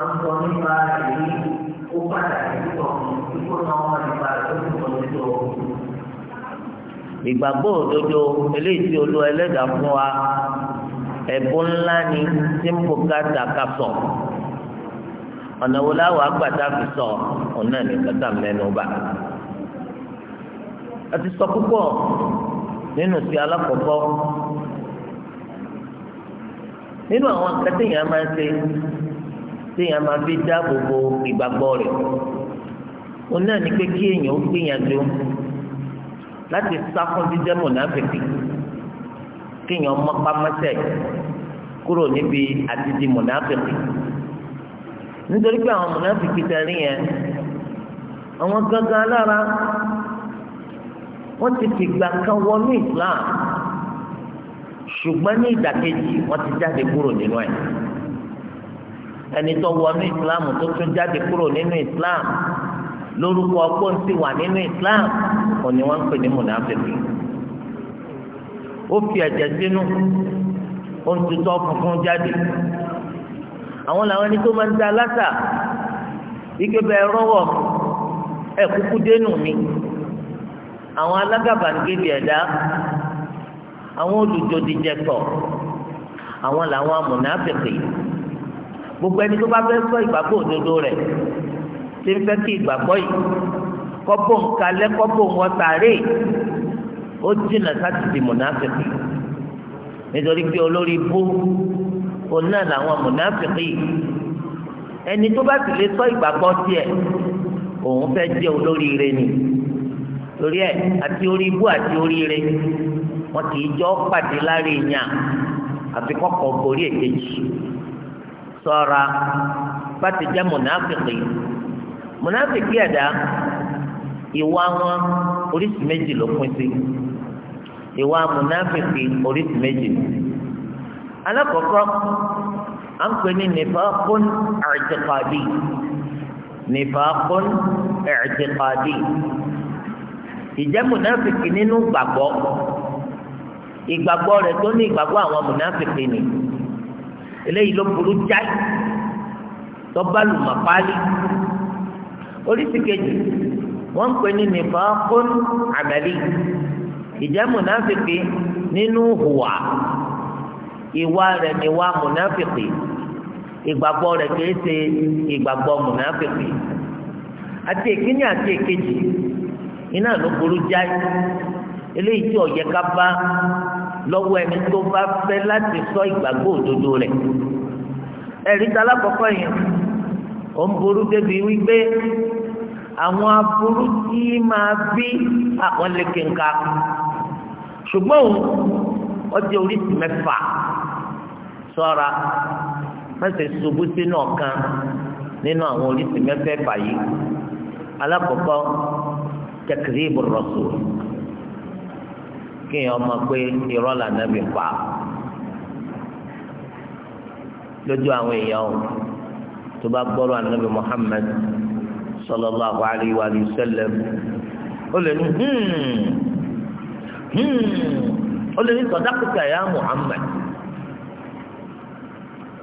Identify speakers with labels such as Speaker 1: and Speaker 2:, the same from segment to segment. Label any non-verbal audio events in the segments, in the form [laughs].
Speaker 1: sọ nípa èyí ó pàtàkì púpọ̀ kíkó náà wọ́n nípa ìtọ́jú
Speaker 2: òdodo. ìgbàgbọ́ òdodo eléyìí tí olú fún wa ẹ̀bùn ńlá ni ọ̀nà wo láwọ̀ fi sọ ọ̀nà ní a sọ púpọ̀ nínú sí alákọ̀ọ́kọ́ nínú àwọn akẹ́tẹ̀yìn a téèyàn máa fi dá gbogbo ìgbàgbọ́ rẹ̀ òun náà ni pé kí èèyàn ó gbìyànjú láti sá fún jíjẹ́ mọ̀nàfẹ́kì kí èèyàn mọ́pá kúrò níbi àtijì mọ̀nàfẹ́kì nítorí pé àwọn mọ̀nàfẹ́kì tẹ̀lé yẹn àwọn lára wọ́n ti fìgbà kan wọnú ṣùgbọ́n ní ìdàkejì wọ́n ti jáde kúrò nínú ẹ̀. ẹni tó wọnú islam tó tún jáde kúrò nínú islam lórúkọ ọgbọ́n sì wà nínú islam kò ní wọ́n ń pè ní mùnàfíìsì ó fi ẹ̀jẹ̀ sínú ó ń tutọ́ funfun jáde àwọn làwọn ẹni tó máa ń da lásà ike bẹ́ẹ̀ rọ́wọ́ ẹ kúkú dénú mi àwọn alágàbàǹgẹ̀dì ẹ̀dá àwọn olùjòdìjẹ̀tọ̀ àwọn làwọn amùnàfíìsì yìí gbogbo ẹni tó bá fẹ́ sọ ìgbàgbọ́ òdodo rẹ̀ tí ń fẹ́ kí ìgbàgbọ́ yìí kọ́bù nkalẹ́ kọ́bù wọ́tàrí ó jìnnà sáti di mùnáfìkì nítorí pé olórí bú òun náà làwọn mùnáfìkì ẹni tó bá sì lè sọ ìgbàgbọ́ tiẹ̀ òun fẹ́ jẹ́ olóríire ni torí ẹ àti orí ibú àti oríire wọn kì í jọ pàdé lárí ìyàn àfi borí èkejì ṣọ́ra bá ti jẹ́ Munafiki mùnàfìkì iwa ìwà wọn oríṣi méjì ló pín sí ìwà mùnàfìkì oríṣi méjì alákọ̀ọ́kọ́ à ń kun ní nìfàkún àìtìkàdì nìfàkún àìtìkàdì ìjẹ́ mùnàfìkì nínú gbàgbọ́ ìgbàgbọ́ rẹ̀ tó ní ìgbàgbọ́ àwọn mùnàfìkì nìyí eléyìí ló burú jáì tọ́ba lùmọ̀ pálí oríṣi kejì wọ́n ń pè ní nìfọ́kún àmẹ́lí ìjẹ́ mùnáfìkì nínú hùwà ìwà rẹ̀ níwà mùnáfìkì ìgbàgbọ́ rẹ̀ kìí ṣe ìgbàgbọ́ mùnáfìkì àti èkíní àti èkejì iná ló burú jáì eléyìí tí ó ká bá lọ́wọ́ ẹni tó bá fẹ́ láti sọ ìgbàgbọ́ òdodo rẹ̀ ẹ̀rí ta lákọ̀ọ́kọ́ yẹn ó ń burú débi wípé àwọn aburú tí máa bí àkọlé kínka ṣùgbọ́n ọjọ́ oríṣi mẹ́fà sọ́ra mẹ́sẹ̀ ṣubú sínú ọ̀kan nínú àwọn oríṣi mẹ́fẹ̀ẹ̀fà yìí alákọ̀ọ́kọ́ tẹkìrì ìbùrọ̀sùn kéèyàn mọ̀ pé irọ́ lànàbì pa lójú àwọn èèyàn o tó bá gbọ́rọ̀ ànábì Muhammad sallallahu alayhi wa sallam ó lè ní hmm, hmm, ó lè ní sọdákùtà ya Muhammad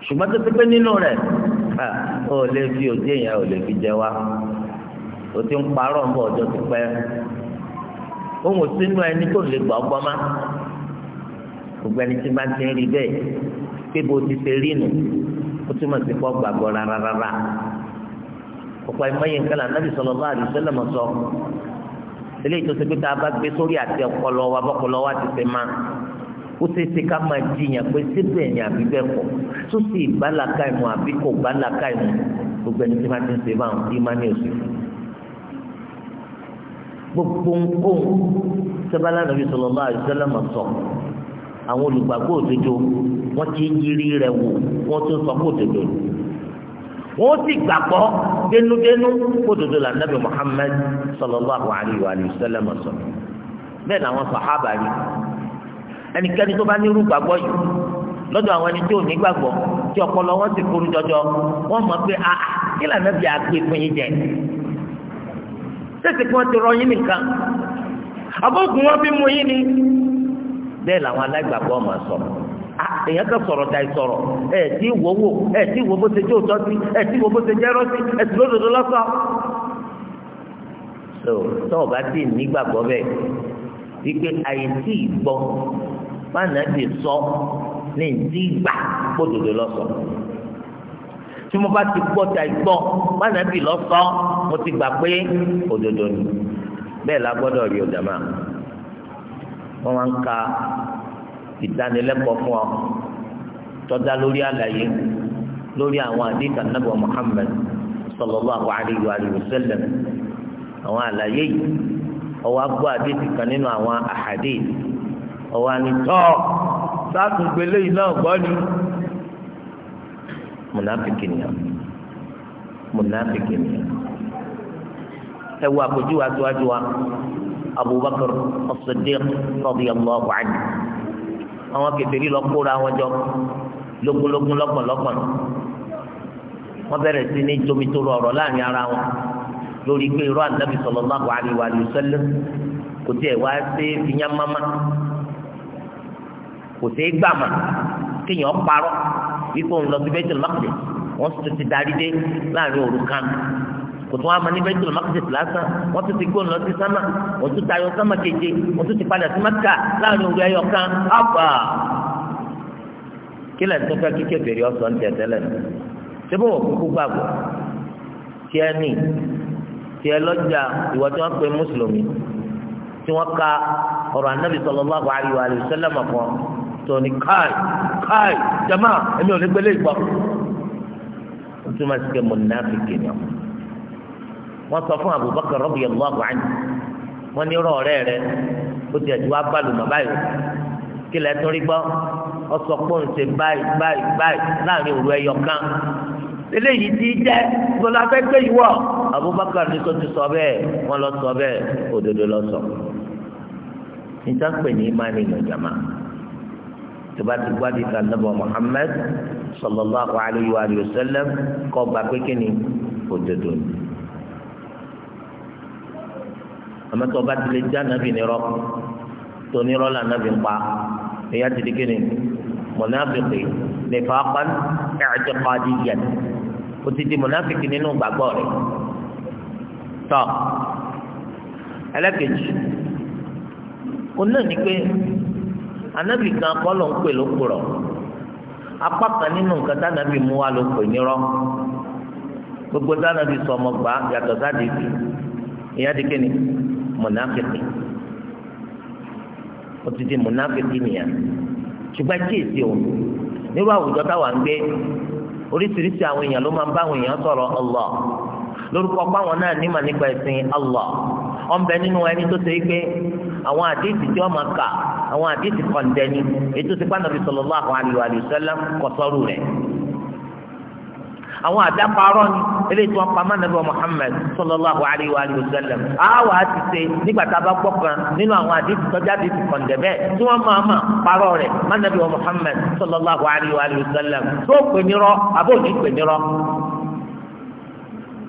Speaker 2: ṣùgbọ́n tó pépé nínú rẹ̀ ó lè fi òjì èèyàn ó lè fi jẹ wá ó ti ń parọ́ ń bọ̀ ọjọ́ ti pẹ́ òun ò sínú ẹni tó lè gbà ọgbọ́n má gbogbo ẹni tí bá ti ń rí bẹ́ẹ̀ pé bó ti ṣe rí nù ó túmọ̀ sí kó gbàgbọ́ rárára ọ̀pọ̀ ìmọ̀ye nǹkan là nàbì sallallahu alaihi wasallam sọ eléyìí tó ṣe pé tá a bá gbé sórí àti ọpọlọ wa bọ́pọlọ wa ti ṣe máa ó ṣe é ṣe ká máa jiyàn pé síbẹ̀ ni àbí bẹ́ẹ̀ kọ́ tó sì bá làákàyè mu àbí kò bá làákàyè mu gbogbo ẹni tí wọ́n ti ń ṣe báwọn ìmọ̀ ní òṣèlú gbogbo nǹkan sẹ́bálà nàbí sallallahu alaihi wasallam sọ àwọn olùgbàgbọ́ òdodo wọ́n ti ń yiri rẹ̀ wò wọ́n tún sọ kó òdodo wọ́n sì gbàgbọ́ dénúdénú kó òdodo là nàbí Muhammad sallallahu alaihi wasallam sọ bẹ́ẹ̀ làwọn sàhábà rí ẹnikẹ́ni tó bá ní irú gbàgbọ́ yìí lọ́dọ̀ àwọn ẹni tó ní gbàgbọ́ tí ọpọlọ wọn sì kúrú jọjọ wọ́n mọ̀ pé ah kí lànà bí a fún yín jẹ sẹ́sì kí wọ́n ti rọ yín nìkan àbókùn wọn fi mú yín ni bẹ́ẹ̀ làwọn alágbàgbọ́ máa sọ ah, èèyàn kan sọ̀rọ̀ ta ìsọ̀rọ̀ ẹ̀ tí wò wò ẹ̀ tí wò bó ṣe jẹ́ òótọ́ sí ẹ̀ tí wò bó ṣe jẹ́ ẹ̀rọ sí ẹ̀ tí lódodo lọ́sọ̀. so tó o bá ti nígbàgbọ́ bẹ́ẹ̀ wípé àìsí ìgbọ́ má nàá ti sọ ní ìdí ìgbà gbódodo lọ́sọ̀ọ́ tí mo bá ti gbọ́ ta ìgbọ́ mánàbí lọ́sọ́ mo ti gbà pé òdodo ni bẹ́ẹ̀ la gbọ́dọ̀ rí ọ̀dàmà wọ́n máa ń ka ìdánilẹ́kọ̀ọ́ fún ọ tọ́já lórí àlàyé lórí àwọn àdéhùn anábọ̀ Muhammad sallallahu alaihi wa sallam àwọn àlàyé yìí ọwọ́ agbó àdéhùn kan nínú àwọn àhàdé ọwọ́ ànitọ́ sáàtúngbélé yìí náà gbọ́ ni mùnàfíkì nìyẹn mùnàfíkì nìyẹn ẹ wo àpèjú wa wa abubakar as-siddiq radiyallahu anhu àwọn kèfèrí lọ kóra wọn jọ lógúnlógún lọ́gbọ̀nlọ́gbọ̀n wọ́n bẹ̀rẹ̀ sí ní jomitoro ọ̀rọ̀ láàrin ara wọn lórí pé irú ànábì sallallahu alaihi wa sallam kò tiẹ̀ wá sí fìyàn máma kò sí gbàmà kéèyàn parọ́ wípé òun lọ sí Baitul Maqdis wọ́n sì ti darí dé láàrin òru kan kò tún wá ma ní Baitul Maqdis lásán wọ́n tún ti gbóhùn lọ sí sámà wọ́n tún tayọ sámà keje wọ́n tún ti padà sí Mẹ́kà láàrin òru ẹyọ kan ábà kí lẹ́nu tó fẹ́ kíkẹ́ bèrè ọ̀sán ń tẹ̀tẹ́lẹ̀ ṣé bó wọ̀ kúkú gbàgbọ́ tiẹ́ ní tiẹ́ lọ́jà ìwà tí wọ́n pe mùsùlùmí tí wọ́n ka ọ̀rọ̀ anábì sallallahu tó ní káì káì jama èmi ò ní gbélé ìgbọ́ ó tún máa sike mùnàfíkì ni wọ́n sọ fún Abubakar radiyallahu anhu wọ́n ní rọ̀ọ́rẹ́ rẹ ó ti ẹ̀dùn abálùmọ̀ báyìí kí lẹ́ẹ̀ tún rí gbọ́ ọ sọ pé òun ṣe báyìí báyìí báyìí láàrin òru ẹyọ kan eléyìí ti jẹ́ gbọ́dọ̀ afẹ́gbẹ́ ìwọ Abubakar ní kó ti sọ bẹ́ẹ̀ wọ́n lọ sọ bẹ́ẹ̀ òdodo lọ sọ níta pè ní imáni ìnàjàmá tọba ti gbọ́ àdìsá nàbọ̀ Muhammad sallallahu alayhi wa sallam kọ́ gba pékin ní òdodo ni. àmọ́ tọba ti lè já nàbì nírọ́ tó nírọ́ là nàbì ń pa èyí á ti di kíni mọ̀nàfìkì nìfàákan i'tiqadiyyan ó ti di mọ̀nàfìkì nínú gbàgbọ́ rẹ̀ tọ́ ẹlẹ́kejì ó náà ní anabi kan kọlọ ń pè ló kúrọ apá kan nínú nǹkan tánabi mú wa ló gbogbo sọ ọmọ gbà yàtọ̀ sáde dike ni mọnàfíkì ó di nìyà ṣùgbọ́n kíyèsí o nírú àwùjọ táwa ń gbé oríṣiríṣi àwọn èèyàn ló máa ń bá àwọn èèyàn sọ̀rọ̀ Allah lórúkọ pàwọn náà nímọ̀ nípa ọ̀nbẹ nínú ẹni tó ṣe é pé àwọn àdéhìí tí wọ́n máa kà àwọn àdéhìí kọ̀ǹdẹ́ni ètò ìsìnkú ànábì sallallahu alaihi wa sallam kọ̀sọ́rù rẹ̀ àwọn àdàparọ́ ni eléyìí tí wọ́n pa má nàbẹ́ Muhammad sallallahu alayhi wa sallam àwa ti ṣe nígbà tá a bá gbọ́ kan nínú àwọn àdìsí tọ́já ti kọ̀ǹdẹ̀ bẹ́ẹ̀ tí wọ́n máa ma parọ́ rẹ̀ má nàbẹ́ Muhammad sallallahu alayhi wa sallam tó pè ní rọ́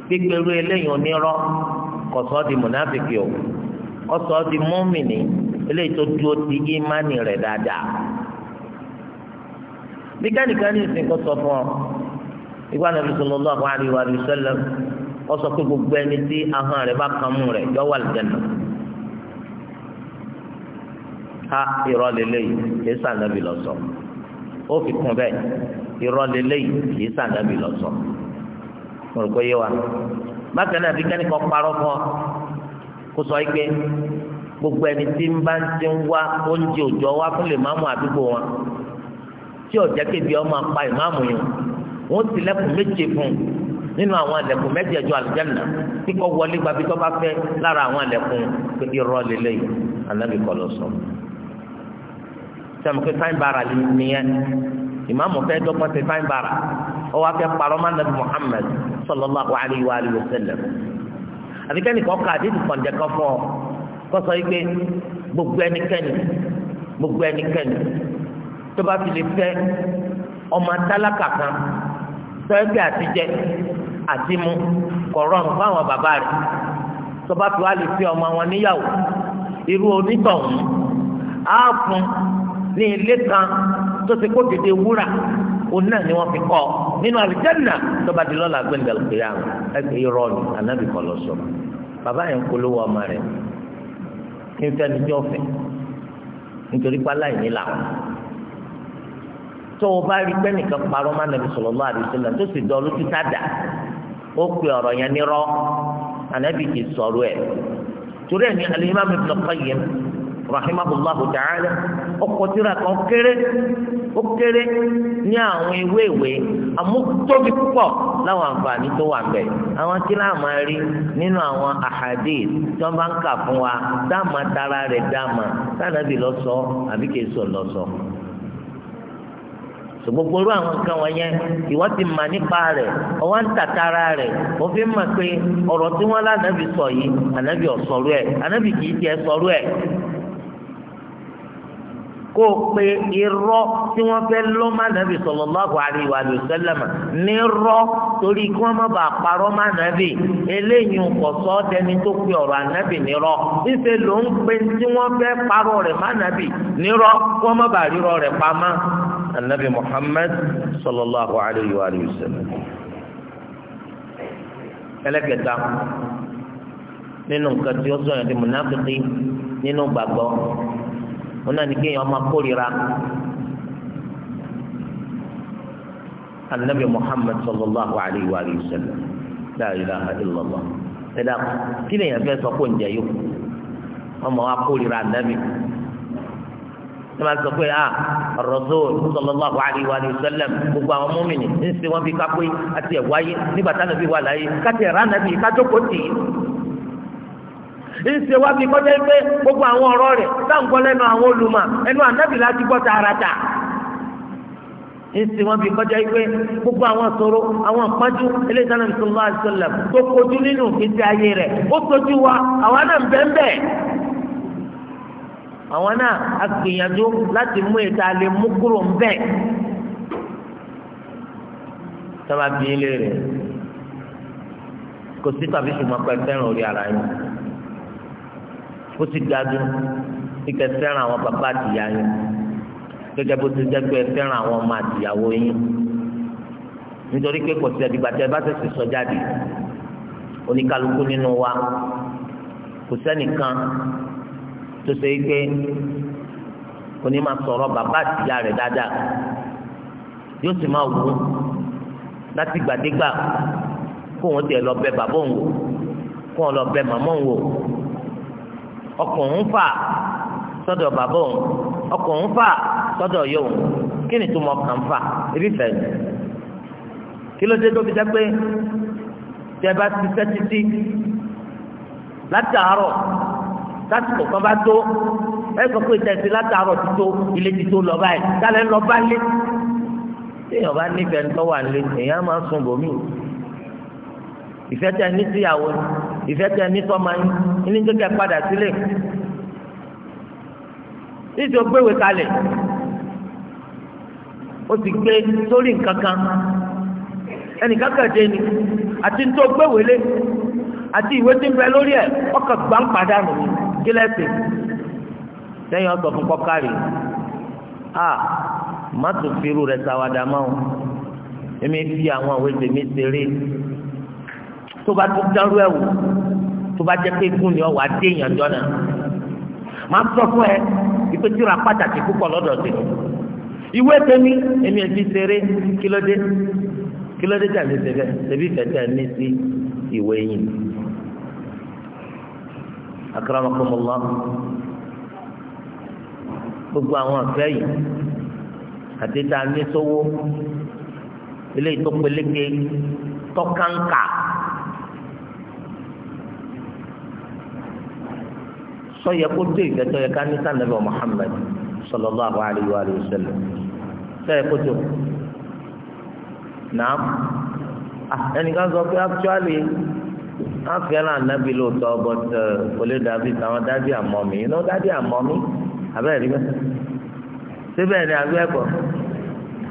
Speaker 2: pè ní rọ́ eléyìí ò kọsọ di munafiki o ọsọ di mọmìnì eléyìí tó dúró ti ìmánì rẹ̀ dáadáa bí kánìkan ní ìsìn kọsọ fún ọ ìgbà nàbí sallallahu alaihi wa sallam ọsọ pé gbogbo ẹni tí ahọ́n rẹ̀ bá kàn mú rẹ̀ yọ wà lẹ́nu ha irọ́ lélẹ́yìí kì í sànàbì lọ́sọ̀ ó fi kún bẹ́ẹ̀ irọ́ lélẹ́yìí kì í sànàbì lọ́sọ̀ mo rò pé yé wa bákan náà bí kẹ́nìkan parọ́ fún ọ kó sọ yìí pé gbogbo ẹni tí ń bá ń ti ń wá oúnjẹ òjò wá fún lè máàmù àdúgbò wọn tí ọ̀jẹ́ kébi ọmọ apá ìmáàmù yẹn wọ́n ti lẹ́kùn méje fún un nínú àwọn àlẹ̀kùn mẹ́jẹ̀ẹ̀jọ àlùjánnà tí kò wọlé gbabi tó bá fẹ́ lára àwọn àlẹ̀kùn pé irọ́ lélẹ̀ yìí anábì kọ́ lọ sọ. sẹ́mi pé fáìn bára nìyẹn ìmáàmù fẹ́ dọ́gbọ́n ti fáin bàrà ó wá fẹ́ parọ́ má nàbí Muhammad sallallahu alayhi wa alihi wa sallam àfikẹ́ni kọ́ ká àdéhùn kọ̀ǹdẹ̀ kan fún ọ kó sọ yìí pé gbogbo ẹnikẹ́ni gbogbo ẹnikẹ́ni tó bá fi lè fẹ́ ọmọ tálákà kan sọ́yẹ́pẹ́ mu kọ̀rọ̀n fáwọn bàbá rẹ̀ tọ́ba tó a lè fi ọmọ wọn níyàwó irú onítọ̀hún á ní ilé kan tó ti kó dèdè wúrà òun náà ni wọ́n fi kọ́ nínú àlùjánnà tó di lọ́la gbẹ̀ndẹ̀ lùkìyà ẹgbẹ́ irọ́ ni anábì kọ́ lọ sọ̀rọ̀ bàbá yẹn ń polówó ọmọ rẹ̀ kí n fẹ́ni tí ó fẹ́ nítorí pálá yìí nílà tó o bá rí pẹ́nìkan parọ́ má nàbì sallallahu alaihi wasallam tó sì dọ́ lójú sádà ó pe ọ̀rọ̀ yẹn nírọ́ anábì kì í sọ̀rọ̀ ẹ̀ torí ẹ̀ ní al-Imam rahimahullahu ta'ala ọkọ tírà kan kéré ó kéré ní àwọn ìwé ìwé amútóbi púpọ̀ láwọn àǹfààní tó wà bẹ̀ àwọn tí rí nínú àwọn bá ń kà fún wa dáàmà tara rẹ̀ dáàmà sànàbì lọ àbí kìí sọ gbogbo àwọn nǹkan ìwọ ti mà nípa rẹ̀ ń kó o pe irọ́ tí wọ́n fẹ́ lọ́ má nàbì sallallahu alaihi wa sallam ní rọ́ torí kí wọ́n má bàa parọ́ má nàbì eléyìí kò sọ ọ́ dẹni tó pe ọ̀rọ̀ ànábì ní rọ́ ìṣe ló ń pe tí wọ́n fẹ́ parọ́ rẹ̀ má nàbì ní rọ́ kí wọ́n má bàa rírọ́ rẹ̀ pamọ́ ànábì Muhammad sallallahu alaihi wa sallam ẹlẹ́kẹta nínú nǹkan tí ó sọ wọn náà ní kéèyàn máa kórìíra anabi muhammad sallallahu alayhi wa sallam la ilaha illallah ẹ̀dá kí lèèyàn fẹ́ sọ pé ǹjẹ́ yòókù ọmọ wa kórìíra anabi ẹ máa sọ pé ah rasul sallallahu alayhi wa sallam gbogbo àwọn mọ́mìnì ń ṣe wọ́n fi kápé àti ẹ̀wáyé nígbà táwọn fi wà láyé káti ẹ̀rá kájókòó tì í. ìṣe wá bí kọjá pé gbogbo àwọn ọ̀rọ̀ rẹ̀ táǹgbọ́ lẹ́nu àwọn olùmọ̀ ẹnu ànábì láti gbọ́ tààràtà ìṣe wọn kọjá pé gbogbo àwọn sọ̀rọ̀ àwọn pọ́njú eléyìí sallallahu alaihi wasallam tó kojú nínú ìgbésí ayé rẹ̀ wa àwa náà ń náà a gbìyànjú láti mú ìta lè mú ó ti ga dùn kíkẹ́ fẹ́ràn àwọn bàbá àtìyá yín gẹ́gẹ́ bó ti jẹ́ pé fẹ́ràn àwọn ọmọ àtìyàwó yín nítorí pé kò sí ẹ̀dìgbà tẹ́ bá tẹ̀sí sọ jáde oníkálukú nínú wa kò sẹ́nìkan tó ṣe é pé kò ní máa sọ̀rọ̀ bàbá àtìyá rẹ̀ dáadáa yóò sì máa wù ú láti gbàdégbà kó wọn tiẹ̀ lọ bẹ̀ bàbá òun wò kó wọn lọ bẹ̀ màmá òun wò ọkàn ń fà sọ́dọ̀ bàbá òun ọkàn ń fà sọ́dọ̀ yóò kí ni tó mọ ọkàn fà ebi fẹ́ kí ló dé tó fi jẹ́ pé tẹ́ bá ti sẹ́ títí látàárọ̀ lásìkò kan bá tó ẹ sọ pé tẹ̀sí látàárọ̀ ti tó ilé ti tó lọ báyìí kálẹ̀ ń lọ bá lé téèyàn bá nífẹ̀ẹ́ ń tọ́wà lé èèyàn máa ń sun bòmí ìfẹ́ tẹ ní síyàwó ìfẹ́ tẹ ní sọ́mọ yín ní kékeré padà sílé níṣẹ́ ó gbéwèé kalẹ̀ ó sì gbé sórí nǹkan kan ẹnìkan kẹ̀dé ni àti tó gbéwèé lé àti ìwé tí ń bẹ lórí ẹ̀ ọkàn gbàǹpadà nù ní gílẹ́sì sẹ́yìn ọ̀sọ̀ fún kọ́kárì a má tún fi irú rẹ̀ sáwádà máa ń èmi fi àwọn òwe tèmi ṣeré tó bá tún dánrú ẹ̀ wò tó bá jẹ́ pé gún ni ọ̀ wá dé èèyàn jọ náà màá sọ fún ẹ ìpè tíra pàtàkì púpọ̀ lọ́dọ̀ tèmi ìwé tèmi èmi ẹ̀ fi ṣeré kílódé kílódé tẹ̀lé ṣẹlẹ̀ ṣẹbi fẹ̀tẹ̀ ní sí ìwé yìí akramakumullah gbogbo àwọn àfẹ́ yìí àti tá a ní sówó ilé ìtọ́pẹ́lẹ́gẹ́ tọ́kànkà. sọyẹ kó tó ìgbẹ́tọ̀ yẹ ká ní sànẹ́bà Muhammad sallallahu alayhi wa sallam sọyẹ kó tó nàá ah, ẹnìkan sọ pé actually wọ́n fẹ́ràn ànábì lóòótọ́ but uh, kò lè dàbí táwọn dádì àmọ́ mi iná dádì àmọ́ mi abẹ́rẹ́ rí bẹ́ẹ̀ síbẹ̀ ni àgbẹ̀ ẹ̀kọ́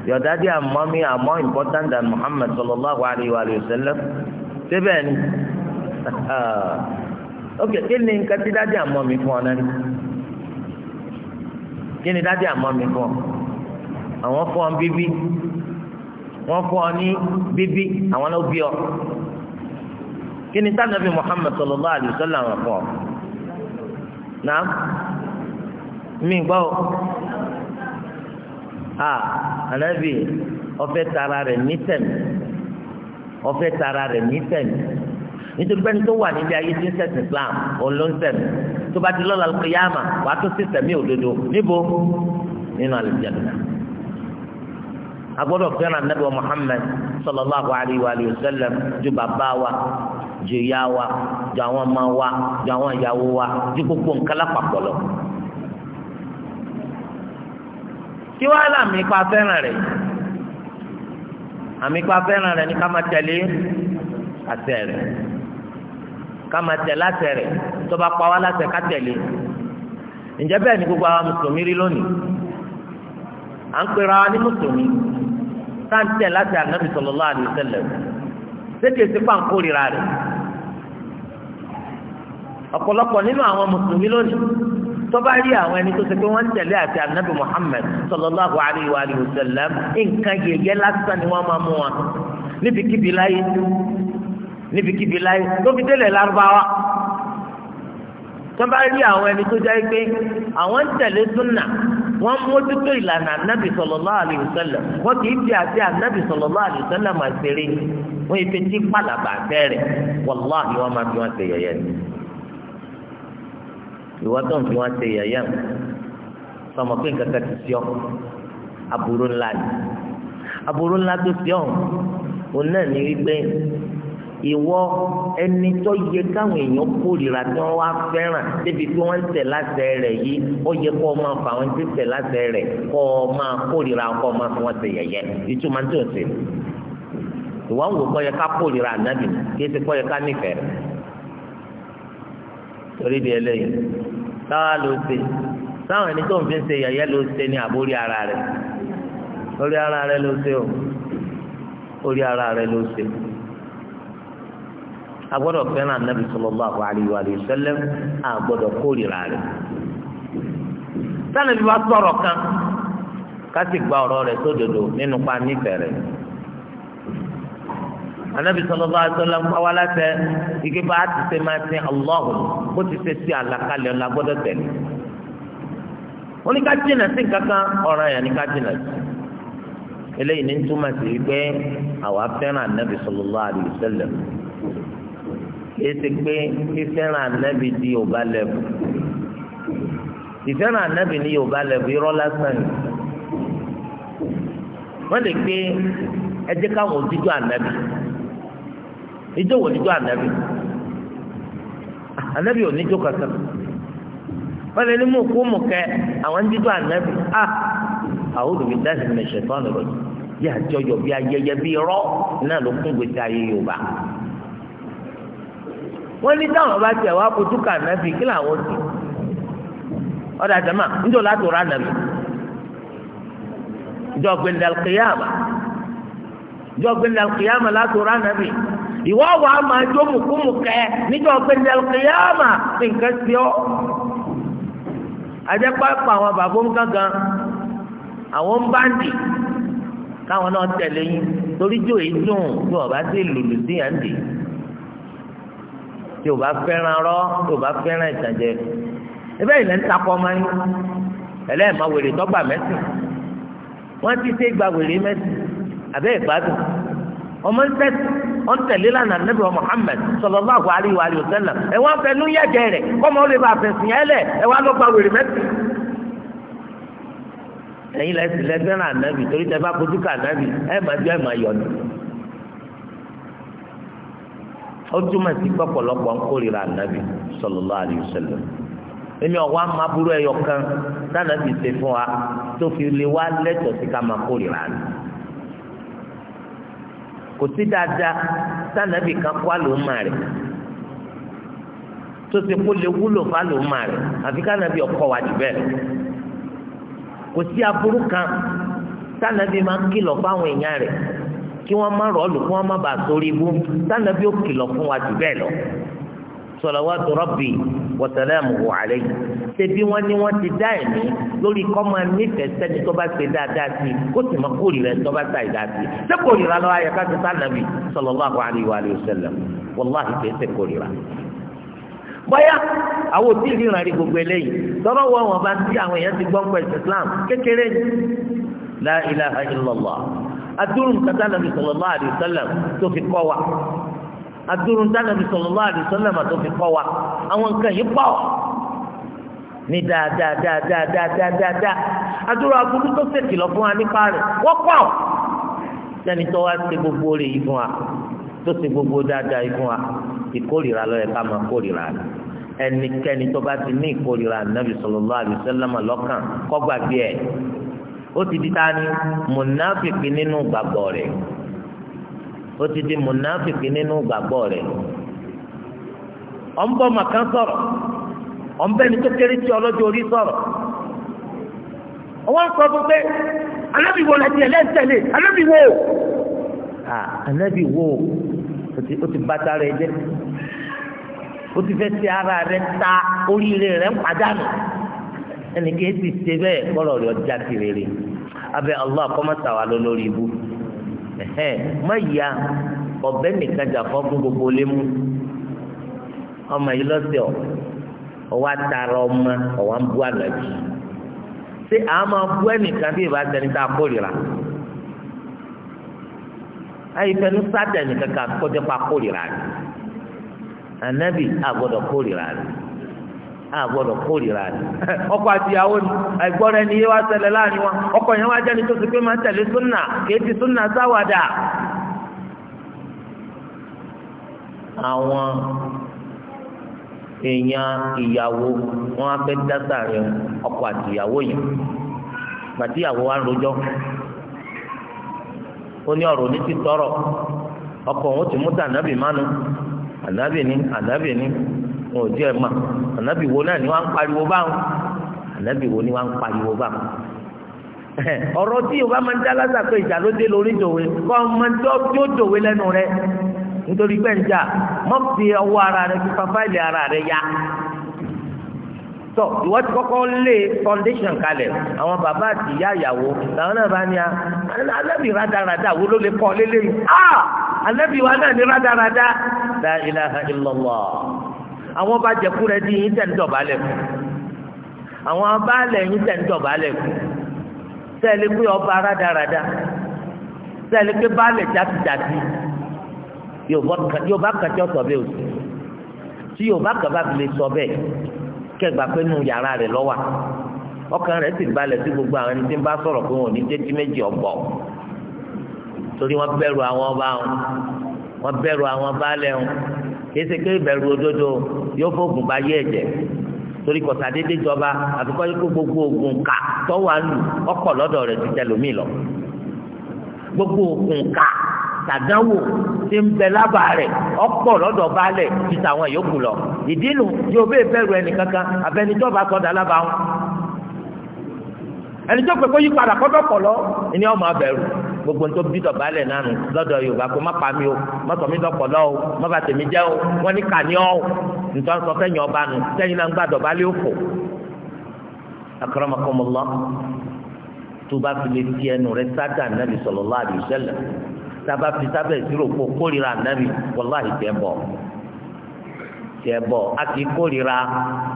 Speaker 2: your daddy and mommy are more important than Muhammad sallallahu alayhi wa sallam síbẹ̀ ni. [laughs] ok kí ni nǹkan tí dájú àmọ́ mi fún ọ náà rí kí ni dájú àmọ́ mi fún ọ àwọn fún ọ bíbí wọ́n fún ọ ní bíbí àwọn náà bí ọ kí ni sanabi Muhammad sallallahu alaihi wasallam àwọn fún ọ náà mi gbọ́ ọ a anabi ọfẹ tara rẹ nítẹmí ọfẹ tara rẹ nítẹmí nítorí pé ẹni tó wà níbi ayé tí ń sẹ̀sìn Islam olóńsẹ̀mí tó bá ti lọ́la al-qiyama wàá tó sì sẹ̀mí òdodo níbo nínú al-janna agbọ́dọ̀ fẹ́ràn muhammed sallallahu alayhi wa sallam ju bàbá wa ju ìyá wa ju àwọn ọmọ wa ju àwọn ìyàwó wa ju gbogbo nǹkan lápapọ̀ lọ. kí wàá là mí pa fẹ́ràn rẹ̀ àmì pa fẹ́ràn rẹ̀ ní ká máa tẹ̀lé àtẹ̀ rẹ̀ ká máa tẹ̀ láṣẹ rẹ̀ tó bá pa wá láṣẹ ká tẹ̀lé ǹjẹ́ bẹ́ẹ̀ ni gbogbo àwọn mùsùlùmí rí lónìí à ń pera wa ní mùsùlùmí tá à ń tẹ̀ láṣẹ ànábì sallallahu alaihi wasallam sékè sí pàǹkórira rẹ̀ ọ̀pọ̀lọpọ̀ nínú àwọn mùsùlùmí lónìí tó bá rí àwọn ẹni tó ṣe pé wọ́n ń tẹ̀lé àti ànábì Muhammad sallallahu alaihi wa sallam nǹkan yẹ̀yẹ́ lásán ni wọ́n máa mú wọn níbikíbi láyé níbikíbi láyé tó fi délẹ̀ lárúbáwá tó bá rí àwọn ẹni tó jẹ́ pé àwọn ń tẹ̀lé súnà wọ́n mójútó ìlànà anábì sallallahu alaihi wasallam wọ́n kì í fi àti anábì sallallahu alaihi wasallam máa ṣeré wọ́n yìí fi ti pàlàbà fẹ́rẹ̀ wàláhì wọ́n máa fi wọ́n ṣe yẹ̀yẹ́ ni ìwọ tó ń fi wọ́n ṣe yẹ̀yẹ́ sọmọ pé nǹkan kan ti ṣe ọ́ aburú ńlá ni aburú ńlá tó ṣe ọ́ òun náà ní wípé ìwọ ẹni tó yẹ káwọn èèyàn kórìíra tí wọn wá fẹ́ràn débi tí wọn ń tẹ̀ láṣẹ yìí ó yẹ kó o máa fà wọn ti tẹ̀ láṣẹ rẹ̀ kó o máa kórìíra kó o máa fi wọn ṣe yẹ̀yẹ́ ìtumọ̀ tó ń ṣe ìwọ ń wò kó yẹ ká kórìíra ànábì kí ẹsẹ̀ kó yẹ ká nífẹ̀ẹ́ rẹ̀ torí di ẹlẹ́yìn táwa ló ṣe táwọn ẹni tó ń fi ṣe yẹ̀yẹ́ ló ṣe ní àbórí ara rẹ̀ orí ara rẹ̀ ló ṣe o orí ara rẹ̀ ló ṣe o a gbọ́dọ̀ fẹ́ràn anabi sallallahu alayhi wa sallam a gbọ́dọ̀ kórìíra rẹ̀ sanabi wa sọ̀rọ̀ kan kasi gba ọ̀rọ̀ rẹ̀ sódodo nínú pa nífẹrẹ anabi sallallahu alaihi wasallam awa latẹ ike bá a ti ṣe máa sin Allahu bó ti ṣe sí àlàkalẹ̀ ọ̀la gbọ́dọ̀ tẹ̀lé wọn ni ká jìnnà sí kankan ọ̀ràn yẹn ni ká jìnnà sí eléyìí ní túmọ̀ sí pé àwa fẹ́ràn anabi sallallahu alaihi wasallam. èsì pé fífẹ́ràn ànábì di yorùbá lẹ́bù ìfẹ́ràn ànábì ní yorùbá lẹ́bù irọ́ lásán ni wọ́n lè pé ẹ káwọn òdìjọ́ ànábì ìjọ wò níjọ́ ànábì ànábì ò níjọ́ kankan wọ́n lè ní mú kú mú kẹ àwọn ń dídọ́ ànábì á àwòrán mi dáhùn ní ṣẹ̀fọ́n rẹ̀ yíyá àjọyọ̀ bí ayẹyẹ bí náà ló kún gbèsè ayé yorùbá. wọ́n ní táwọn bá tiẹ̀ wá kojú ká nàbì kí làwọn ti ọ̀dà jama ńjọ láti ra nàbì ìjọ gbẹndàlùkìyàmà ìjọ gbẹndàlùkìyàmà láti ra nàbì ìwọ wà á máa jó mùkúmùkẹ níjọ gbẹndàlùkìyàmà nǹkan sí ọ àjẹpá pa àwọn bàbá ń gángan àwọn ń báńdì káwọn náà tẹ̀lé yín torí jò èyí dùn bí wọn bá ti lùlù sí yàn dé tí o bá fẹ́ràn rọ tí o bá fẹ́ràn ìtànjẹ ẹbẹ́ ilẹ̀ ń takọ ọmọ yín ẹlẹ́ẹ̀ma wèrè tọ́gbà mẹ́sìn wọ́n ti ṣe gba wèrè mẹ́sìn àbẹ́ ìgbádùn ọmọ ń tẹ̀sí wọ́n tẹ̀lé lánàá Ànábì Muhammad sallallahu alaihi wa sallam ẹ wọ́n fẹ́ nú yẹ̀jẹ̀ rẹ̀ kọ́mọ ó lè bá àfẹ̀sìn yẹn lẹ̀ ẹ wọ́n á lọ gba wèrè mẹ́sìn ẹ̀yin lẹ́sìn lẹ́gbẹ́ràn ànábì torí tẹ ni ó túmọ̀ sí pọ̀pọ̀lọpọ̀ ń kórìíra ànábì sallallahu alaihi wasallam èmi ọ̀wá máa burú ẹyọ kan dáná ti ṣe fún wa tó fi lè wá lẹ́tọ̀ọ́ sí ká máa kórìíra rẹ̀ kò sí dáadáa dáná bì kan kó àlòmà rẹ̀ tó ti kó lè wúlò fún àlòmà rẹ̀ àfi káná bì ọkọ wa jù bẹ́ẹ̀ kò sí aburú kan dáná bì máa ń kìlọ̀ fáwọn èèyàn rẹ̀ kí wọ́n má rọ̀ọ́lù kí wọ́n má bàa sórí ibú sànàbí ó kìlọ̀ fún wa jù bẹ́ẹ̀ lọ sọlọ́wọ́tò rọ́bì wọ̀sálẹ́mù wọ̀ àlẹ́ yìí ṣé bí wọ́n ní wọ́n ti dá ẹ̀mí lórí kọ́ máa nífẹ̀ẹ́ tó bá ṣe dáadáa sí kó sì máa kórìíra ẹni tó bá ṣe àìdáa sí i ṣé kórìíra lọ́wọ́ ayẹ káṣí sànàbì sọlọ́wọ́tò àlẹ́ wa àlẹ́ òṣèlè wàláhì kìí ṣe kórìíra. bọ́yá àwọn òtí ìrìnà rí gbogbo eléyìí tọ́rọ̀ wọ adúrún kata nàbì sallallahu alaihi wasallam tó fi kọ́ wa adúrún kata nàbì sallallahu alaihi wasallam tó fi kọ́ wa àwọn nǹkan yìí pọ̀ ní dáadáa dáadáa dáadáa dáadáa adúrún aburú tó ṣèkìlọ̀ fún wa nípa rẹ̀ wọ́n pọ̀ lẹ́ni tó wá ṣe gbogbo rẹ̀ yìí fún wa tó ṣe gbogbo dáadáa yìí fún wa ìkórìíra lọ́yẹ̀ ká máa kórìíra rẹ̀ ẹnikẹ́ni tó bá ti ní ìkórìíra nàbì sallallahu alaihi lọ́kàn kó gbàgbé ó ti di ta ni mùnáfìkì nínú gbàgbọ́ rẹ̀ ó ti di mùnáfìkì nínú gbàgbọ́ rẹ̀ ọ̀nbọ màkàn sọ̀rọ̀ ọ̀nbẹ́ni tó kéré tí ọlọ́jọ́ orí sọ̀rọ̀ wọ́n sọ fún pé alábìwò láti ẹlẹ́sẹ̀lẹ̀ alábìwò alábìwò ó ti bá tara ẹ jẹ́ ó ti fẹ́ ṣe ara rẹ̀ ta oríire rẹ̀ ń padànù ẹnì kí esi ṣe bẹ́ẹ̀ kọ́rọ̀ rẹ̀ ọjà ti rere abẹ́ Allah kọ́mọ́tà wà lọ lórí ibú má ya ọ̀bẹ nìkan jà fọ́kún gbogbo lémú ọmọ yìí lọ́sẹ̀ ọ̀ ọwọ́ atara ọmọ ọwọ́ ń bú ànájì ṣé àá máa bú ẹnìkan bí ìbá tẹni tá a kórìíra ayífẹ́nu sátẹ̀ nìkan kà kọjá pa kórìíra rẹ̀ ànábì àgbọ̀dọ̀ kórìíra rẹ̀. àgbọ̀dọ̀ kórìíra rẹ̀ ọkọ àtìyàwó ni àìgbọ́ra ẹni wá ṣẹlẹ̀ láàrin wọn ọkọ yẹn wá jẹ́ni tó ti pé máa tẹ̀lé súnà súnà sáwàdà. àwọn èèyàn ìyàwó wọn á fẹ́ dáta ọkọ àtìyàwó yẹn gbàtíyàwó wa ń rojọ́ ó ní ọ̀rọ̀ tọrọ òun ti mú mánu ní ní. wọn ò jẹ́ ẹ̀ mà ànábì wo náà ni wọ́n á ń pariwo báwọn ànábì wo ni wọ́n á ń pariwo báwọn [laughs] ọ̀rọ̀ tí yorùbá máa ń dá lásàkó ìjà ló dé lórí ìdòwe kọ́ máa ń tó tó dòwe lẹ́nu rẹ nítorí pé ń jà mọ́ fi ọwọ́ ara rẹ fi fáfáìlì ara rẹ ya tọ ìwọ ti kọ́kọ́ lé foundation kalẹ̀ àwọn bàbá àti ìyá ìyàwó làwọn náà bá ní a alẹ́bí rádaràda wo ló lè kọ́ lélẹ́yìn ah alẹ́bí wa náà ní rádaràda la ilaha illallah àwọn bá jẹ̀kú rẹ̀ di yín tẹ̀ ń dọ̀bálẹ̀ fún àwọn abáàlẹ̀ yín tẹ̀ ń dọ̀bálẹ̀ fún sẹ́ẹ̀lì pé ọba rádaràda sẹ́ẹ̀lì pé baálẹ̀ jásijàsi yorùbá kan tí ó sọ bẹ́ẹ̀ o tí yorùbá kan bá fi lè sọ bẹ́ẹ̀ kẹgbà pé nu yàrá rẹ̀ lọ́wà ọkàn rẹ̀ sì balẹ̀ sí gbogbo àwọn ẹni tí ń bá sọ̀rọ̀ pé wọn ò ní jẹ́jí méjì ọ̀gbọ̀ torí wọ́n bẹ̀rù àwọn ọba wọn bẹ̀rù àwọn baálẹ̀ wọn kìí ṣe pé ìbẹ̀rù òdodo yóò fògùn bá yé ẹ̀jẹ̀ torí kọ̀tà dédé jọba àfikọ́ yìí kó gbogbo ògùn kà tọ́wọ́ àlù ọkọ̀ lọ́dọ̀ rẹ̀ ti tẹlomi lọ gbogbo ògùn kà tàdánwò ti ń bẹ lába rẹ̀ ọkọ̀ lọ́dọ̀ baálẹ̀ ti tàwọn yòókù lọ ìdínú yóò bẹ́ẹ̀ bẹ̀rù ẹnìkankan àfẹnitọ́ba sọ̀dà lábàá wọn ẹnìjọ́ pẹ̀kọ́ yí padà kọ́dọ̀ kọ̀ lọ ọmọ abẹ́rù gbogbo nítorí bí dọ̀bálẹ̀ nánu lọ́dọ̀ yorùbá pé má pa mi o má sọ mi dọ̀pọ̀ lọ́ o má bà tèmi jẹ́ o wọ́n ní kàní ọ́ nítorí sọ fẹ́ yàn ọba nù sẹ́yìn náà ń gbà dọ̀bálẹ̀ òfò. akramakumullah tó bá fi lè ti ẹnu rẹ sádà nàbì sallallahu alaihi wasallam tábà fi sábẹ̀ ìṣirò kó kórìíra nàbì wàláhì tẹ́ bọ̀ ti ẹbọ a kì í kórìíra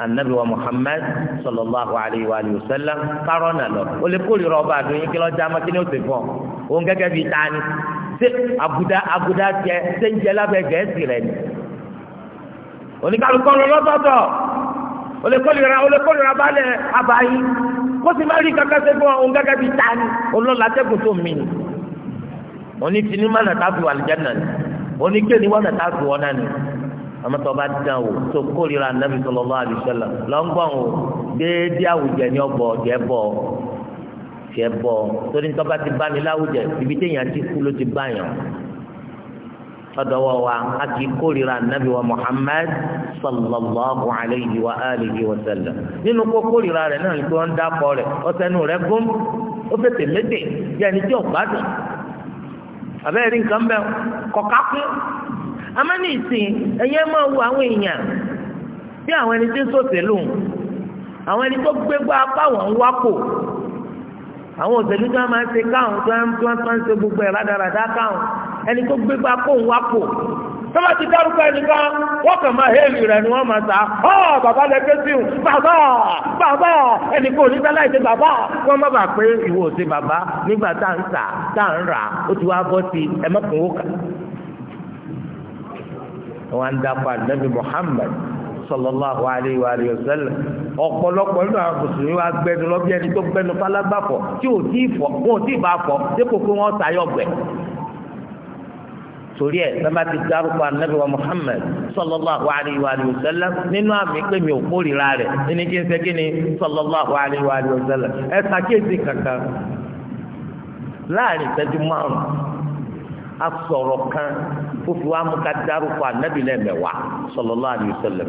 Speaker 2: anabi wa muhammed sallallahu alayhi wa sallam kárọ̀ nà lọ o lè kórìíra ọba àdúyìn kí lọ́jà má kí ni ó ti fọ́ òun gẹ́gẹ́ bíi tani ṣé aguda aguda jẹ ṣé ń jẹ lábẹ́ gẹ̀ẹ́sì rẹ ni oníkàlùkọ́ lọ́lọ́tọ̀ọ̀tọ̀ o lè kórìíra o lè kórìíra balẹ̀ abayi kó sì má rí kankan ṣe fún òun gẹ́gẹ́ bíi tani olóòlà tẹ́kùn tó mi oní tìǹbù má nà tá a fi wà lìjẹ́ nà ni oní kéde wà nà tá a fi wọ́n àmọ́tọ́ bá dán o tó kórìíra nàbì sallallahu alaihi wasallam lọ́ngbọ̀n o déédéé àwùjẹ ni ọ̀bọ̀ jẹ́ bọ̀ jẹ́ bọ̀ torí nítorí bá ti bá mi láwùjẹ ibi téèyàn ti kú ló ti bá yàn ọdọwọ wa a kì í kórìíra nàbì wa Muhammad sallallahu alayhi wa alihi wa sallam nínú kó kórìíra rẹ̀ náà nítorí wọn dákọ rẹ̀ ọsẹnu rẹ̀ gún ó fẹsẹ̀ méjì bí ẹni àmọ́ ní ìsìn ẹ̀yẹ́ máa wo àwọn èèyàn bí àwọn ẹni tí ń ṣòṣèlú àwọn ẹni tó gbégbá apá wọn ń wákò àwọn òṣèlú tí wọ́n máa ń ṣe káwọn tí tí ṣe gbogbo rádaràdá káwọn ẹni tó gbégbá apá òun ti dárúkọ ẹnìkan wọn kàn máa hẹ́ẹ̀lì rẹ ni wọn máa sá ọ́ bàbá sí un bàbá bàbá kò ní bàbá má bàa pé bàbá nígbà tá wọn dápọ̀ ànábì Muhammad sallallahu alayhi wa alayhi wa sallam ọ̀pọ̀lọpọ̀ nínú àwọn mùsùlùmí wa gbẹnu lọ́bí ẹni tó gbẹnu falágbàfọ̀ tí ò tí fọ̀ wọn ò tí bá fọ̀ dépò pé wọ́n tayọ̀ gbẹ̀. torí ẹ sábà ti dárúkọ anabi wa muhammed sallallahu alayhi wa alayhi wa sallam nínú àmì pé mi ò kórìíra rẹ̀ nínú kí n ṣe kí ni sallallahu alayhi wa sallam ẹ ṣàkíyèsí kankan láàrin ìṣẹ́jú márùn-ún asọ̀rọ̀ kan fúfi wa mú ká dárúkọ anabi lẹ́mẹ̀wá sallallahu alayhi wa sallam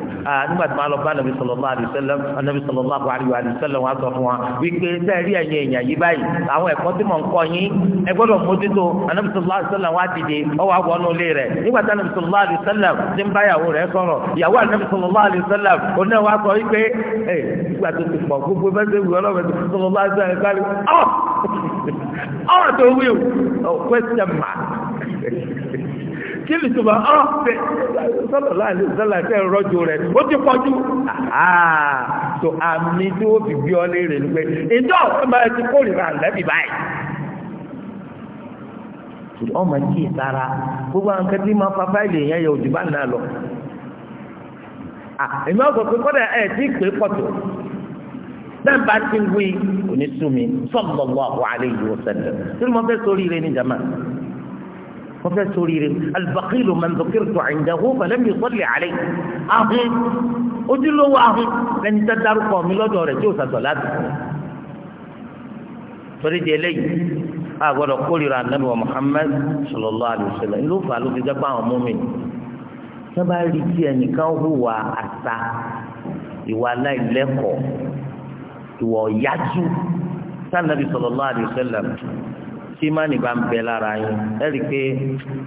Speaker 2: nígbà tí wọ́n lọ bá anabi sallallahu alayhi wa sallam anabi sallallahu alayhi wa sallam wọ́n sọ fún wa wípé sẹ́ẹ̀rí ẹ̀yìn èèyàn yí báyìí àwọn ẹ̀kọ́ tí mò ń kọ́ yín ẹ gbọ́dọ̀ mójútó anabi sallallahu alayhi wa sallam wá dìde ọwọ́ àwọn ọ̀nà olè rẹ̀ nígbà tí anabi sallallahu alayhi wa sallam ti ń bá ìyàwó rẹ̀ kí ni tó bá ọ́ fẹ́ sọ́lọ́lá àlùsọ́lá tẹ́ ń rọ́jò rẹ̀ ó ti pọ̀jù tó àmì tí ó fi gbé ọ léèrè ni pé ìjọ ọ̀sán máa ti kórìíra àlẹ́bí báyìí torí ọmọ kí ìtara gbogbo àwọn kẹtí máa fa fáìlì yẹn yẹ òjò bá nà lọ. èmi ọ̀sọ̀ pé kọ́dà ẹ̀ tí ì pé pọ̀tù bẹ́ẹ̀ bá ti wí onísùnmi sallallahu alaihi wasallam tí mo fẹ́ sórí ire ní jama wọ́n fẹ́ sórí rẹ̀ albakilu mandokiri tó àyìndàwó fẹlẹ́mi sọ́lẹ̀ àlẹ́ ahun ojúlówó ahun lẹ́ni tá dárúkọ mi lọ́dọ̀ rẹ̀ tí ó sàtọ̀ láti torí di eléyìí a gbọ́dọ̀ kórìíra anabi wa muhammed sallallahu alayhi wa fà ló fi jápá àwọn mọ́mìnì tí rí tí ẹnìkan hùwà àṣà ìwà aláìlẹ́kọ̀ọ́ ìwà ọ̀yájú sanabi sallallahu alayhi tí mánì bá ń bẹ lára yín ẹ rí i pé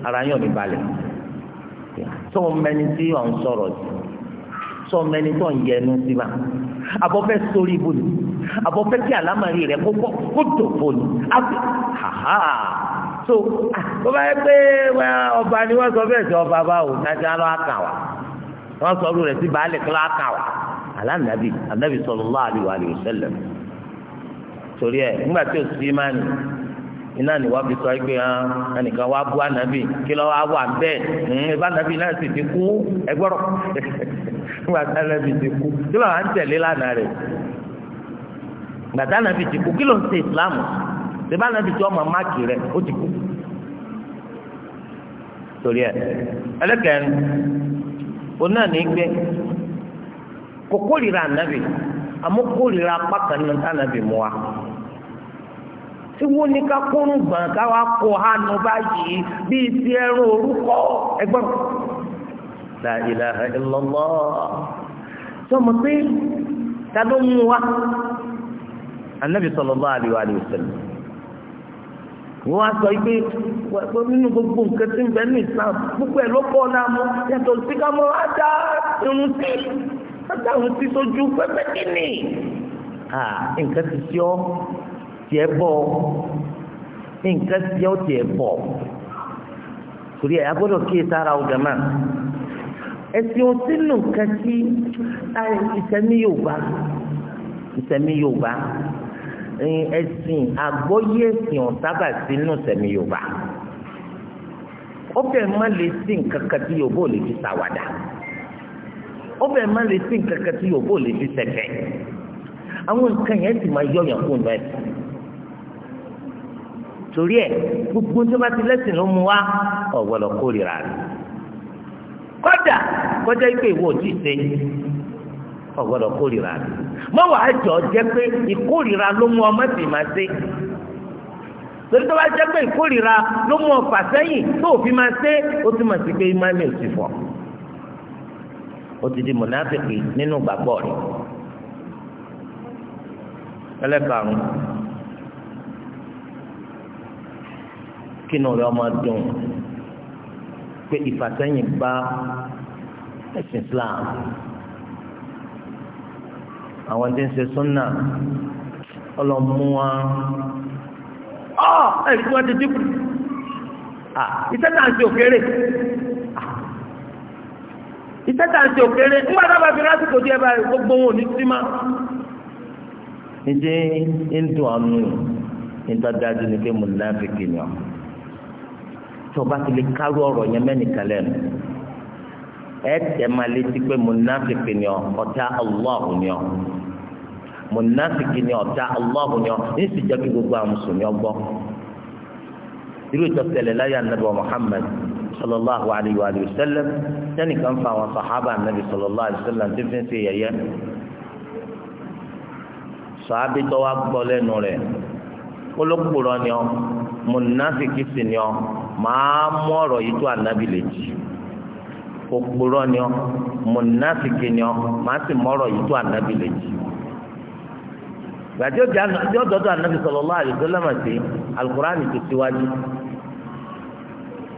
Speaker 2: ara yín ò ní balẹ̀ tó ń mẹni tí ò ń sọ̀rọ̀ sí tó ń mẹni tó ń yẹnu sí ma abọ́fẹ́ sórí ibò ni abọ́fẹ́ kí àlámàrí rẹ̀ kó bọ́ kó tó bò ni àbí haha so tó bá yẹ pé ọba ni wọ́n sọ bẹ́ẹ̀ sí ọba báwo tájà lọ́ àkà wá wọ́n sọ ọdún rẹ̀ sí baálé kílọ̀ àkà wá alánàbì anábì sallallahu alaihi wa sallam torí ẹ̀ nígbà tí ò sí mánì iná ni wàá fi sọ pé ah, ẹnìkan wàá bú ànábì kí lọ́wọ́ á wà bẹ́ẹ̀ hmm, ẹ̀bá ànábì náà sì ti kú ẹgbọ́rọ̀ [laughs] gbàtà ànábì ti kú kí lọ́wọ́ à ń tẹ̀lé lánàá rẹ̀ gbàtà ànábì ti kú kí ló ń ṣe ìsìlámù ṣèbá ànábì tí wọ́n máa máàkì rẹ̀ ó ti kú torí ẹ̀ ẹlẹ́kẹ̀rin oná ní gbé kò kórìíra ànábì àmọ́ kórìíra apá kan náà ànábì mú wa tí wọ́n ní ká kúrún gbọ̀n káwá kó hánu báyìí bíi ti ẹran orúkọ ẹgbọ́n. la ilaha illallah sọmọ pé ta ló mú wa anabi sallallahu alaihi wa sallam wọ́n wá sọ pé nínú gbogbo nǹkan tí ń bẹ ní islam gbogbo ẹ̀ ló náà mú yàtọ̀ sí ká mọ́ ádá irun sí ádá irun sí sójú pẹ́pẹ́ kínní. nǹkan ti ṣe ọ́ tiẹ̀ bọ̀ nǹkan tiẹ̀ ó tiẹ̀ bọ̀ torí ẹ̀ agbọ́dọ̀ kíyè sára ọ̀dà máa ẹ̀sìn òsín nù nǹkan tí ìsẹ̀mí Yorùbá ìsẹ̀mí Yorùbá ẹ̀sìn àgbọ́yé ẹ̀sìn ọ̀sábà sínú ìsẹ̀mí Yorùbá ó fi ṣàwàdà ó bẹ̀ má lè sí nǹkan kan tí Yorùbá fi ṣẹ̀fẹ̀ àwọn nǹkan yẹn ti máa yọ̀yàn fún un lọ́ẹ̀sìn torí ẹ gbogbo tó bá ti lẹ́sìn ló mu wá ọ̀gbọ́dọ̀ kórìíra rẹ̀ kọ́dà kọjá ikú ìwọ ò tí ì ṣe ọ̀gbọ́dọ̀ kórìíra rẹ̀ mọ́ wàá jọ jẹ́ pé ìkórìíra ló mú ọmọ sì máa ṣe torí tó bá jẹ́ pé ìkórìíra ló mú ọfà sẹ́yìn tó òfin máa ṣe ó túmọ̀ sí pé imáni ò ti fọ̀ ó ti di mọ̀nàfẹ́kì nínú gbàgbọ́ rẹ̀ ẹlẹ́karùn-ún. kínú rẹ ọmọ dùn pé ìfàsẹ́yìn bá ẹ̀sìn Islam àwọn tí ń ṣe súnà ọlọ́mú wa ọ́ ẹ̀rí tí wọ́n ti dínkù iṣẹ́ tá à ń ṣe òkèrè iṣẹ́ tá à ń ṣe òkèrè nígbà tá a bá fi lásìkò díẹ̀ báyìí gbogbo wọn ò ní sí máa ǹjẹ́ ń dùn ọ́nù ìtọ́jú ajínike mùnàfíkì ni ọ́ tọba ti lè kárú ọ̀rọ̀ yẹn mẹ́nìkan lẹ́nu ẹ tẹ̀ máa létí pé mùnàfíkì ni ọ ọ̀tá Allah ni ọ mùnàfíkì ni ọ̀tá Allah ni ọ ní sì jẹ́ kí gbogbo àwọn mùsùlùmí ọgbọ́ irú ìtọ́sẹ̀lẹ̀ láyé anabi Muhammad sallallahu alayhi wa sallam sẹ́nìkan fa àwọn sàhábà anabi sallallahu alayhi wa sallam tí fi ṣe yẹ̀yẹ́ sàábì tó wá gbọ́ lẹ́nu rẹ̀ ó ni ọ. munafiki sì ni ọ máa mú ọ̀rọ̀ yìí tó ànábì létí òpùrọ́ ni ọ munafiki ni ọ máa sì mú ọ̀rọ̀ yìí tó ànábì létí gbàtí ó dọdọ ànábì sallallahu alaihi wasallam alukurani ti tiwájú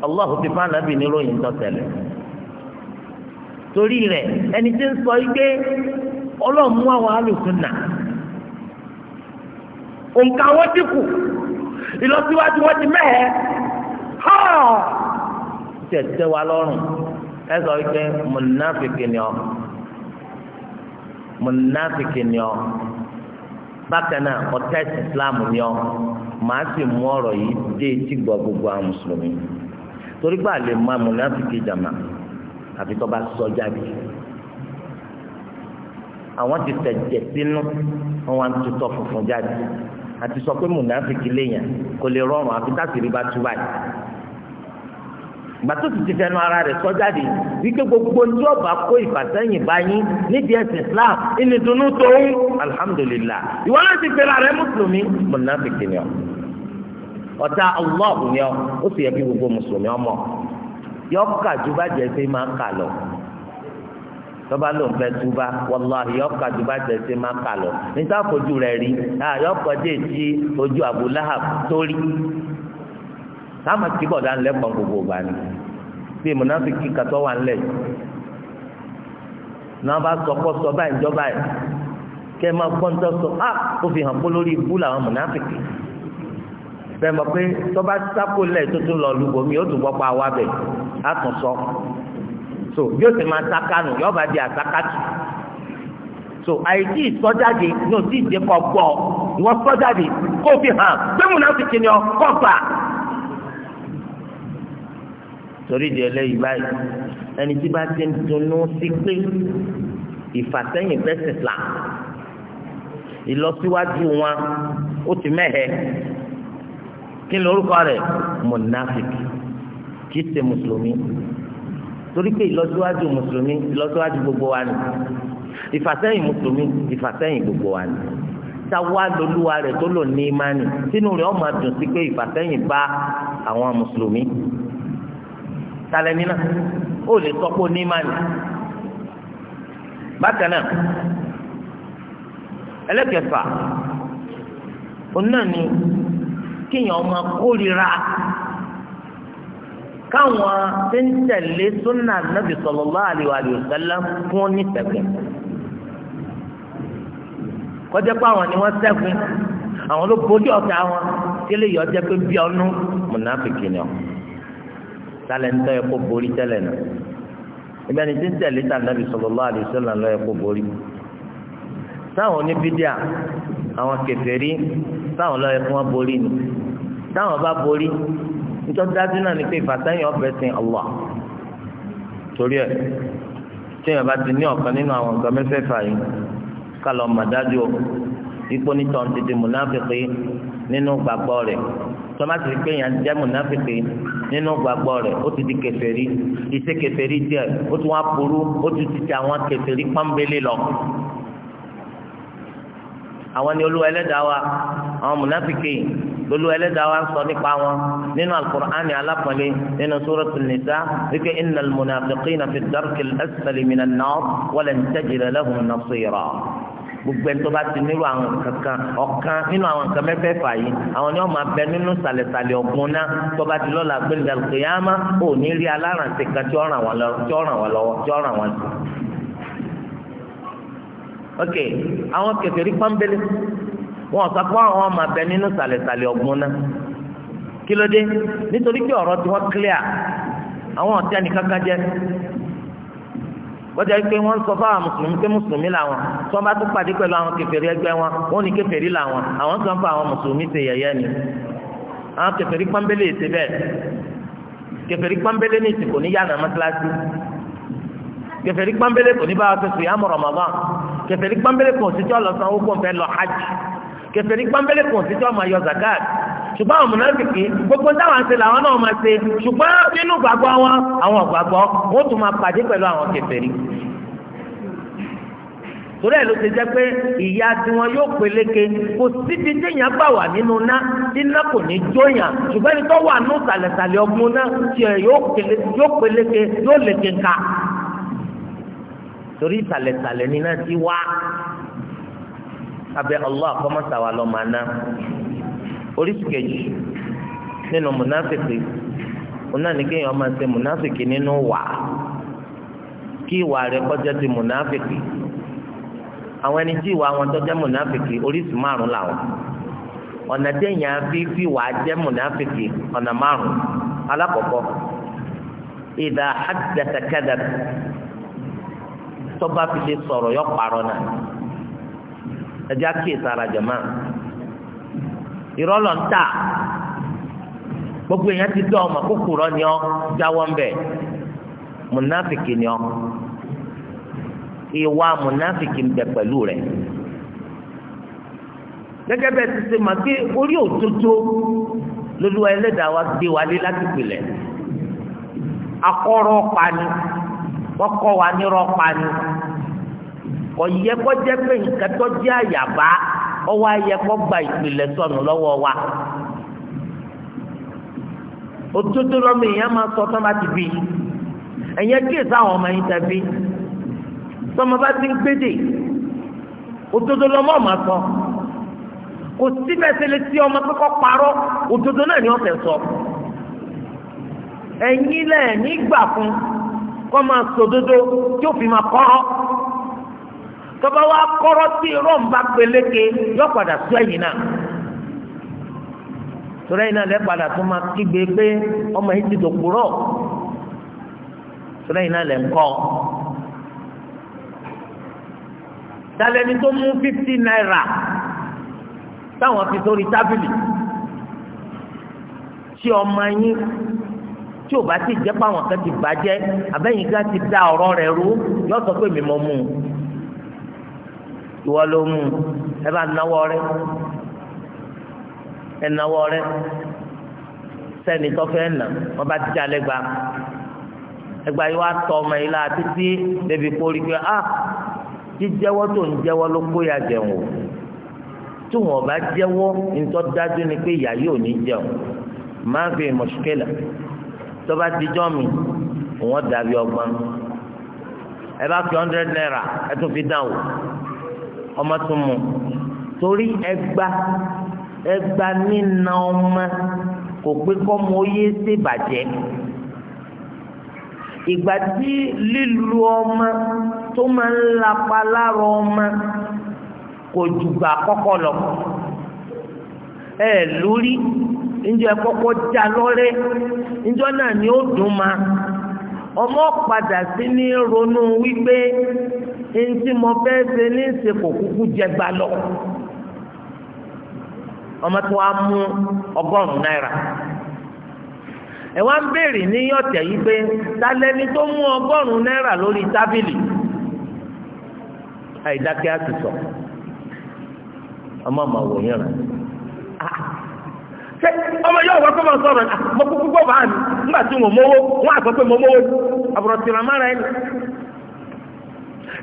Speaker 2: Allahu ti fún ànábì níròyìn tó torí rẹ ẹni tí ń sọ ọlọ́mú àwọn nà ìlọsíwájú wọn ti mẹ́ẹ̀ ha tẹ̀tẹ̀ wa lọ́rùn ẹ sọ wípé mùnàfíkì ni ọ mùnàfíkì ni ọ bákan náà ọ̀tá ìsìlámù ni ọ màá sì mú ọ̀rọ̀ yìí dé etí gbọ́ gbogbo àwọn mùsùlùmí torí gbà lè mọ mùnàfíkì jàmà àfi tó bá sọ jáde àwọn ti tẹ̀jẹ̀ sínú wọn wá ń tutọ́ funfun jáde àti sọ pé mùnàfíkì léèyàn kò lè rọrùn àfi tásìrì bá tú báyìí gbàtó ti ti fẹnu ara rẹ̀ sọ jáde wípé gbogbo ní ọba kó ìfàsẹ́yìn báyìí nídìí ẹsìn Islam ìní dunu tóun alhamdulillah ìwọ náà ti fẹra rẹ̀ mùsùlùmí mùnàfíkì ni ọ ọ̀tá Allah ni ọ ó sì yẹ kí gbogbo mùsùlùmí ọmọ yọ ọkà ju bàjẹ́ máa ń kà lọ tọ́ba ló ń fẹ́ túbá wàláhì yọ̀ọ̀ka ju bá tẹ̀ ṣe máa kà lọ níta fojú rẹ̀ rí yọ̀ọ̀kọ̀ dé ti ojú Abu Lahab torí táwọn ti bọ̀ dáná lẹ́kọ̀ọ́ gbogbo gbà ní bí mùnáfíkì kàtọ́ wà ńlẹ̀ náà bá sọkọ́ sọ báyìí jọ báyìí kẹ́ ẹ máa gbọ́ntọ́ sọ á ó fi hàn pé lórí ibú làwọn mùnáfíkì bẹ́ẹ̀ mọ̀ pé tọ́ba sákò lẹ̀ tuntun lọ lùgbòmí ó tún bọ́ pa wá bẹ̀ á tún sọ so yóò sì máa sakanu yóò bá di àsakatu so àìsí ìsọjáde ní òsì ìdè kọ gbọ ìwọ sọjáde kó fi hàn gbẹmú náà fi kìnìún kọ gbà. torí di ẹlẹ́yìí báyìí ẹni tí bá ti ń dunnú sí pé ìfàsẹ́yìn fẹsẹ̀ là ìlọsíwájú wọn ó ti mẹ́hẹ̀ kí lórúkọ rẹ̀ mọ̀nàfíkì kì í ṣe mùsùlùmí torí pé ìlọsíwájú mùsùlùmí ìlọsíwájú gbogbo wa ni ìfàsẹ́yìn mùsùlùmí ìfàsẹ́yìn gbogbo wa ni táwa lolúwa rẹ̀ tó lò ní ìmánì sínú rẹ̀ ọmọ dùn sí pé ìfàsẹ́yìn bá àwọn mùsùlùmí talẹ́ni náà ó lè sọ pé ní ìmánì bákan náà ẹlẹ́kẹ̀fà òun náà ni kéèyàn ọmọ kórìíra káwọn tí ń tẹ̀lé súnà nàbì sallallahu alaihi wa sallam fún nítẹ̀kùn kọjá pé àwọn ni wọ́n sẹ́kùn àwọn ló bójú ọ̀tá wọn kí lè yọ ọjọ́ pé bí ọnú mùnàfíkì ni ọ tálẹ̀ ń tọ́ ẹ kó borí tẹ́lẹ̀ náà ibẹ̀ ni tí ń tẹ̀lé tà nàbì sallallahu alaihi wa sallam ẹ kó borí táwọn oníbídíà àwọn kèfèrí táwọn lọ́ọ́ ẹ fún wọn borí ni táwọn bá borí nítorí dájú náà ni pé ìfàsẹ́yìn ọ̀fẹ́ sin Allah torí ẹ̀ tí èèyàn bá ti ní ọ̀kan nínú àwọn nǹkan mẹ́fẹ̀ẹ̀fà yìí ká lọ mà dájú o ipò nítọ̀ ń tètè múnáfìkì nínú gbàgbọ́ rẹ̀ tọ́mátì pé èèyàn jẹ́ múnáfìkì nínú gbàgbọ́ rẹ̀ ó ti di kèfèrí iṣẹ́ kèfèrí díẹ̀ ó tún wá burú ó tún ti ti àwọn kèfèrí pọ́nbélé lọ àwọn ni olúwa ẹlẹ́dàá wa àwọn mùnàfíkì lolu ẹlẹ́dàá wa sọ nípa wọn nínú alukur'ani alápọ̀lé nínú suratul nisa wípé innal munafiqina fi darkil asfali minan nar walan tajida lahum nasira gbogbo ẹni tó bá ti nílò àwọn kankan ọ̀kan nínú àwọn nǹkan mẹ́fẹ̀ẹ̀fà yìí àwọn ni wọ́n máa bẹ nínú sàlẹ̀sàlẹ̀ ọ̀gbun náà tó bá ti lọ́la gbẹ̀ndàlùkìyàmá ò ní rí aláràǹtì kan tí ó ràn wọ́n lọ́wọ́ tí ó ràn wọ́n sí ok àwọn kèfèrí pọ́nbélé wọn sọ pé àwọn ọmọ abẹ nínú sàlẹ̀sàlẹ̀ ọ̀gbun náà kí ló dé nítorí pé ọ̀rọ̀ tí wọ́n clear àwọn ọ̀tí ẹnìkankan jẹ́ bọ́jà pé wọ́n ń sọ fáwọn mùsùlùmí pé mùsùlùmí làwọn tí wọ́n bá tún pàdé pẹ̀lú àwọn kèfèrí ẹgbẹ́ wọn wọ́n ní kèfèrí làwọn àwọn sọ fún àwọn mùsùlùmí ṣe yẹ̀yẹ́ ni àwọn kèfèrí pọ́nbélé ṣe bẹ́ẹ̀ kèfèrí pọ́nbélé ní ìsìnkú ní yàrá mọ́tíláṣí kèfèrí pọ́nbélé kò ní bá wa fẹ́ sùn yàmù Ramadan kẹfẹ́rí pọ́nbélé kan sí tí wọ́n lọ san owó kó n fẹ́ lọ hajj kẹfẹ́rí pọ́nbélé kan sí tí wọ́n máa yọ zakat ṣùgbọ́n àwọn mùnàfíkì gbogbo táwọn ṣe làwọn náà máa ṣe ṣùgbọ́n nínú gbàgbọ́ wọn àwọn gbàgbọ́ wọ́n tún máa pàdé pẹ̀lú àwọn kẹfẹ́rí torí ẹ̀ ló ti jẹ́ pé ìyá tiwọn yóò peléke kò síbi téèyàn bá wà nínú ná iná kò ní jóyàn ṣùgbọ́n ẹni tó wà ní sàlẹ̀sàlẹ̀ ọgbọ́n náà tiẹ̀ yóò peléke yóò torí ìsàlẹ̀sàlẹ̀ ni náà ti wá abẹ́ Allah àkọ́mọ́sàwà lọ́mọ àná oríṣi kejì nínú mùnáfìkì ọ̀nà ni kéèyàn máa ṣe mùnáfìkì nínú wà kí ìwà rẹ̀ kọjá ti mùnáfìkì àwọn ẹni tí ìwà wọn tó jẹ́ mùnáfìkì oríṣi márùn làwọn ọ̀nà téèyàn fi fi wà jẹ́ mùnáfìkì ọ̀nà márùn alákọ̀ọ́kọ́ ìdá àdàtàkàdà tọ́ba fi lè sọ̀rọ̀ yọ parọ́ náà ẹjẹ́ àkíyèsí ara jẹ̀mọ́ ìrọ́lọ̀ ń tà gbogbo èèyàn ti dọ́ ọmọ kókòrọ́ ni ọ́ jáwọ́ ń bẹ̀ mùnáfìkì ni ọ́ ìwà mùnáfìkì ń bẹ pẹ̀lú rẹ̀ gẹ́gẹ́ bẹ́ẹ̀ ti ṣe máa gbé orí òtótó lóluwa ẹlẹ́dàá wa gbé wálé láti pilẹ̀ akọ́rọ́ pani wọ́n kọ́ wa nírọ́ pa ni kò yẹ kó jẹ́ pé nǹkan tó jẹ́ àyàbá ó wá yẹ kó gba ìpìlẹ̀ sọnù lọ́wọ́ wa òtútù lọ́mọ èèyàn máa sọ tó máa ti bí ẹ̀yẹ kíyèsí àwọn ọmọ yín tẹ̀bí tọmọ bá ti ń gbédè òtútù lọ́mọ ọ̀ máa kò síbẹ̀sẹ̀ lè ti pé kọ́ parọ́ náà ni wọ́n fẹ́ sọ ẹ̀yin nígbà fún kọ́ máa dodo tí ó fi máa kọ́rọ́ wa kọ́rọ́ tí irọ́ bá peléke yọ padà sọ ẹ̀yìn náà torí ẹ̀yìn náà lẹ́ padà tó máa kígbe pé ọmọ yìí ti ẹ̀yìn náà lẹ́ ń kọ́ dalẹ́ni tó mú fifty naira táwọn fi sórí tábìlì tí ọmọ tí o bá ti jẹ́ pé àwọn kan ti bàjẹ́ abẹ́yìn kan ti da ọ̀rọ̀ rẹ̀ rú yóò sọ pé mi mọ̀ mú un ìwọ ló mú un ẹ bá náwó rẹ ẹ náwó rẹ sẹ́ni tó fẹ́ nà wọ́n bá ti já lẹ́gba ẹgba yìí wá tọ ọmọ yìí la títí débi kórì pé a ah, jíjẹ́wọ́ tó ń jẹ́wọ́ ló kó ya jẹun o tí wọn bá jẹ́wọ́ nítọ́ dájú ni pé ìyá yìí ò ní jẹun máa ń fi mọ̀ṣúkẹ́lẹ̀ tọ́ba ti jọ́ mi wọ́n dàbí ọgbọ́n ẹ bá fi hundred naira ẹ tún fi dán o ọmọ tún mu torí ẹgba ẹgba nínà ọmọ kò pé kọ́ mọ oyé ṣe bàjẹ́ ìgbà tí lílu ọmọ tó máa ń lapa lára ọmọ kò jùgbà kọ́kọ́ lọ ẹ lórí ǹjẹ́ kọ́kọ́ já lọrẹ njọ náà ni ó dùn ma ọmọ padà sí ní ronú wípé ntí mo fẹ́ ṣe ní ìsìnkú kúkú jẹgba lọ ọmọ tó wá mú ọgọ́rùn náírà ẹ wá ń béèrè ní ọ̀tẹ̀ yìí pé tó mú náírà lórí tábìlì àìdákẹ́ ọmọ rẹ ah, ṣe ọmọ yóò wọ́n kó máa sọ̀rọ̀ ní ah, kúkú gbọ́ mi nígbà tí mo wọ́n àgbọ̀ pé mo àbúrò tìrọ̀ mára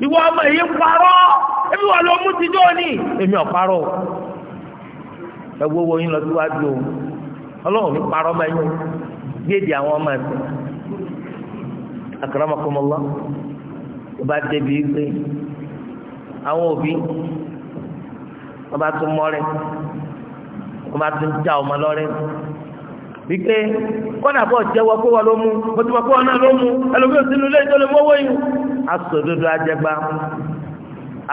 Speaker 2: ìwọ ọmọ parọ́ ẹbí wà ló mú ti èmi parọ́ ẹ wo wo yín lọ o ọlọ́run mi parọ́ àwọn ọmọ ẹ̀sìn bá débi àwọn wọn kó má tún já ọmọ lọ́rẹ́ wípé kọ́nà bọ̀ jẹ́wọ́ kó wọ́n ló mú mo ti mọ̀ kó wọn náà ló mú ẹlòmí sínú ilé tó lè mọ́wọ́ yìí asòdodo ajẹgba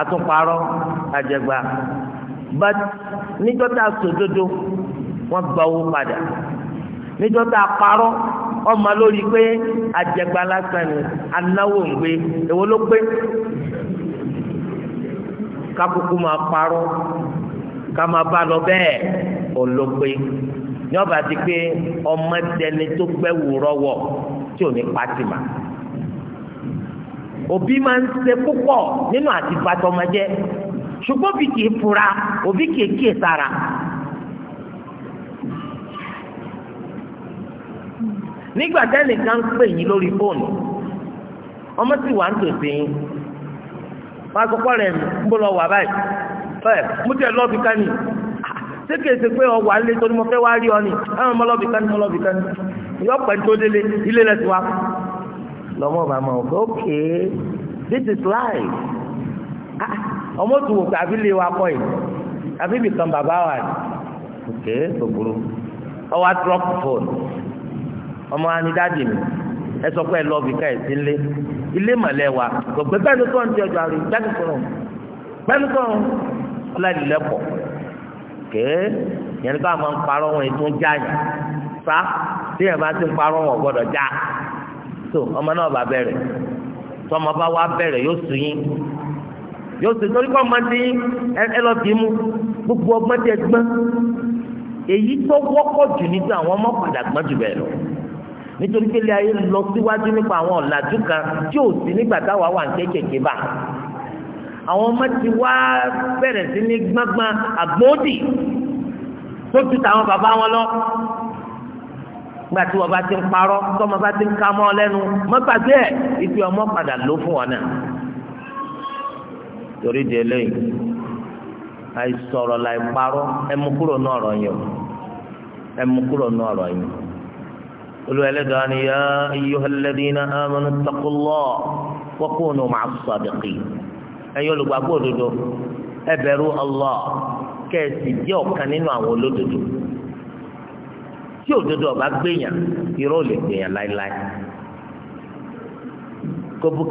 Speaker 2: atúnparọ́ ajẹgba but níjọ́ tá a sòdodo wọ́n gba owó padà níjọ́ tá a parọ́ ọmọ lórí pé ajẹgba lásán ni anáwó ń gbé èwo ló gbé kakuku máa parọ́ ká máa bá lọ bẹ́ẹ̀ olóògbé ní ọba ti pé ọmọ dẹni tó gbẹ́wò rọwọ́ tí ò ní pati mà òbí máa ń ṣe púpọ̀ nínú àti fatọmọjẹ ṣùgbọ́n òbí kì í fura òbí kì í kíyè sára. nígbà tẹ́nìkan ń pè yín lórí fóònù ọmọ sì wà ń tòsí yín wọn akọ́kọ́ rẹ̀ ń bọ́ lọ wà báyìí ẹ̀ mú tiẹ̀ lọ́ọ̀bì kan ní ṣé kìí ṣe pé ọwọ́ alẹ́ tó ní mo fẹ́ wá rí ọ ni àwọn ọmọ lọ́ọ̀bì kan ní mo lọ́ọ̀bì kan ní yọ pẹ̀lú tó délé ilé lẹ́sìn wa lọ́mọ bàmọ́ ok this is life ah, ọmọ tó wò tàbí lè wa kọ́ yìí àbí ibìkan bàbá wa ni ok gbogbo ọwọ́ atrọ́p fóònù ọmọ anidadi mi ẹ sọ pé ẹ lọ́ọ̀bì ká ẹ̀ sí ilé ilé mọ̀lẹ́ wa gbogbo bẹ́ẹ̀ ló tọ́ ní ọjọ́ àrùn ìjáde kọ̀ọ̀ bẹ́ẹ̀ fúlàní lẹ́pọ̀ yẹn ní ká máa ń parọ́ wọn ètò ń yẹn fa tí yẹn bá ti ń parọ́ wọn gbọ́dọ̀ já so ọmọ náà bá bẹ̀rẹ̀ tọmọ bá wá bẹ̀rẹ̀ yóò sùn yín yóò sùn torí kọ́ máa ti ẹ lọ bí gbogbo ọgbọ́n tẹ gbọ́n èyí tó wọ́pọ̀ jù nígbà àwọn ọmọ padà gbọ́n jù bẹ́ẹ̀ nítorí pé ilé ayé lọ síwájú nípa àwọn ọ̀làjú kan tí ò sí nígbà táwa wà ń kékèké bá àwọn ọmọ ti wá bẹ̀rẹ̀ sí ní gbọ́ngbọ́n àgbóòdì tó ju tàwọn bàbá wọn lọ gba tí wọn bá ti ń parọ́ tọmọ bá ti ń ka mọ́ lẹ́nu mọ́gbàgbé ẹ̀ ìfi ọmọ padà ló fún wọn náà torí di eléyìí àìsọ̀rọ̀ láì parọ́ ẹmu kúrò náà ọ̀rọ̀ yẹn o ẹmu kúrò náà ọ̀rọ̀ yẹn olú ẹlẹ́dàá ni yá ayyuhalladhina amanu ttaqullah wa kunu ma'as-sadiqin. ẹ̀yin olùgbàgbọ́ òdodo ẹ bẹ̀rù Allah kẹ́ẹ̀sì jẹ́ ọ̀kan nínú àwọn olódodo tí òdodo ọba gbẹ̀yàn irọ́ lè gbẹ̀yàn láéláé kò pé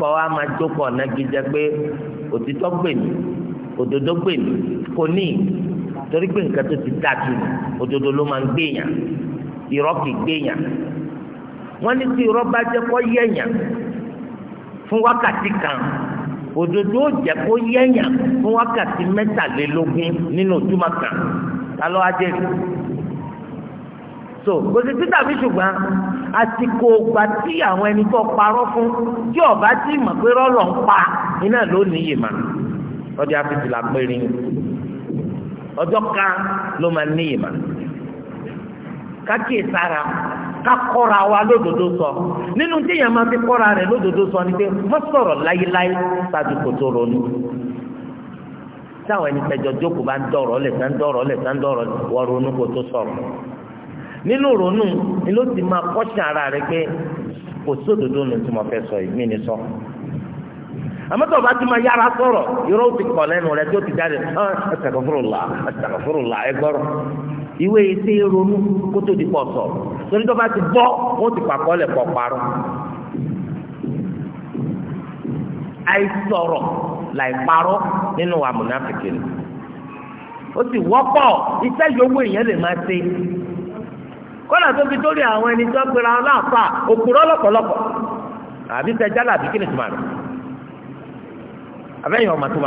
Speaker 2: kọ́ wa máa jókòó nagijẹ pé òtítọ́ gbèmí òdodo gbèmí kò ní torí pé nǹkan tó ti dájú òdodo ló máa ń gbẹ̀yàn irọ́ kì í gbẹ̀yàn wọ́n ní tí irọ́ bá jẹ́ kọ́ yẹ̀yàn fún wákàtí kan òdodo jẹ́ kó yẹ̀yàn fún wákàtí mẹ́tàlélógún nínú ojúmọ́ kan talọ́ ajẹ́ rí so kò sí títà bí ṣùgbọ́n àsìkò ògbà tí àwọn ẹni tó parọ́ fún tí ọba tí mọ̀ pé rọ́lọ̀ ń pa iná ló níyì mà ọdí afẹ́tì la péré ọjọ́ kan ló máa níyì mà kákìí sára ká kọ́ra wa lódodo sọ nínú tí èèyàn máa fi kọ́ra rẹ̀ lódodo sọ ni pé wọ́n sọ̀rọ̀ láyéláyé ṣáàjú kò tó ronú táwọn ẹni tẹjọ jókòó bá ń dọ̀rọ̀ lẹ̀ tán dọ̀rọ̀ lẹ̀ tán dọ̀rọ̀ wọ́n ronú kò tó sọ̀rọ̀ nínú ronú ni ló ti máa kọ́ṣà ara rẹ̀ pé kò sódodo nù tí mo fẹ́ sọ yìí ni sọ. So àmọ́tọ̀ bá ti máa yára sọ̀rọ̀ yọrọ ti kọ̀ lẹ́nu rẹ tí ó ti jáde ah, astaghfirullah astaghfirullah ẹ gbọ́rọ̀ ìwé etí ronú kó tó di pọ̀ sọ̀ torí tó bá ti bọ́ ó ti pàkọ́ lẹ̀ pọ̀ parọ́ àìsọ̀rọ̀ làìparọ́ nínú wa mùnàfíkì ni ó sì wọ́pọ̀ iṣẹ́ yòówù èèyàn lè máa ṣe kọ́là tó fi dórí àwọn ẹni tó gbéra ọlọ́àfà òkúrọ́ lọ́pọ̀lọpọ̀ àbí sẹ́jálà àbí kí ni tùmọ̀ rẹ̀. abẹ́yìn ọmọ tó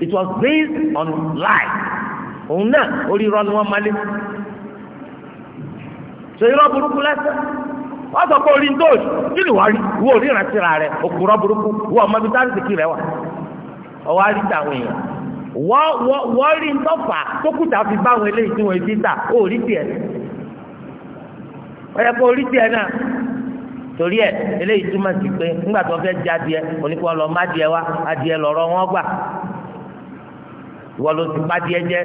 Speaker 2: it was based on life. òun náà orí irọ́ ni wọ́n máa lé ṣe irọ́ burúkú lẹ́sẹ̀ wọ́n sọ pé orí ń tóòṣù kí ni wàá rí wọ́n rí ìrántí rẹ̀ òkúrọ́ burúkú wọ́n ọmọ ibi táwọn rẹ̀ wà ọwọ́ èèyàn wọ́n rí tó kùtà fi bá àwọn eléyìí tí wọ́n ti torí ẹ eléyìí túmọ̀ sí pé nígbà tó fẹ́ já díẹ̀ oníkó lọ má díẹ̀ wá adìẹ lọ̀rọ̀ wọn gbà ìwọ ti bá díẹ̀ jẹ́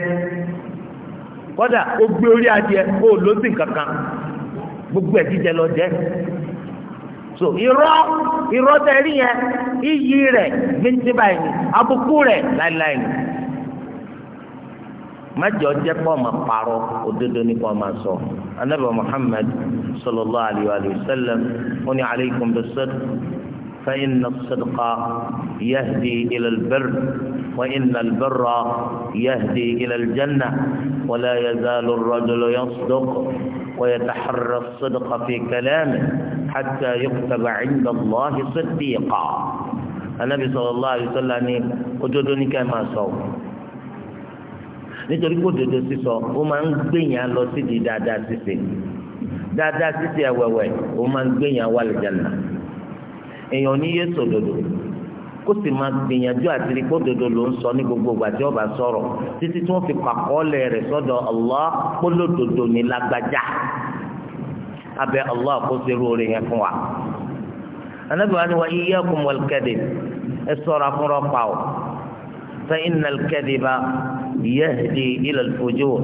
Speaker 2: kódà ó gbé orí adìẹ ó ló sì kankan gbogbo ẹ̀ lọ jẹ́ so irọ́ irọ́ tẹ̀rí yẹn iyì rẹ̀ rẹ̀ májọ jẹ́ pọ̀ mà parọ́ òdodo nípa ọmọ sọ anabi muhammad sallallahu alayhi wa sallam ó ní alaykum bis-sidq fa inna as-sidqa yahdi ila al-birr wa inna al-birra yahdi ila al-janna wa la yazalu ar-rajulu yasduq wa yataharra as-sidqa fi kalamihi hatta yuktaba 'inda allahi siddiqa anabi sallallahu alayhi wa sallam ní òdodo ní ká máa sọ. nítorí kó dodo sísọ ó máa ń gbèyàn lọ di dáadáa ṣíṣe dáadáa ṣíṣe ẹ̀wẹ̀wẹ̀ ó máa ń ma wà lìjànà èèyàn ní yé sòdodo kó sì máa gbìyànjú àti rí kó dodo ló ń sọ ní gbogbo ìgbà tí ó sọ̀rọ̀ títí tí wọ́n fi pàkọ́ọ́lẹ̀ rẹ̀ sọ́dọ̀ Allah kólódodo ní lágbájá Allah irú orin yẹn wa anábìwá ni wọ́n iyyakum wal kadhib ẹ o. فإن الكذب يهدي إلى الفجور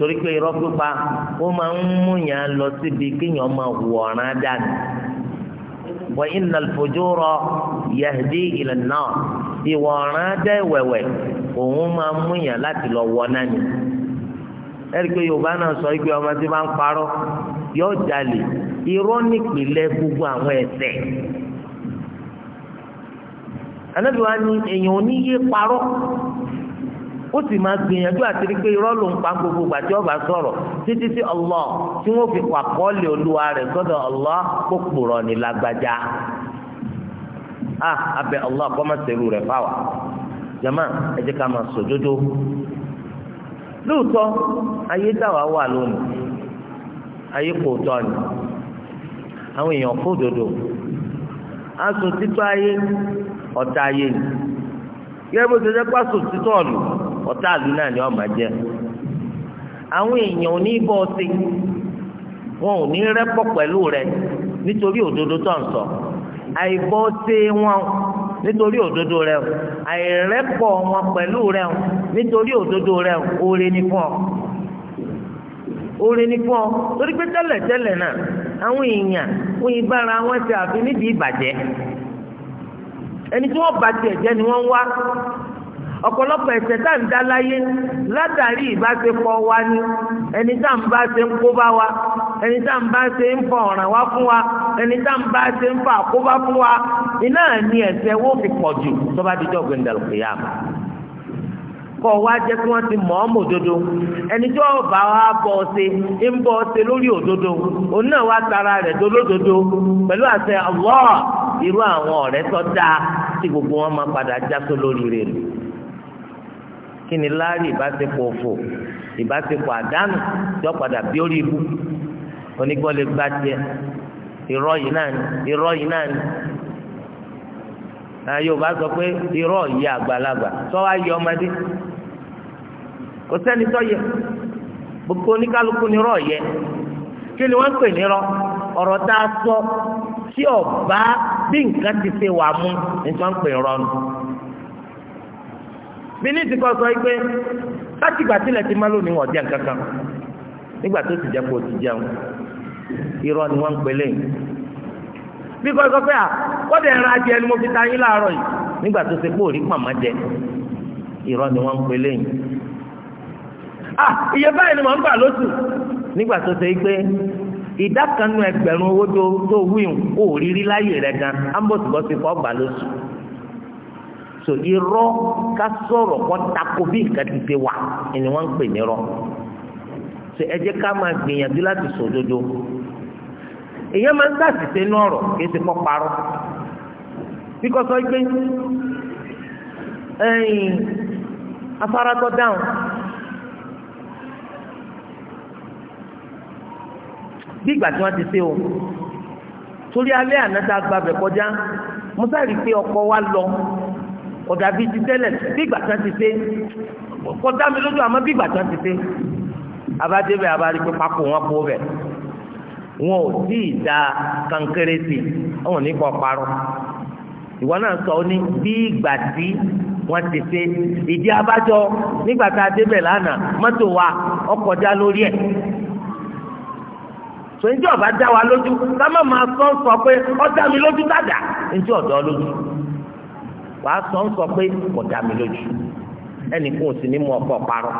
Speaker 2: torí pé irọ́ pípa ó máa ń múyàn lọ síbi kéèyàn máa wọ̀ràn dànù wa inna al-fujura yahdi ila an-nar ìwọ̀ràn dẹ́ wẹ̀wẹ̀ òun máa múyàn láti lọ wọ náà ni ẹ̀rí pé yorùbá náà sọ pé ọmọ tí máa ń parọ́ yóò jalè irọ́ nípìnlẹ̀ gbogbo àwọn ẹ̀ṣẹ̀ ànábì wa ni èèyàn ò ní yé parọ́ ó sì máa gbìyànjú àti rí pé irọ́ ló ń pa gbogbo ìgbà tí ọba sọ̀rọ̀ títí sí Allah tí wọ́n fi wà kọ́ọ̀lì olúwa rẹ̀ sọ́dọ̀ Allah kó kpòrọ̀ ní lágbájá a ah, abẹ Allah kọ́ máa ṣerú rẹ̀ jama ẹ ká máa sòdodo lóòótọ́ ayé táwa wà lónìí ayé kò tọ́ ni àwọn èèyàn kó dodo a títọ́ ayé ọ̀tá ayé yẹ bó ṣe jẹ́ pé ọ̀lù ọ̀tá àlù náà ni ọ̀mà jẹ́ àwọn èèyàn ní bọ́ ọ wọn ò ní rẹ́pọ̀ pẹ̀lú rẹ nítorí òdodo tó ń sọ àìbọ́ wọn nítorí òdodo rẹ o àìrẹ́pọ̀ wọn pẹ̀lú rẹ o nítorí òdodo rẹ oore ní fún ọ oore ní ọ torí pé tẹ́lẹ̀ tẹ́lẹ̀ wọ́n yìí wọn ṣe àfi níbi ìbàjẹ́ ẹni tí wọ́n bàjẹ́ jẹ́ ni wọ́n ń wá ọ̀pọ̀lọpọ̀ ẹ̀ṣẹ̀ tá ń dá láyé látàrí ìbáṣepọ̀ wa ni ẹni tá ń bá ṣe ń kó bá wa ẹni tá ń bá ṣe ń fa ọ̀ràn wá fún wa ẹni tá ń bá ṣe ń fa àkóbá fún wa iná ni ẹ̀ṣẹ̀ wo fi pọ̀ jù tó bá dijọ́ gbẹ̀ndàlùkìyàmù kọ́ wá jẹ́ kí wọ́n ti mọ̀ ọ́ mọ̀ òdodo ẹni tó bá wa bọ̀ ọ̀sẹ̀ ń bọ̀ ọ̀sẹ̀ lórí òdodo òun náà wá tara rẹ̀ dolódodo pẹ̀lú àṣẹ Allah irú àwọn ọ̀rẹ́ tó dáa tí gbogbo wọn máa padà já tó lórí rẹ̀ lò kí ni láàrí ìbáṣepọ̀ òfò ìbáṣepọ̀ àdánù tó padà bí orí ibú onígbọ́n lè gbá tiẹ̀ irọ́ yìí náà ni irọ́ yìí náà ni àyè bá sọ pé irọ́ yìí àgbàlagbà tó wá yọ ọmọdé. kò sẹ́ni tó gbogbo oníkálukú ni rọ yẹ kí ni wọ́n pè ní rọ ọ̀rọ̀ tá a sọ tí ọba bí nǹkan ti ṣe wà mú ní wọ́n pè rọ nù. bíní ti kọ́ sọ pé láti ìgbà ti ni wọ́n pè lẹ́yìn. bí kọ́ sọ pé à ẹran ni mo fi ta yín láàárọ̀ yìí nígbà ni wọ́n ah iye báyìí ni mò ń gbà lóṣù nígbà tó ṣe pé ìdá kan nínú ẹgbẹ̀rún owó tó tó wíwùn ó rírí láyè rẹ̀ gan ambọ̀tìbọ̀sì kọ́ gbà lóṣù so irọ́ ká sọ̀rọ̀ kọ́ tako bí nǹkan ti ṣe wà ni wọ́n ń pè ní irọ́ so ẹ jẹ́ ká máa gbìyànjú láti sòdodo èèyàn máa ń sàṣìṣe ní ọ̀rọ̀ kì í ṣe kọ́ parọ́ bíkọ́ sọ pé afárátọ́ dáhùn bí ìgbà tí wọ́n ti ṣe o torí alẹ́ àná tá a gba bẹ̀ kọjá mo sáré pé ọkọ wa lọ ọ̀dà bíi ti tẹ́lẹ̀ bí ìgbà tí wọ́n ti ṣe kọjá mi lójú àmọ́ bí ìgbà tí wọ́n ti ṣe abadébẹ̀ abadé pé pákó wọn kó bẹ̀ wọn ò tí ì da kankéré sí i wọn ò ní kọ parọ́ ìwọ náà sọ ọ ní bí ìgbà tí wọ́n ti ṣe ìdí abájọ nígbà tá a débẹ̀ lánàá mọ́tò wa ọkọjá lórí ẹ̀ sọ̀yìn tí ọba dá wa lójú ká má máa sọ ń sọ pé ó mi lójú dàdà ntí ọ̀dọ́ lójú wàá sọ ń sọ pé ọ mi lójú ẹnìkan ní ọkọ parọ́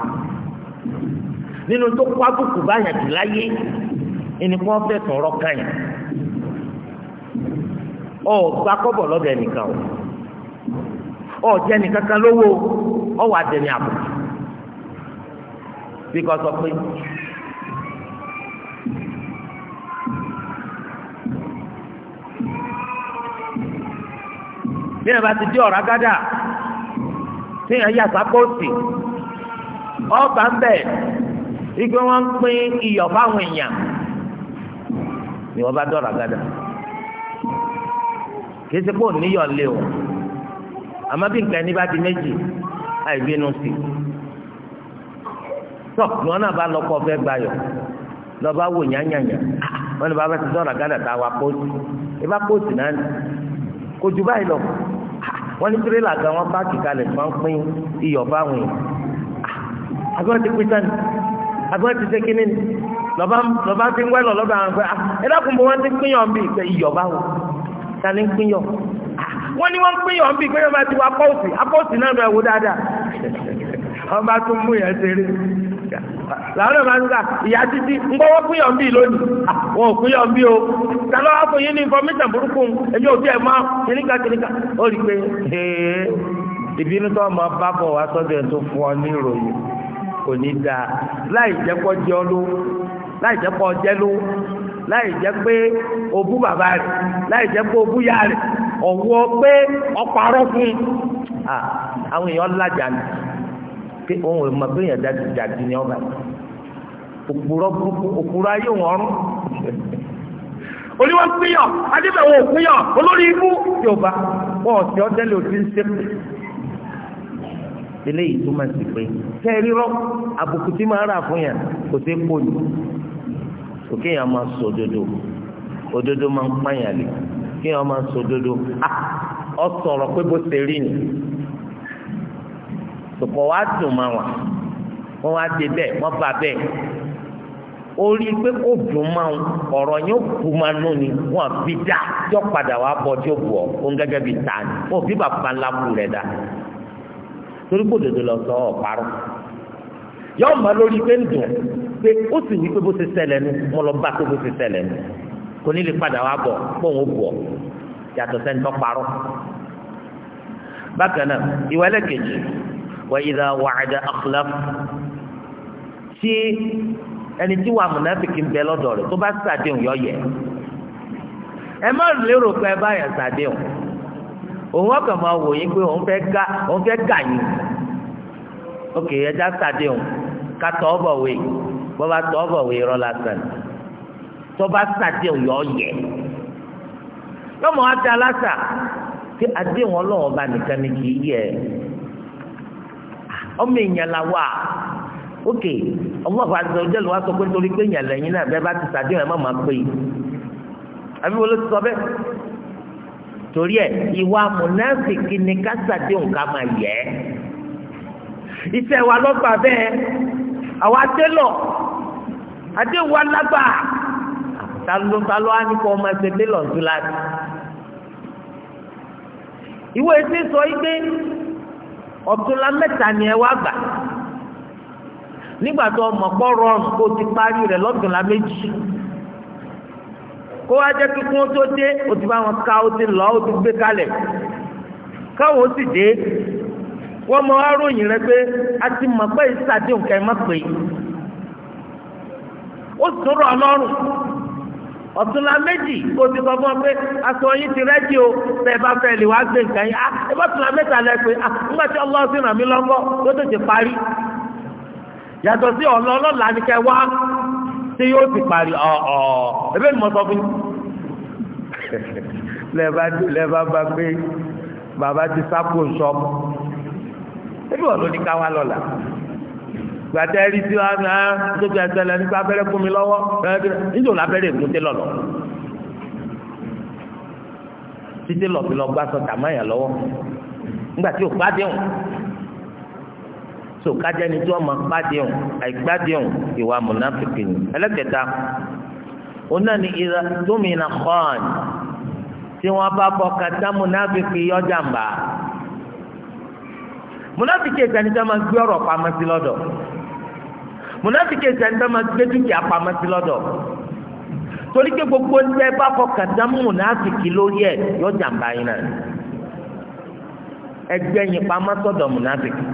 Speaker 2: nínú tó kó àbùkù báyà jù láyé ẹnìkan fẹ́ sọ̀rọ̀ kàyà ọ̀ gba kọ́bọ̀ o ọ̀ jẹ́ lówó ọ̀ wà àbùkù sọ pé. tí yẹn bá ti dé ọ̀rá gádà tí yẹn yà sápọ́ọ̀sì ọba ń bẹ̀ igbe wọn ń pín iyọ̀ fáwọn èèyàn ni wọn bá dé ọ̀rá gádà kìí ṣe pé òní yọ̀ lé o àmọ́ bí nǹkan ẹni bá di méjì àìbínú sí tọ́ ni wọn náà bá lọ kọ́ fẹ́ gbayọ̀ lọ́ba wò nyányányá wọn ni bàbá ti dọ̀rọ̀ gánà tá a wà pósì ìbá pósì náà ni kò báyìí lọ wọ́n ní tirẹ́là gan wọ́n páàkì kalẹ̀ tí wọ́n pín iyọ̀ fáwọn yìí ah, agbọ́n ti pín sani agbọ́n ti ṣe kínní lọ́ba lọ́ba ti ń wẹ́ lọ lọ́ba àwọn pé ah, ẹ dákun bó wọ́n ti pín yọ̀ bí ìpè iyọ̀ báwo sani ń pín yọ̀ ah, wọ́n ní wọ́n pín yọ̀ bí ìpè yọ̀ bá ti wọ apọ́ọ̀sì apọ́ọ̀sì náà lọ ẹ̀wò dáadáa [laughs] Ọ bá tún mú yẹn ṣeré làwọn ọmọ nígbà ìyá títí ń gbọ́wọ́ fún yọ̀ ń bí lónìí ah, wọn ò ń bí o tàlọ́ wá fún yín ní information burúkú èyí ò tiẹ̀ mọ́ kìnìkà pé ìbínú tó ọmọ bá bọ̀ wá sọ́dọ̀ ọ ní ìròyìn kò ní láì jẹ́ jẹ́ ọ láì jẹ́ jẹ́ láì jẹ́ pé bàbá rẹ̀ láì jẹ́ pé yá rẹ̀ ọ̀wọ́ pé ọ̀pọ̀ pé òun ò mọ̀ pé èèyàn jàdí ni ọba òpùrọ̀ burúkú òpùrọ̀ ayé wọn rún oníwọ́n pínyàn adébẹ̀wò pínyàn olórí ikú yóò bá wọn ọ̀sẹ̀ ọ̀tẹ́lẹ̀ òsì ń ṣe eléyìí túmọ̀ sí pé kẹ́ rírọ́ àbùkù tí máa rà fún yàn kò sí kó ní òkè yàn máa sọ òdodo òdodo máa ń pààyàn lè kí yàn máa sọ òdodo ah, ọ sọ̀rọ̀ pé bó ṣe rí ni sọ̀kọ̀ wá dùn mọ́ wọn wọ́n wá dé bẹ́ẹ̀ wọ́n bá bẹ́ẹ̀ orí pé kò dùn mọ́ wọn ọ̀rọ̀ yẹn ó kú máa nù ni wọ́n fi dá yọ padà wá bọ́ tí ó bù ọ́ fún gẹ́gẹ́ bíi tàn ó fi bàbá ńlá kú rẹ̀ dá torí kò dòdò lọ sọ ọ̀ parọ́ yọ ọmọ lórí pé ń dùn pé ó sì ní pé bó ṣe ṣẹlẹ̀ nu mo lọ bá pé bó ṣe ṣẹlẹ̀ nu kò ní lè padà wá bọ̀ kóun ó bọ̀ yàtọ̀ sẹ́ni tó parọ́ bákan náà ìwà ẹlẹ́kejì wa idha wa'ada akhlaf tí ẹni tí wà múnáfíkì ń bẹ lọ́dọ̀ rẹ̀ tó bá ṣàdéhùn yọ yẹ ẹ má lérò pé ẹ bá yẹn ṣàdéhùn òun ọkàn máa wò yín pé òun fẹ́ gà òun fẹ́ gà yín ókè ẹja ṣàdéhùn ká tọ́ ọ̀bọ̀ wé bọ́ bá tọ́ ọ̀bọ̀ wé irọ́ lásán tó bá ṣàdéhùn yọ yẹ lọ́mọ adé aláṣà tí àdéhùn ọlọ́wọ́ bá nìkan ni kì í yẹ ọmọ èèyàn la wà ok Allahu azza wa jalla wá sọ pé torí pé èèyàn lẹ́yìn náà bẹ́ẹ̀ bá ti sàdéhùn ẹ̀ má máa pè é àbí wọ́n ló ti sọ bẹ́ẹ̀ torí ẹ̀ ìwà mùnáfìkì ni ká sàdéhùn ká máa yẹ ẹ́ iṣẹ́ wa lọ́gbà bẹ́ẹ̀ àwa télọ̀ àdéhùn wa lágbà talótaló á ní kó ọmọ ẹsẹ̀ télọ̀ ńtúláàdì ìwé ẹsẹ̀ sọ yí pé ọ̀túnla mẹ́ta ni ẹ wá gbà nígbà tó ọmọ rọrùn kó ti parí rẹ̀ lọ́túnla méjì kó wá jẹ́ kíkún tó dé o ti bá wọn ká o ti lọ o ti gbé kalẹ̀ káwọn ó sì wọ́n mọ a ti ọ̀túnla méjì kó ti sọ fún ọ pé aṣọ yín ti rẹ́jì o bẹ́ẹ̀ bá fẹ́ lè wá gbé nǹkan yín ah ẹ bá tún la mẹ́ta lẹ pé ah nígbà tí ọlọ́run sì ràn mí lọ́wọ́ ló tètè parí yàtọ̀ sí ọ̀nà ọlọ́la ni kẹ wá tí yóò ti parí ọ̀ ọ̀ ebe ni mo sọ fún yín. [laughs] lẹ́ẹ̀bá lẹ́ẹ̀bá bá gbé bàbá ti sápò ṣọ́ọ̀bù ebi wọ́n ló ní ká lọ́la gbàtà ẹrí tí wọn á ah, tó fi àtẹlẹ nípa abẹ́rẹ́ fún mi lọ́wọ́ nítorí lábẹ́rẹ́ èkó tẹ lọlọ títí lọ fi lọ gbà sọ tàmáyà lọ́wọ́ nígbà tí o pàdé o so kájẹ ni tí wọn máa pàdé o àìpàdé o ìwà mùnàfíkì ni ẹlẹ́kẹta òun náà ni ìlà tómìnà kọ́ọ̀n tí wọn bá bọ kàtá mùnàfíkì yọjà mbà mùnàfíkì ìgbàanìjà máa gbé ọ̀rọ̀ pamọ́ sí lọ́dọ̀ mùnàfíkì ẹsẹ̀ ń tán máa gbé dúkìá pamọ́ sí lọ́dọ̀ torí pé gbogbo ń tẹ́ bá fọkàn tán mùnàfíkì lórí ẹ̀ yóò jàǹbá yín náà ẹgbẹ́ yín pamọ́ sọ́dọ̀ mùnàfíkì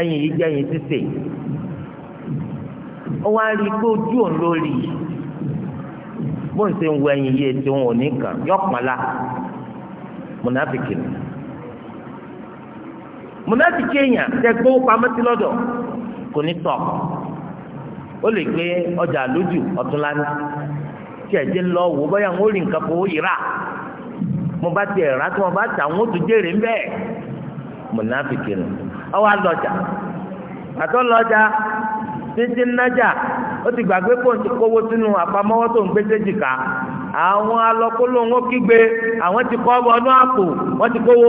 Speaker 2: ẹ̀yìn yìí jẹ́ yín sísè ó wá rí i pé ojú bó ń ṣe ń wo ẹ̀yìn yìí ètò òun ò ní kàn yọ̀ pọ́nlá mùnàfíkì ni mùnàfíkì èèyàn tẹ gbówó pamọ́ sí lọ́dọ̀ kò ní tọ̀ ó lè gbé ọjà lójú ọ̀tún lánàá tí ẹ̀jẹ̀ lọ wò bóyá wọn ò rí nǹkan fowó yìí rà mo bá tiẹ̀ rà tí mo bá tà wọn tún jèrè ń bẹ́ẹ̀ mùnàfíkì nù ọwọ́ àlọ́jà àtọ́lọ́jà títí nájà ó ti gbàgbé kówó sínú àpamọ́wọ́ tó ń gbé séjì ká àwọn alọ́kólóhùn ó kígbe àwọn ti kọ́ àpò wọ́n ti kówó.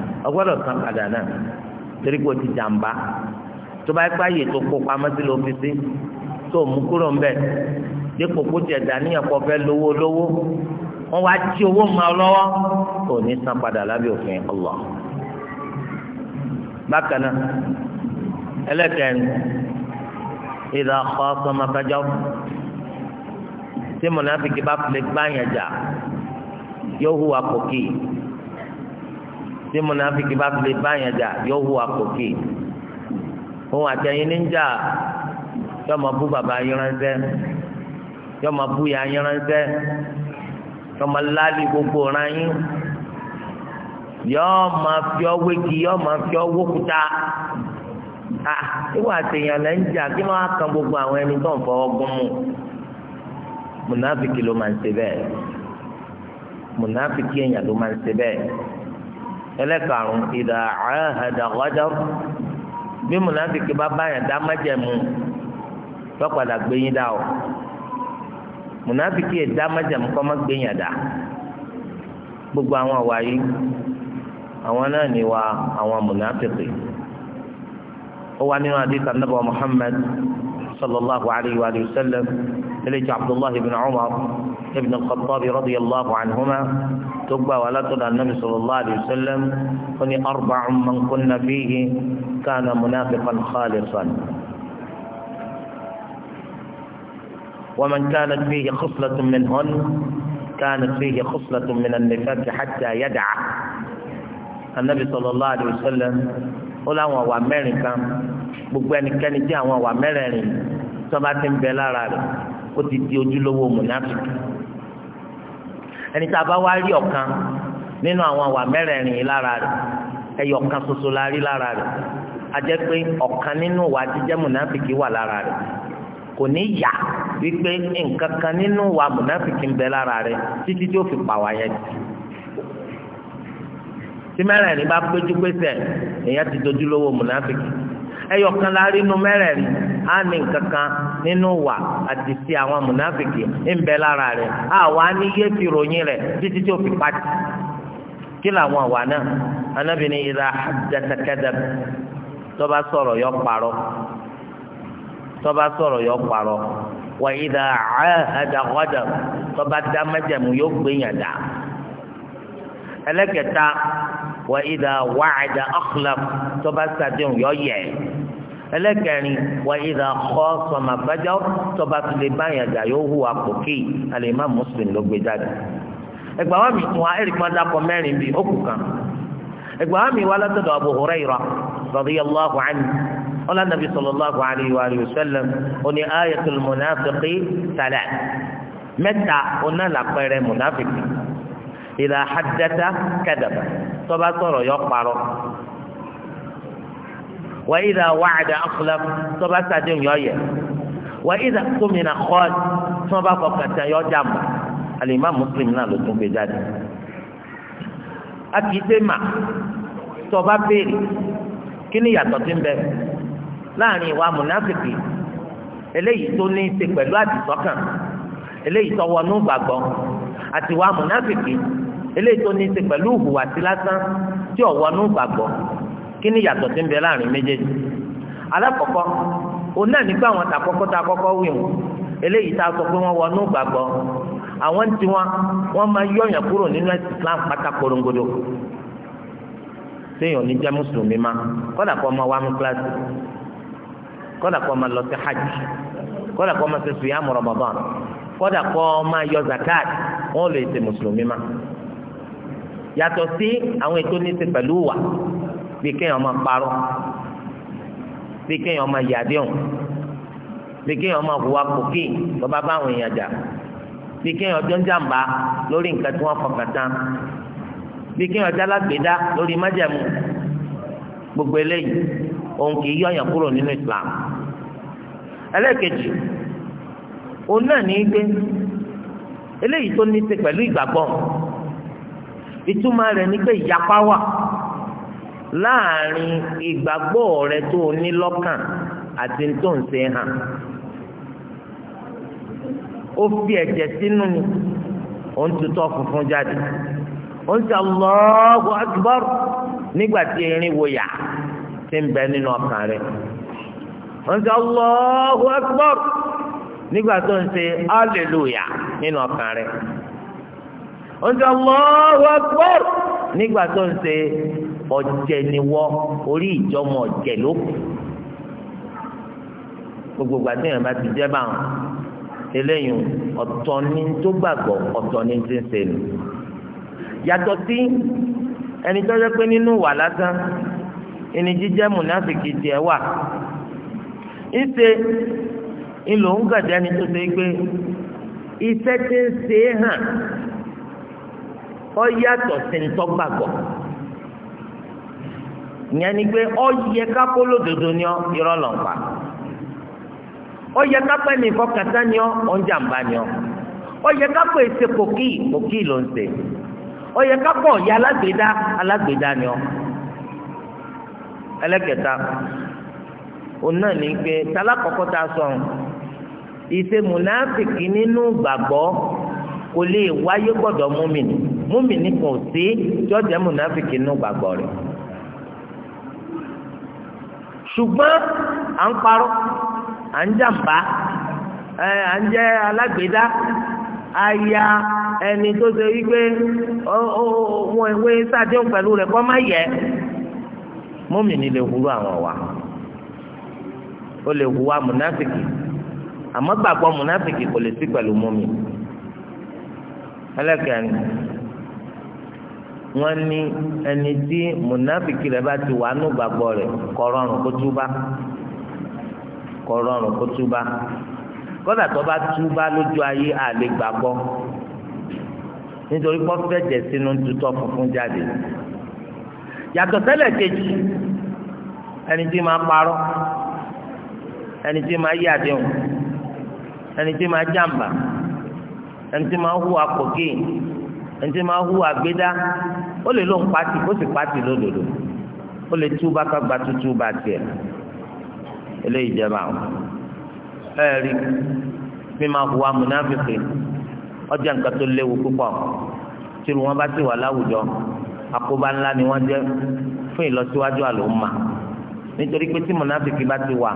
Speaker 2: ọgbọ́dọ̀ san padà náà torí pé o ti jàǹbá tó bá gbá yè tó kó pamọ́ sí ló fi sí tó mú kúrò ń bẹ̀ dípò kó tiẹ̀ dàníyàn kọ́ fẹ́ lówó lówó wọ́n wá jí owó ma lọ́wọ́ kò ní san padà lábẹ́ òfin Allah bákan náà ẹlẹ́kẹ̀rin ìdá ọkọ̀ sọmọkájọ́ tí mọ̀nàfíkì bá fi lè gbá yẹn jà yóò hùwà kòkì yìí tí mùnàfíkì bá fi lè bá yẹn jà yóò hu àpòkì òun àtẹ̀yìn ní ń jà yóò máa bú bàbá yín ránṣẹ́ yóò máa bú ìyá yín ránṣẹ́ yóò máa láàlì gbogbo ọ̀ràn yín yóò máa fi ọwọ́ igi yóò máa fi ọwọ́ kúta à ìwà àtẹ̀yìn lẹ́ ń jà kí wọ́n á gbogbo àwọn ẹni tó ń fọwọ́ gún mu mùnàfíkì ló máa ń ṣe bẹ́ẹ̀ mùnàfíkì èèyàn ló máa ń ṣe bẹ́ẹ̀ ẹlẹ́karùn ìdá àhàdàgọ́dọ́ bí mùnàfíkì bá báyàn dá májẹ̀mú lọ́padà gbẹ̀yìn dá o mùnàfíkì yẹn dá májẹ̀mú kọ́ má gbẹ̀yìn dá gbogbo àwọn àwáyé àwọn náà ní wa àwọn mùnàfíkì ó wà nínú àdìsá nàbà Muhammad. صلى الله عليه وآله وسلم إليك عبد الله بن عمر ابن الخطاب رضي الله عنهما تبا تدع النبي صلى الله عليه وسلم كن أربع من كنا فيه كان منافقا خالصا ومن كانت فيه خصلة منهن كانت فيه خصلة من النفاق حتى يدع النبي صلى الله عليه وسلم ولا هو مالكا gbogbo ẹnikẹ́ni tí àwọn àwà mẹ́rẹ̀ẹ̀rin tó bá ti ń bẹ lára rẹ̀ ó ti di ojúlówó mùnáfíkì ẹni tá a bá wá rí ọ̀kan nínú àwọn àwà mẹ́rẹ̀ẹ̀rin yìí lára rẹ̀ ẹyọ kan ṣoṣo la rí lára rẹ̀ a jẹ́ pé ọ̀kan nínú wa jíjẹ́ mùnáfíkì wà lára rẹ̀ kò ní yà wípé nǹkan kan nínú wa mùnáfíkì ń bẹ lára rẹ̀ títí tí ó fi pa yẹn jù tí mẹ́rẹ̀ẹ̀rin bá péjú pésẹ̀ èèyàn ẹyọkan la rí nu mẹ́rẹ̀ẹ̀rin á ní nkankan kan nínú wà àti ti àwọn mùnàfìkì ń bẹ lára rẹ̀ àwa ní yé ròyìn rẹ títí tó fi pati kí làwọn àwa náà Ànábì ìlà àjẹsẹkẹdẹ tó bá yọ parọ́ tó bá yọ parọ́ wà ìlà àjẹsẹkẹdẹ tó bá wa idha wa'ada akhlaf tó bá ṣàdéhùn yọ yẹ ẹlẹ́kẹrin wa idha khasama fajar tó bá fi lè báyàn dà yóò hu àpòkì al-Imam Muslim ló gbé jáde ẹgbàá wa mi tún wa ẹ̀rí kan dákọ mẹ́rin bíi ó kù kan ẹgbàá wa mi wá látọ̀dọ̀ Abu Hurairah radiyallahu anhu قال النبي صلى الله عليه وآله وسلم أن آية المنافق ثلاث متى أن لقير منافق إذا حدث كذب tó bá sọ̀rọ̀ yọ parọ́ wa idha wa'ada akhlaf tó bá sàdéhùn yọ yẹ wa idha tumina khana tó bá fọkàn tán yọ jàmbá al-Imam Muslim náà ló tún gbé jáde a kì í sèmà tó bá béèrè kí ni yàtọ̀ ti ń bẹ láàrin ìwà mùnáfìkì eléyìí tó ní í ṣe pẹ̀lú àdìsọ́kàn eléyìí tó wọnú gbàgbọ́ àti ìwà mùnáfìkì eléyìí tó ní í ṣe pẹ̀lú ìhùwàsí lásán tí ọ̀wọ́ nù gbàgbọ́ kí ni yàtọ̀ tí ń bẹ láàrin méjèèjì alákọ̀ọ́kọ́ òun náà nígbà àwọn tàkọ́kọ́ tá a kọ́kọ́ wí wọn eléyìí tá a sọ pé wọ́n wọnú gbàgbọ́ àwọn tí wọn wọ́n máa yọ̀yàn kúrò nínú Islam pátá korongodo séèyàn ní mùsùlùmí ma kọ́dà kọ́ ma wá mú kíláàsì kọ́dà kọ́ ma lọ sí hajj kọ́dà kọ́ ma ṣe sùyàmù Ramadan kọ́dà kọ́ ma yọ zakat wọ́n lè ṣe mùsùlùmí ma yàtọ̀ sí àwọn ètò ní ti pẹ̀lú wà bí kéèyàn máa parọ́ bí kéèyàn máa yàdéhùn bí kéèyàn máa hùwà kòkè bàbá bá àwọn èèyàn jà bí kéèyàn tó ń jàǹbá lórí nǹkan tí wọ́n fọkàn tán bí kéèyàn jálá gbédá lórí májẹ̀mú gbogbo eléyìí òun kì í yọ̀yàn kúrò nínú Islam ẹlẹ́ẹ̀kejì òun náà ní í gbé eléyìí tó ní í ṣe pẹ̀lú ìgbàgbọ́ ìtumọ̀ rẹ̀ ni pé ìyapa wà láàrin ìgbàgbọ́ rẹ tó o ní lọ́kàn àti tó ń hàn ó fi ẹ̀jẹ̀ sínú ni ó ń tutọ́ funfun jáde ó ń sọ erin wo ti ń bẹ nínú ọkàn rẹ ó ń sọ nígbà ń sọ Allahu Akbar nígbà tó ń ṣe ọ̀jẹ̀ niwọ́ orí ìjọmọ ọ̀jẹ̀ ló kù gbogbo ìgbà tí èèyàn ti jẹ́ báwọn eléyìí ọ̀tọ̀ ni tó gbàgbọ́ ọ̀tọ̀ ni ti ń ṣe nù yàtọ̀ sí ẹni tó yẹ pé nínú wà lásán ẹni jíjẹ́ mùnáfìkì tiẹ̀ wà ìṣe ìlò ń gàdé ẹni tó ṣe pé iṣẹ́ tí ń ṣe é hàn ọ yàtọ̀ sí ní ìyẹn ni pé ọ yẹ kápó lódodo ni ọ irọ́ lọ ọ yẹ kápó ìfọkàtà ni ọ ọ̀njàmbá ni ọ ọ yẹ kòkì kòkì ló ń ọ yẹ kápó ọ̀yà alágbèédá alágbèédá ni ọ ẹlẹ́kẹta òun náà ní pé tálákọ̀ọ́kọ́ tá a sọ̀rọ̀ ìṣe mùnáfìkì nínú gbàgbọ́ kò lè wáyé gbọ́dọ̀ mú múmi ní kò sí jọjẹ múnáfíkì nù gbàgbọ́ rẹ̀ ṣùgbọ́n à ń parọ́ à ń jàǹbá ẹ à ń jẹ́ alágbèédá aya ẹni tó ṣe wípé ọ ọ wọn ìwé sàdéhùn pẹ̀lú rẹ̀ kọ́ má yẹ múmi ní lè wúrú àwọn wa ó lè wúwa múnáfíkì àmọ́ gbàgbọ́ múnáfíkì kò lè sí pẹ̀lú múmi ẹlẹ́kẹ̀ẹ́ni wọ́n ní ẹni tí mùnàfíkì rẹ̀ bá ti wà nù gbàgbọ́ rẹ̀ kò rọrùn kó túbá kò rọrùn kó túbá kódà tó bá túbá lójú ayé àlè gbàgbọ́ nítorí pọ́ fẹ̀jẹ̀ sínú tutọ́ funfun jáde yàtọ̀ tẹ́lẹ̀ kejì ẹni tí máa parọ́ ẹni tí máa yí àdéhùn ẹni tí máa jàǹbá ẹni tí máa hùwà kòkéyìn ẹni tí máa hùwà gbédá ó lè ló ń pati ó sì pati lódodo ó lè tú bá kágbá tútú bá tiẹ̀ eléyìí jẹ́ báwọn ẹ mi máa hùwà múnáfíkì ọjà nǹkan tó léwu púpọ̀ tí wọn bá ti wà láwùjọ àkóbá ńlá ni wọ́n jẹ́ fún ìlọsíwájú àlòmà nítorí pé tí múnáfíkì bá ti wà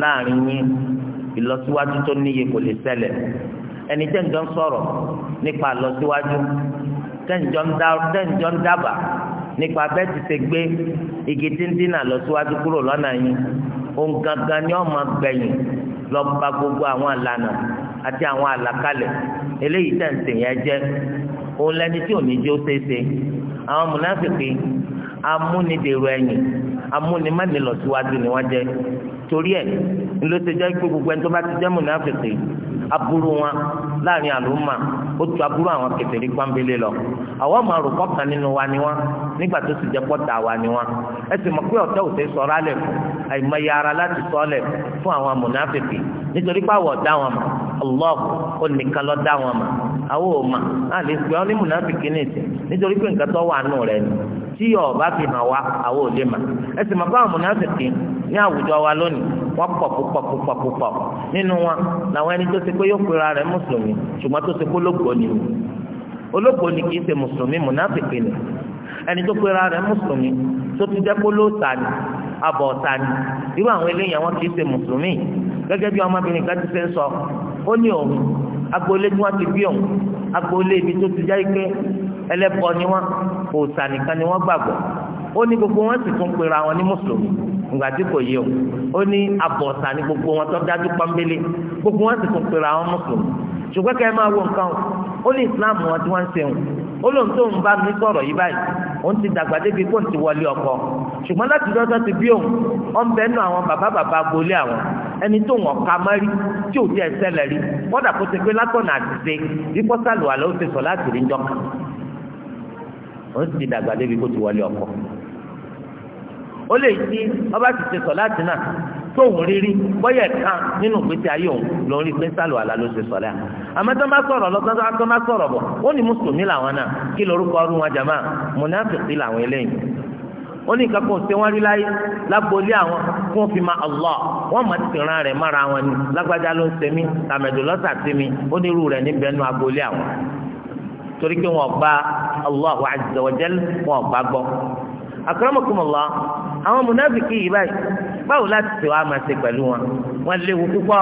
Speaker 2: láàrin yín ìlọsíwájú tó níye kò lè ṣẹlẹ̀ ẹni tẹ́ǹjọ́ ń sọ̀rọ̀ nípa lọ́síwájú tẹ́ǹjọ́ ń dábàá nípa bẹ́ẹ̀ ti ṣe gbé igi díndínà lọ́síwájú kúrò lọ́nà yín ohun gangan ni ọmọ gbẹ̀yìn lọ bà gbogbo àwọn àlànà àti àwọn àlàkalẹ̀ eléyìí tẹ̀sí yẹn jẹ́ òun lẹni tí ò jó ṣeéṣe àwọn mùnáfìkì amúnidèrò ẹ̀yìn amúnimánilọ̀síwájú ni wọ́n jẹ́ torí ẹ̀ ńlọ́sẹ̀jẹ́ pé gbogbo ẹni tó bá ti jẹ́ mùnáfìkì aburu wọn láàrin àlùmà ó tu aburu àwọn kẹfẹẹrí pàmbélé lọ àwọn ọmọ àròkọ wa ni wọn nígbà tó sì jẹ pọta wa ni wọn ẹ sì mọ̀ pé alẹ ara láti sọ ọlẹ fún àwọn amúnáfẹfẹ nítorí pé ọdá wọn mọ Ọlọ́run ó nìkan lọ dá wọn mọ àwọn ò mọ àlè ọ ní nìyẹn nítorí pé tí ọba fi hàn wá àwọn ò lè mà ẹ àwọn ní àwùjọ wa lónìí nínú wọn làwọn ẹni tó ṣe pé yóò pera mùsùlùmí tó ṣe pé olóògbò ni olóògbò ni kì í ṣe mùsùlùmí mùnàfíkì ni ẹni tó pera rẹ̀ mùsùlùmí tó ti jẹ́ pé lóòótá ni abọ̀ ni irú àwọn eléyàn wọn kì í ṣe mùsùlùmí ti ṣe sọ ó ní òun agboolé tí wọ́n ti bí òun agboolé ibi tó òòṣà nìkan ni wọ́n gbàgbọ́ ó ní gbogbo wọn sì tún pera wọn ní mùsùlùmí ìgbà tí kò yé o ó ní abọ̀ọ̀sà ní gbogbo wọn tó dájú pọ́nbélé gbogbo wọn sì tún pera wọn mùsùlùmí ṣùgbọ́n kẹ́ ẹ máa wo nǹkan ó ní ìsìláàmù wọn tí wọ́n ń sẹ́wọ̀n ó lóun tó ń bá mi sọ̀rọ̀ yìí báyìí òun ti dàgbà débi kó n ti wọlé ọkọ ṣùgbọ́n láti dọ́dọ́ ti bí òun ó ń bẹ́ẹ̀ nù àwọn bàbá bàbá agboolé àwọn ẹni tó wọn ka má tí ò tí ẹ ṣẹlẹ̀ rí wọ́n dà kó ti pé látọ̀nà àti ṣe bí pọ́sálù àlọ́ ó ti sọ láti rí njọ́ka ó sì dàgbà débi kó ti wọlé ọkọ ó lè ti ọba ti ṣe sọ láti náà tóun rírí bọ́yẹ̀ kan nínú ìgbésí ayé òun lòun rí pé sálò àlá ló ṣe sọ̀lá àmọ́ tó bá sọ̀rọ̀ lọ́sọ̀ tó bá sọ̀rọ̀ bọ̀ ó ní mùsùlùmí làwọn náà kí lorúkọ ọdún wọn jàmá mùnáfìsì làwọn eléyìí ó ní nǹkan kan ṣe wọ́n rí láyé lágboolé àwọn fún fi ma Allah wọ́n máa ti ran rẹ̀ mára wọn ni lágbájá ló ń ṣe mí tàmẹ̀dò lọ́sà sí ó ní irú rẹ̀ níbẹ̀ nú agboolé àwọn torí pé wọn gba Allahu azza wa jal wọn gba gbọ́ akramakumullah àwọn munafiki yìí báyìí báwo láti ṣe wàá máa ṣe pẹ̀lú wọn wọn léwu púpọ̀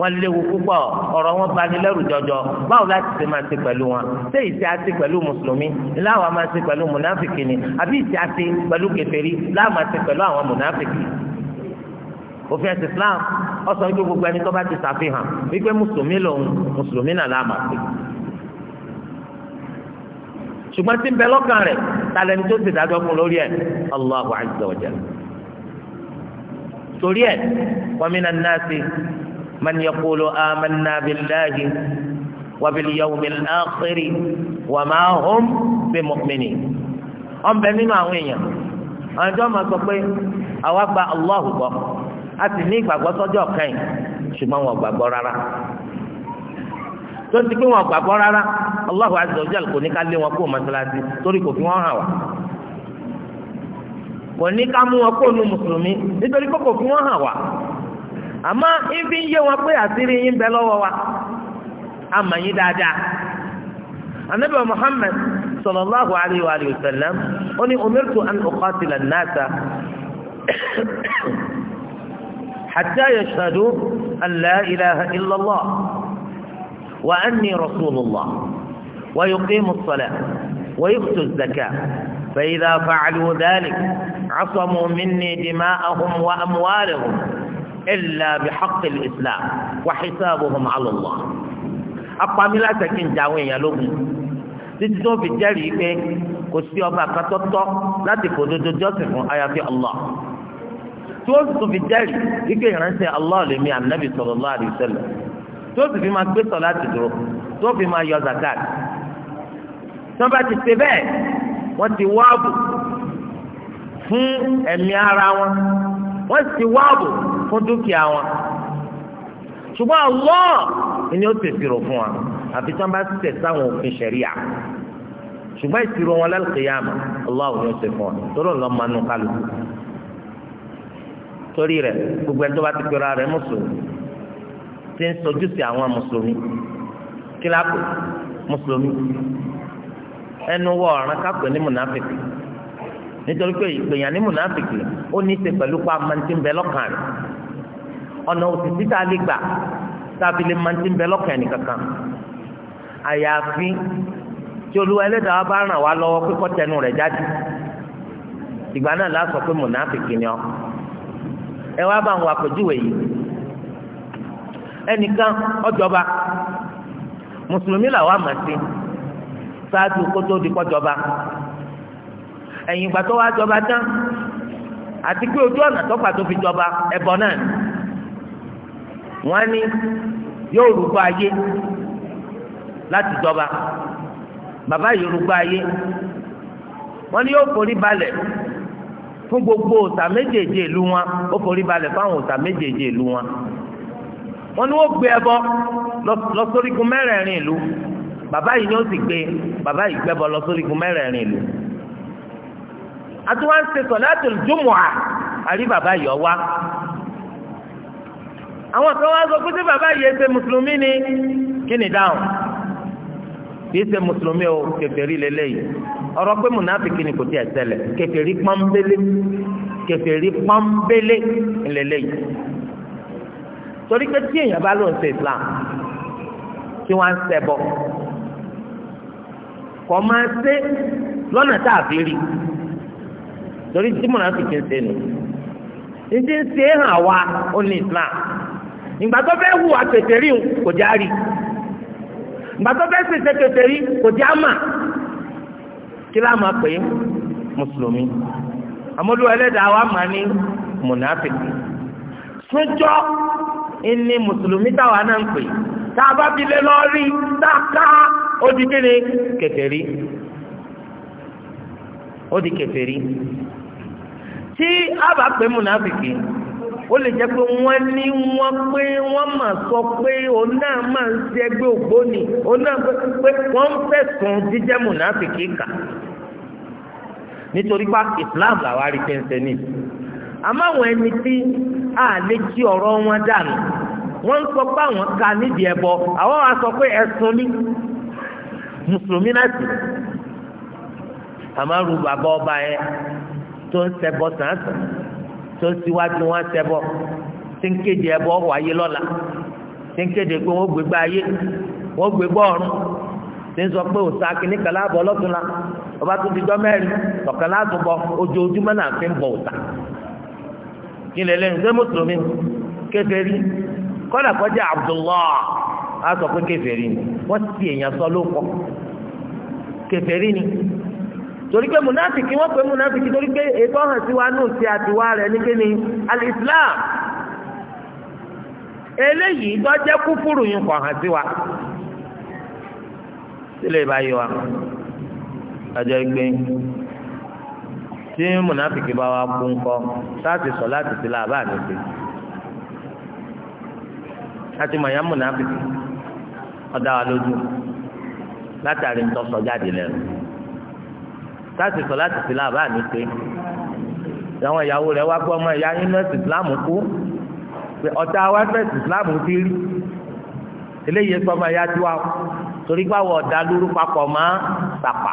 Speaker 2: wọn léwu púpọ̀ ọ̀rọ̀ wọn bani lẹ́rù jọjọ báwo láti ṣe máa ṣe pẹ̀lú wọn ṣé ìṣe àti pẹ̀lú mùsùlùmí láwọn máa ṣe pẹ̀lú munafiki ni àbí ìṣe àti pẹ̀lú kèfèrí láwọn máa ṣe pẹ̀lú àwọn munafiki òfin ẹ̀sìn Islam ọ̀sán gbogbo ẹni tó bá ti ṣàfihàn wípé mùsùlùmí lòun mùsùlùmí náà láàmà pé ṣùgbọ́n tí ń bẹ lọ́kàn rẹ̀ talẹ̀ ní tó ti dájọ́ fún lórí ẹ̀ Allahu azza wa jalla torí ẹ̀ wa minan nasi man yaqulu amanna billahi wa bil yawmil akhir wa ma hum bi mu'minin ọ̀n bẹ nínú àwọn èèyàn àwọn ìjọ máa sọ pé àwa gba Allahu gbọ́ a sì ní ìgbàgbọ́ sọ́jọ́ kan ṣùgbọ́n wọn gbàgbọ́ rárá tó ti pé wọn gbàgbọ́ rárá Allahu azza wa jalla kò ní ká lé wọn kó mọ́sálásí torí kò fi wọ́n hàn wá kò ní ká mú wọn kó nu mùsùlùmí nítorí kò fi wọ́n hàn wá àmọ́ ibi ń yé wọn pé àṣírí yín bẹ lọ́wọ́ wa àmọ́ yín dáadáa anabi Muhammad sallallahu alayhi wa sallam ó ní umirtu an uqatila an-nasa hatta yashhadu an la ilaha illallah. وأني رسول الله ويقيم الصلاة ويؤتوا الزكاة فإذا فعلوا ذلك عصموا مني دماءهم وأموالهم إلا بحق الإسلام وحسابهم على الله أقامي لا تكن جاوين يا لغم títí tó fi jẹ́rìí pé kò sí ọba àkàtọ́tọ́ láti fòdodo jọ́sìn fún àyàfi Allah tí ó sì tún fi jẹ́rìí wípé ìránṣẹ́ Allah lèmi ànábì sallallahu alaihi wasallam tó sì fi máa gbé sọlá ti dúró tó fi máa yọ zakat tí wọ́n bá ti ṣe bẹ́ẹ̀ wọ́n ti wáàbò fún ẹ̀mí ara wọn wọ́n ti wáàbò fún dúkìá wọn ṣùgbọ́n Allah ni ó ti ṣèrò fún wa àfi tí wọ́n bá tẹ̀ sáwọn òfin ṣẹ̀ríà ṣùgbọ́n ìṣirò wọn lálùkìyàmù Allah ni ó ṣe fún wa torí ọ̀nà máa nù kálukú torí rẹ̀ gbogbo ẹni tó bá ti pera rẹ̀ mùsùlùmí ti ń sojú sí àwọn mùsùlùmí kíláàpù mùsùlùmí ẹnu wọ ọ̀ràn kápẹ́ ní mùnàfíkì nítorí pé ìpèyàn ní mùnàfíkì ó ní í ṣe pẹ̀lú pa mantí ń bẹ lọ́kàn rẹ̀ ọ̀nà òsìsì tá a lè gbà tábí lè mantí ń lọ́kàn ẹ̀ nìkankan àyàfi tí olúwa ẹlẹ́dàá bá ràn wá lọ́wọ́ pé tẹnu rẹ̀ jáde ìgbà náà lásọ pé mùnàfíkì ni ọ ẹ wá bá ń wà pẹ̀júwe yìí ẹnìkan ọjọba mùsùlùmí làwọn àmà sí ṣáájú kótó di kọjọba ẹ̀yìn ìgbà tó wá jọba tán àti pé ojú ọ̀nà tọ́pà tó fi jọba ẹ̀bọ náà wọ́n ní yóò rúgbọ́ ayé láti jọba bàbá yìí rúgbọ́ ayé wọ́n ní yóò forí balẹ̀ fún gbogbo òòṣà méjèèjì ìlú wọn ó forí balẹ̀ fáwọn òòṣà méjèèjì ìlú wọn wọ́n ní wọ́n gbé ẹbọ lọ sórígun mẹ́rẹ̀ẹ̀rin ìlú bàbá yìí ni ó sì gbé bàbá yìí gbẹ́bọ lọ sórígun mẹ́rẹ̀ẹ̀rin ìlú àti wọn ṣe sọláàtò jùmùà àrí bàbá yọ wá àwọn kan wá sọ pé tí bàbá yìí ṣe mùsùlùmí ni kí dáhùn kì í ṣe mùsùlùmí o kèfèrí lélẹyìí ọ̀rọ̀ pé mùnàfíkì ni kò tiẹ̀ ṣẹlẹ̀ kèfèrí pọ́nbélé kèfèrí pọ́nbélé lélẹyìí torí pé tí èèyàn bá lóun ṣe islam tí wọ́n ń ṣẹbọ kò máa ṣe lọ́nà tá a fi rí torí tí mo náà fi kí n ṣe nù ní ti ń ṣe é hàn wá ó ní islam ìgbà tó fẹ́ hùwà tètè rí kò já rí ìgbà tó fẹ́ ṣèṣe tètè rí kò já mà kí lá máa pè é mùsùlùmí àmọ́lúwa ẹlẹ́dàá wa máa ní mùnàfíkì sójọ́ ní mùsùlùmí táwa náà ń pè tá a bá fi lé lọ́ọ́rí dáká ó di kéde kèfèrí ó di kèfèrí tí a bá pè múnàfìkì ó lè jẹ́ pé wọ́n ní wọ́n pé wọ́n máa sọ pé òun náà máa ń ṣe ẹgbẹ́ ògbóni òun náà pé wọ́n fẹ̀sùn jíjẹ́ múnàfìkì kà nítorí pé Islam làwa pé ń ṣe àmọ́ àwọn ẹni tí a lè jí ọ̀rọ̀ wọn dànù wọ́n ń sọ pé àwọn nídìí ẹbọ àwọn wa sọ pé ẹ̀sùn ní mùsùlùmí náà sì àmọ́ ọba yẹn tó ń ṣẹbọ sàǹsàn tó ń síwájú wọn tí ń kéde ẹbọ wáyé lọ́la tí ń kéde pé wọ́n ayé wọ́n tí ń ọba tó ti jọ mẹ́rin ọ̀kan láàtúbọ̀ ojoojúmọ́ náà fi ń nilele lẹ́nu ṣé mùsùlùmí kèfèrí kọ́dà kọjá Abdullah á sọ pé ni wọ́n ti èèyàn sọ ló kọ́ ni torí pé munafiki wọ́n pè munafiki torí pé ètò ọ̀hàn tiwa náà àtiwá eléyìí tó kúfúrú yín kọ̀ hàn sí wa sílẹ̀ ìbáyé tí múnàfíkì bá wa kú ńkọ sáàtì sọ láti ti la àbá àdìsí láti mọ̀ ya múnàfíkì ọ̀dà wa lójú látàrí ń tọ́sọ jáde lẹ́nu sáàtì sọ láti ti la àbá àdìsí àwọn ìyàwó rẹ̀ wá gbọ́ ọmọ ìyá inú ẹ̀sìn Islam kú ọ̀tá wa fẹ̀sìn Islam ti rí eléyìí sọ ọmọ ìyá tiwa torí pé àwọn ọ̀dà lóru papọ̀ máa tàpá.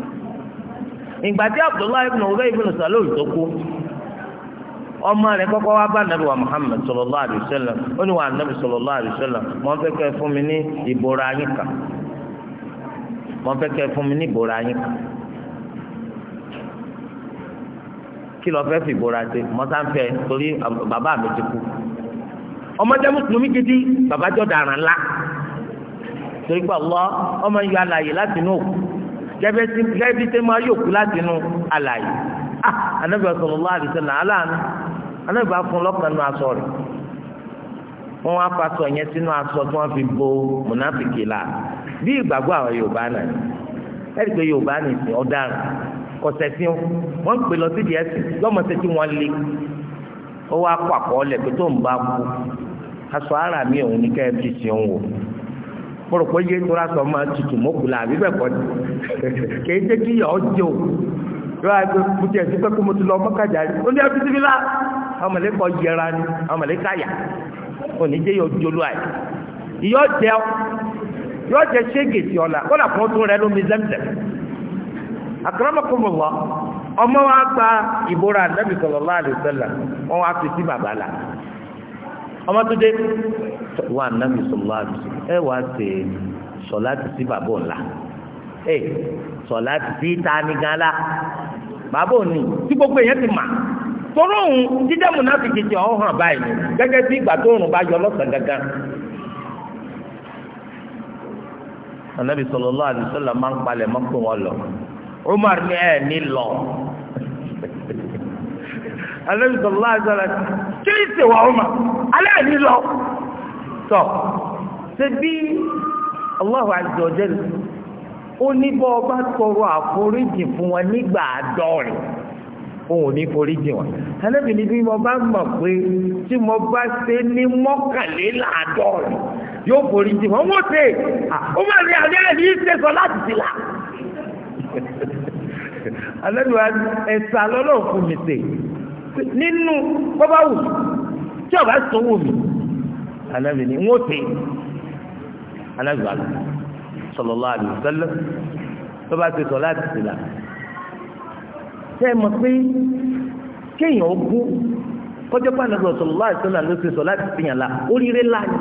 Speaker 2: ìgbà abdullahi ibn ubay ibn salul tó ọmọ rẹ̀ kọ́kọ́ wá bá wa muhammed sallallahu alayhi sallam ó ní wa nàbí sallallahu fẹ́ kẹ́ fún mi ní ìbora yín kan mo fẹ́ kẹ́ fún mi ní ìbora yín kan kí lọ fẹ́ fi ìbora sá ń fẹ́ torí bàbá gidi bàbá jọ dàrán ńlá ọmọ yọ láti gẹ́gẹ́ tí máa yòókù láti inú àlàyé ah anabi sallallahu alaihi wasallam aláàánú anabi bá fún lọ́kàn nínú aṣọ rẹ̀ wọ́n wá pàṣọ yẹn sínú aṣọ tí wọ́n fi bo mùnàfìkì la bí ìgbàgbọ́ àwọn yorùbá náà ẹ̀rí pé yorùbá ní ìsìn ọ̀daràn ọ̀sẹ̀ tí wọ́n ń pè lọ sí díẹ̀ sí lọ́mọ̀ọ́sẹ̀ tí wọ́n lé ó wá kọ́ àkọọ́lẹ̀ pé tó ń bá kú aṣọ ara mi òun ní kẹ́ẹ́ mọ̀rọ̀ pé yé tó lásán máa tutù mọ́kù la àbí bẹ́ẹ̀ kọ́ ni [laughs] kì í jẹ́ kí yọ̀ ọ́ jẹ́ o yọ àgbẹ̀ kùtì ẹ̀sìn pé kó mo ti lọ mọ́kàjà rí ó ní ẹbí síbi lá àwọn mọ̀lẹ́kọ̀ yẹra ni àwọn mọ̀lẹ́kọ̀ àyà ò ní jẹ́ yọ̀ jolú àyè yọ̀ jẹ́ yọ̀ jẹ́ ségèsì ọ̀la kọ́lá kan tó rẹ lómi zẹ́mzẹ́m àkàràmọ́kùnmọ̀ ọmọ wa gba ìbora ànábì sallallahu alaihi wasallam wọn wá fi sí bàbá la ọmọ tó dé wà nàbì sọlá ẹ wà ṣe sọlá ti sí bàbá ńlá ẹ sọlá ti sí tani gan la bàbá òní tí gbogbo èèyàn ti mà tọrọ òun jíjẹ múnáfíkì ti ọhún hàn báyìí gẹ́gẹ́ bí ìgbà tó òrùn bá yọ lọ́sàn gangan. anabi sallallahu alaihi wasallam máa ń palẹ̀ mọ́kùn wọn lọ Umar ní ẹ ní lọ alẹ́bìsọ̀lá àzọ́lá kí ní tèwà ọmọ aláàrí lọ tọ̀ ṣe bí ọlọ́run àjọjẹ́ ó ní bọ́ ọba tọrọ àforíjì fún wọn nígbà àdọ́rin òun ò ní foríjì wọn alẹ́bì ni bí mo bá mọ̀ pé tí mo bá ṣe ní mọ́kànléláàdọ́rin yóò foríjì wọn wọ́n ṣe ó mà ní alẹ́ ní ìṣẹ́sọ láti ti là alẹ́bì ẹ̀sà lọ́lọ́ nínú bọ́bá wù mí tí ọba sọ wù mí anabi ni n ó anabi wà lọ sallallahu alaihi wasallam bọ́bá ti sọ láti sí la ṣe é mọ̀ pé kéèyàn gún kọjá pa anabi sallallahu alaihi wasallam ló ti sọ láti sí yàn la oríire láàyè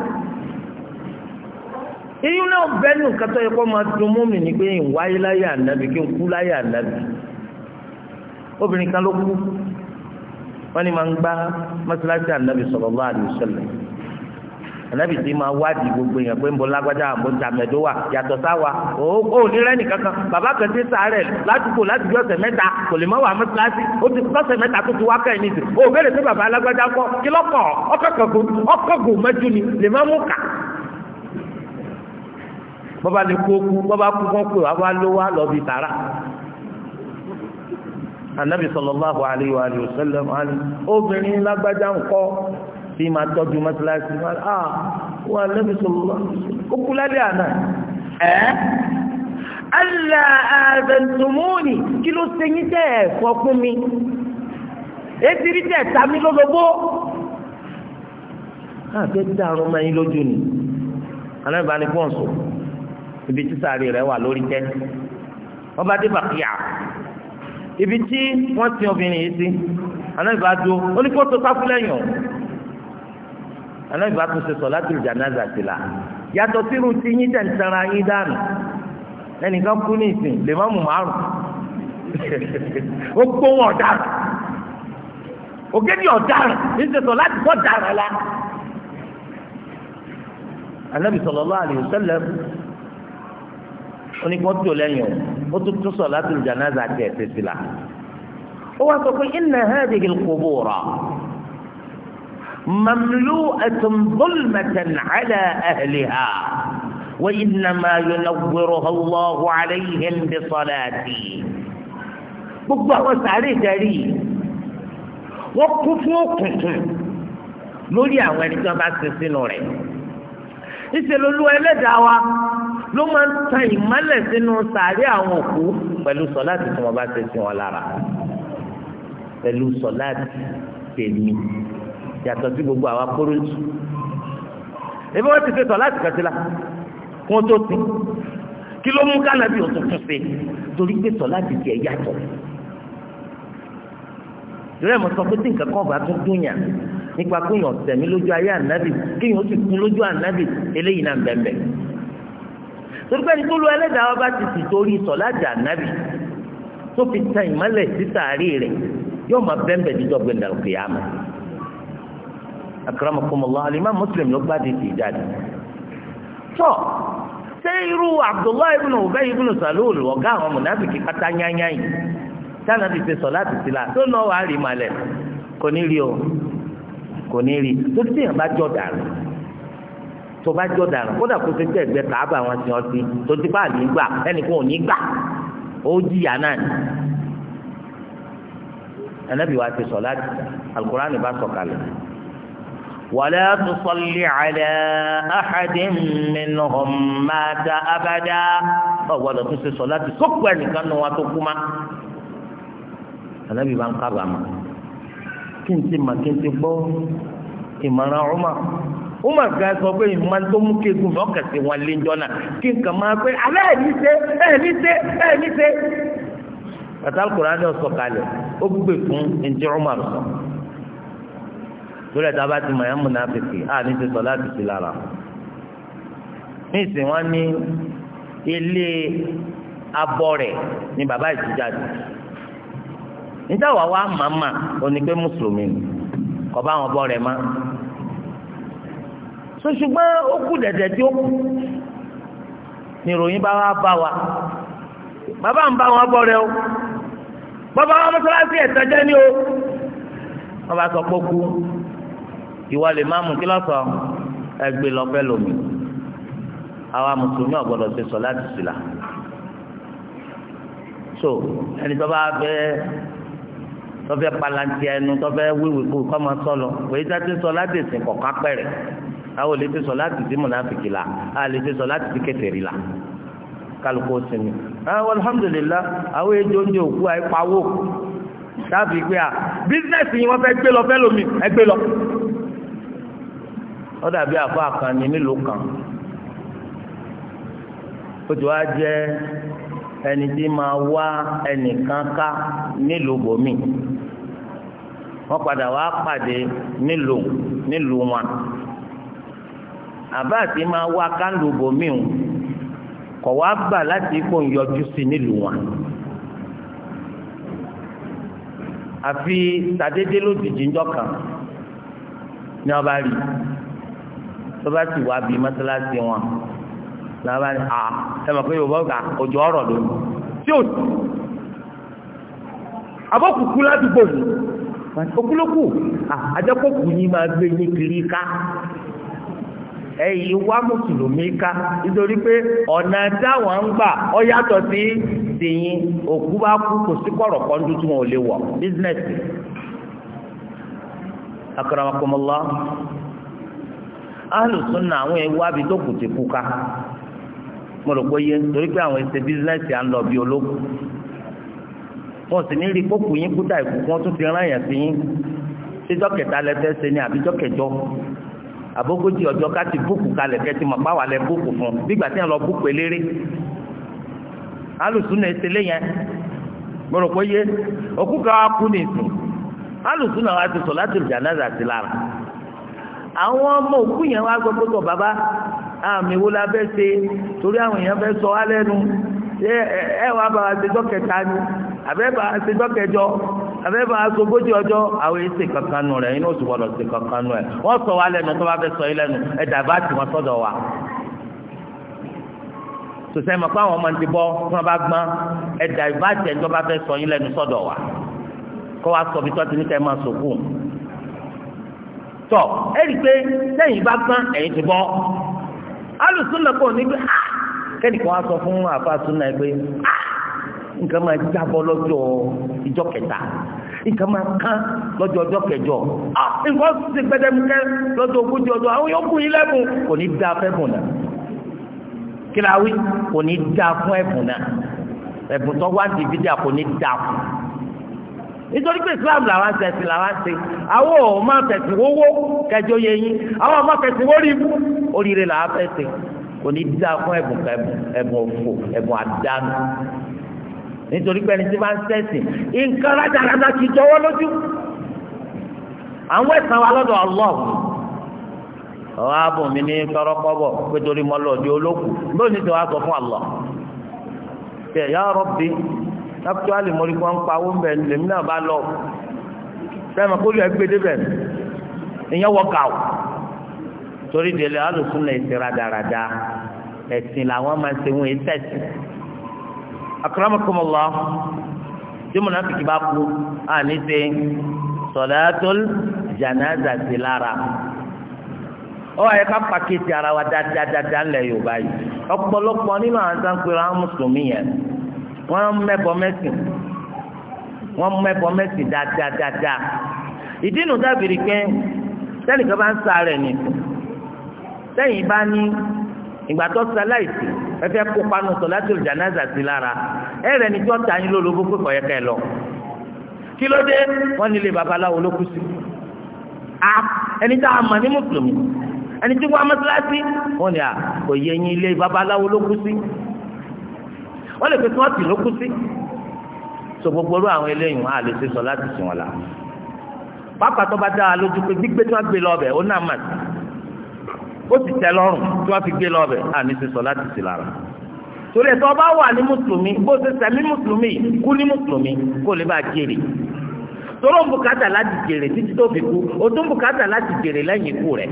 Speaker 2: èyí náà bẹ́ẹ̀ nù kátó ẹ̀kọ́ máa dùn mọ́ mi ní pé ń láyé ànábì kí n kú láyé ànábì obìnrin kan ló kú wọ́n ní máa ń gbá mọ́sálásí ànábì sallallahu alaihi wasallam ànábì tí máa wádìí gbogbo èèyàn pé ń bọ lágbájá àbò tàmẹ̀dó wà yàtọ̀ sáwa ó ní rẹ́nì kankan bàbá kan ti sàárẹ̀ ládùúgbò láti bí ọ̀sẹ̀ mẹ́ta kò lè má wà mọ́sálásí ó ti lọ́sẹ̀ mẹ́ta tó ti wá kẹ́yìn nìyí ó bẹ̀rẹ̀ sí bàbá lágbájá kọ́ kí lọ́kọ̀ ọkọ̀gùn anabi sallallahu alayhi wa sallam ani obìnrin lágbájá ńkọ́ tí máa tọ́jú mọ́sálásí wọn a ah, wọn anabi sallallahu ó kú lálẹ́ àná ẹ ala azantumuni kí ló ṣe yín tẹ ẹ fọ fún mi ètí rí tẹ tàmí lólobó àti ah, dàrú ọmọ yín lójú ni alábàá ni fọ́ǹsù ibi títà rẹ̀ wà lórí tẹ́ ọba dé bàkíyà ibi tí wọ́n ti obìnrin yìí sí anábì bá dúró ó ní kó tó sáfù lẹ́yìn o anábì bá tún ṣe sọ̀látul jánásà sí la yàtọ̀ sírù tí yín tẹ̀ ń tẹ̀ra yín dànù ẹnìkan kú ní ìsìn lè má mú márùn ó gbó wọn ọ̀daràn ògèdè ọ̀daràn ní ṣe sọ̀láàtì bọ́ dàrán la anábì sallallahu alaihi wasallam oníkọ́tò lẹ́yìn o ó tún tún solatul janaza àti ẹ̀sẹ̀ sí la ó wá sọ pé inna hadhihi al-qubura mamlu'atun dhulmatan ala ahliha wa innama yunawwiruha Allahu alayhim bi salati gbogbo àwọn sàárè ìdarí wọ́n kún fún òkùnkùn lórí àwọn ẹni tí wọ́n bá ṣe sínú rẹ̀ ìṣèlú olúwa ẹlẹ́dàá wa ló máa ń tan ìmọ́lẹ̀ sínú sàárẹ̀ àwọn òkú pẹ̀lú sọ̀láàtì tí wọ́n bá ṣe sí wọn lára pẹ̀lú sọ̀láàtì tèmi yàtọ̀ sí gbogbo àwa kóròjì ebi wọ́n ti ṣe sọ̀láàtì kẹsìlá kí wọ́n tó ti kí ló mú kánàbí òtún fún ṣe torí pé sọ̀láàtì tiẹ̀ yàtọ̀ ìrẹ́ mo sọ pé tí nǹkan kan bá tún dúnyà nípa kéèyàn tẹ̀mí lójú ayé ànábì kéèyàn ó sì kú lójú ànábì eléyìí náà bẹ̀m̀bẹ̀ torí pé nítorí ẹlẹ́dàá wa bá ti sì torí sọ̀láàjà ànábì tó fi tan ìmọ́lẹ̀ sí sàárè rẹ̀ yóò máa bẹ́ńbẹ̀ dídọ́ gbẹ̀ndà òkè àmà akramakumullah alimá muslim ló gbádìí ti jáde tọ́ ṣé irú abdullahi ibn ubay ibn salul ọ̀gá àwọn mùnàfíkì pátá yányán yìí táwọn ti ṣe sọ̀láàtì sí la tó náà wàá rí malẹ̀ kò ní rí o kò ní rí tó ti tó bá jọ dànù kódà kó ṣe jẹ́ ẹgbẹ́ kàábà wọn ti ọtí tó ti bá àlè gbà ẹnìkan ò ní gbà ó jìyà náà ni. Ànábì wa ti sọ láti Al-Qur'ani bá sọ kalẹ̀. ولا تصل على أحد منهم مات أبدا ọ̀gbọ́dọ̀ tó ṣe sọ láti sọ́kù ẹnìkan nu wa tó kú ma. Ànábì bá ń kábàámọ̀ kí n ti mà kí n ti gbọ́ ìmọ̀ràn Umar Umar gan sọ pé ìmọ̀ tó mú kéegun lọ́kàn sí wọn lé jọ́nà kí nǹkan máa pé alẹ́ ẹ̀ ní ṣe ẹ̀ ní ṣe ẹ̀ ní ṣe. bàtà Al-Qur'ani náà sọ kalẹ̀ ó gbé fún ẹnjẹ́ Umar sọ. lórí ẹ̀ta bá ti mọ̀ ẹ́ múnafìkì ilé abọ́ rẹ̀ ni bàbá ìtújáde. níta wàá wá màmá onígbé mùsùlùmí ni kò bá wọn bọ́ rẹ̀ mọ́ so ṣùgbọ́n ó kù dẹ̀dẹ̀ tí ó kù ni ìròyìn bá wá bá wa bàbá ń bá wọn bọ́ rẹ̀ o bàbá wọn mọ́sálásí ẹ̀sán jẹ́ ní o wọ́n bá sọ pé ó kú ìwà lè má mú kí lọ́sọ̀ ẹgbẹ́ lọ́fẹ́ lomi àwa mùsùlùmí ọ̀gbọ́dọ̀ ṣe sọ láti sùlà so ẹni tó bá bẹ́ẹ̀ tọ́fẹ́ palanti ẹnu tọ́fẹ́ wíwì kú kọ́ máa sọ lọ wòye tí a ti sọ láti sìn kọ̀ kápẹ́rẹ́ àwọn olè ti sọ láti sí mùnàfìkì la àwọn olè ti sọ láti sí kẹfẹ́rì la kálukó sinmi. àwọn alhamdulilah àwọn èjì oúnjẹ òkú àìpawó sábì pé à bísínẹ́sì yìí wọ́n fẹ́ gbé lọ fẹ́ lómi ẹ gbé lọ. ó dàbí àfọ àkànni nílùú kan ó ti wá jẹ́ ẹni tí máa wá ẹnìkan ká nílùú bòmí wọ́n padà wá pàdé nílùú nílùú wọn àbá àti máa wá ká nílùú bòmí o kọ̀ wá gbà láti ipò ìyọjú sí nílùú wọn àfi tàdédé lójijì ńjọ́ kan ní ọba rí tó bá sì wá bí mọ́sálásí wọn. làwọn bá ní à ọjọọ ọrọ pé yorùbá ọ̀gá òjò ọ̀rọ̀ tí ò abọ́kùkú ládùúgbò ní okúlókù àjẹkọ̀kù yìí máa gbé yín kiri ká ẹ̀yìn wá mùsùlùmí ká nítorí pé ọ̀nà ń gbà ọ yàtọ̀ sí tìyín òkú bá kú kò sí kọ̀rọ̀ kan wọn ahlùsùn náà tó kù ti kú mo rò pé yé torí pé àwọn ẹsẹ̀ bísínẹ́sì à ń lọ bí ológun wọn sì ní rí kókò yín kúta ìkókò wọn tún fi rán yẹn sí yín síjọ́ kẹta lẹ́fẹ́ ṣe ni àbíjọ́ kẹjọ àbókòjì ọjọ́ ká ti búùkù kalẹ̀ kẹ́tì mọ̀ báwa lẹ búùkù fún nígbà tí wọn lọ búùkù eléré alùsùn náà ṣẹlẹ̀ yẹn mo rò pé yé òkú kan wá kú nìsín alùsùn náà wá ti sọ láti jánásà sí lára àwọn ọmọ òkú yẹn wá gbọ́ pé tó bàbá àmì wo la fẹ́ ṣe torí àwọn èèyàn fẹ́ sọ wá lẹ́nu ṣé ẹ wàá bá wa ṣèjọ́ kẹta ni àbẹ́ bá wa ṣèjọ́ kẹjọ àbẹ́ bá wa ṣogójì ọjọ́ àwọn èsì kankan nù rẹ̀ inú oṣù gbọ́dọ̀ ṣe kankan nù ẹ̀ wọ́n sọ wá lẹ́nu tó bá fẹ́ sọ yín lẹ́nu ẹ̀ dàbá tì wọ́n sọ́dọ̀ wa sòsẹ́ mọ̀ pé àwọn ọmọ ti bọ́ tí wọ́n bá gbọ́n ẹ̀ dàbá tì ẹ̀ tó bá fẹ́ sọ yín lẹ́nu sọ́dọ̀ wa kọ́ wa sọ bí tọ́tí níta ẹ̀ máa sòkù tọ́ ẹ̀rí pé sẹ́yìn bá gbọ́n ẹ̀yìn ti bọ́ alùsùnà pọ̀ níbi kẹ́nìkan wá sọ fún àfàsùnà ẹ pé ah, nǹkan máa jábọ́ lọ́jọ́ ìjọ kẹta nǹkan máa kán lọ́jọ́ ọjọ́ kẹjọ ah, nǹkan ti gbẹdẹmukẹ́ lọ́jọ́ ogójì ọjọ́ àwọn yòókù yìí lẹ́bùn kò ní dáa fẹ́bùn náà kíláwí kò ní dáa fún ẹ̀bùn náà ẹ̀bùn tó wá ń di fídíà kò ní dáa fún un nítorí pé islam làwọn ṣẹ̀sìn làwọn ṣe àwọn ò má fẹ̀sìn wówó kẹjọ yẹ yín àwọn ò má fẹ̀sìn wórí ibú oríire làwọn fẹ́ ṣe kò ní dá fún ẹ̀bùn ẹ̀bùn òfò ẹ̀bùn àdánù nítorí pé ẹni tí máa ń ṣẹ̀sìn nǹkan rádaràdà kì í jọwọ́ lójú àwọn ẹ̀sán wa lọ́dọ̀ Allah ọ̀rọ̀ ààbò mi ní tọrọkọ́bọ̀ pétorí mọ́lọ́ọ̀dì olókùú lónìí tó wá Allah ṣe yá Rabbi lápútọ́ọ̀lì mo rí kí wọ́n ń pa owó bẹ̀ lèmi náà bá lọ sẹ́mi kó lè gbé débẹ̀ ìyẹn wọ́kà o torí délé alùsùn lè ṣe rádaràda ẹ̀sìn làwọn máa ń ṣe wọ́n ẹ̀sẹ̀sì akramakumullah tí mo náà fi kíba kú àní ṣe sọ̀dáàtòl jànáza sí lára ó wáyé ká pàkíyèsí ara wa dáadáa ńlẹ̀ Yorùbá yìí ọ̀pọ̀lọpọ̀ nínú àwọn sáńpẹ̀rẹ̀ àwọn mùsùlùmí yẹn wọ́n mẹ́bọ mẹ́sìn wọ́n mẹ́bọ mẹ́sìn dáadáa ìdí nu dábìrì pé sẹ́nìkan bá ń sa rẹ̀ nìkan sẹ́yìn bá ní ìgbà tó sa láìsí ẹ fẹ́ kópa nù sọ̀látùl jánásà sí lára ẹ rẹ̀ ní tí wọ́n ta yín lólobó pé kọ̀ yẹ kẹ́ lọ kí ló dé wọ́n nílé babaláwo ló kú sí a ẹni tá a mọ̀ ní mùsùlùmí ẹni tí wọ́n á mọ́sálásí wọ́n ní à kò yẹ yín ilé babaláwo ló kú sí wọ́n lè fi tọ́ọ̀tì ló kú sí. so gbogbo orú àwọn eléyìí wọn à lè ṣe sọ láti sìn wọn la. pápá tó bá dá a lójú pé gbígbé tí wọ́n gbé lọ ọbẹ̀ ó náà mà sí. ó sì tẹ́ lọ́rùn tí wọ́n fi gbé lọ ọbẹ̀ à ní ṣe sọ láti sìn lára. torí ẹ̀ tó bá wà ní mùsùlùmí bó ṣe sẹ́mi mùsùlùmí kú ní mùsùlùmí kó lè bá a jèrè tóró ń bùkátà láti jèrè títí tó fi kú ó tún bùkátà láti jèrè lẹ́yìn ikú rẹ̀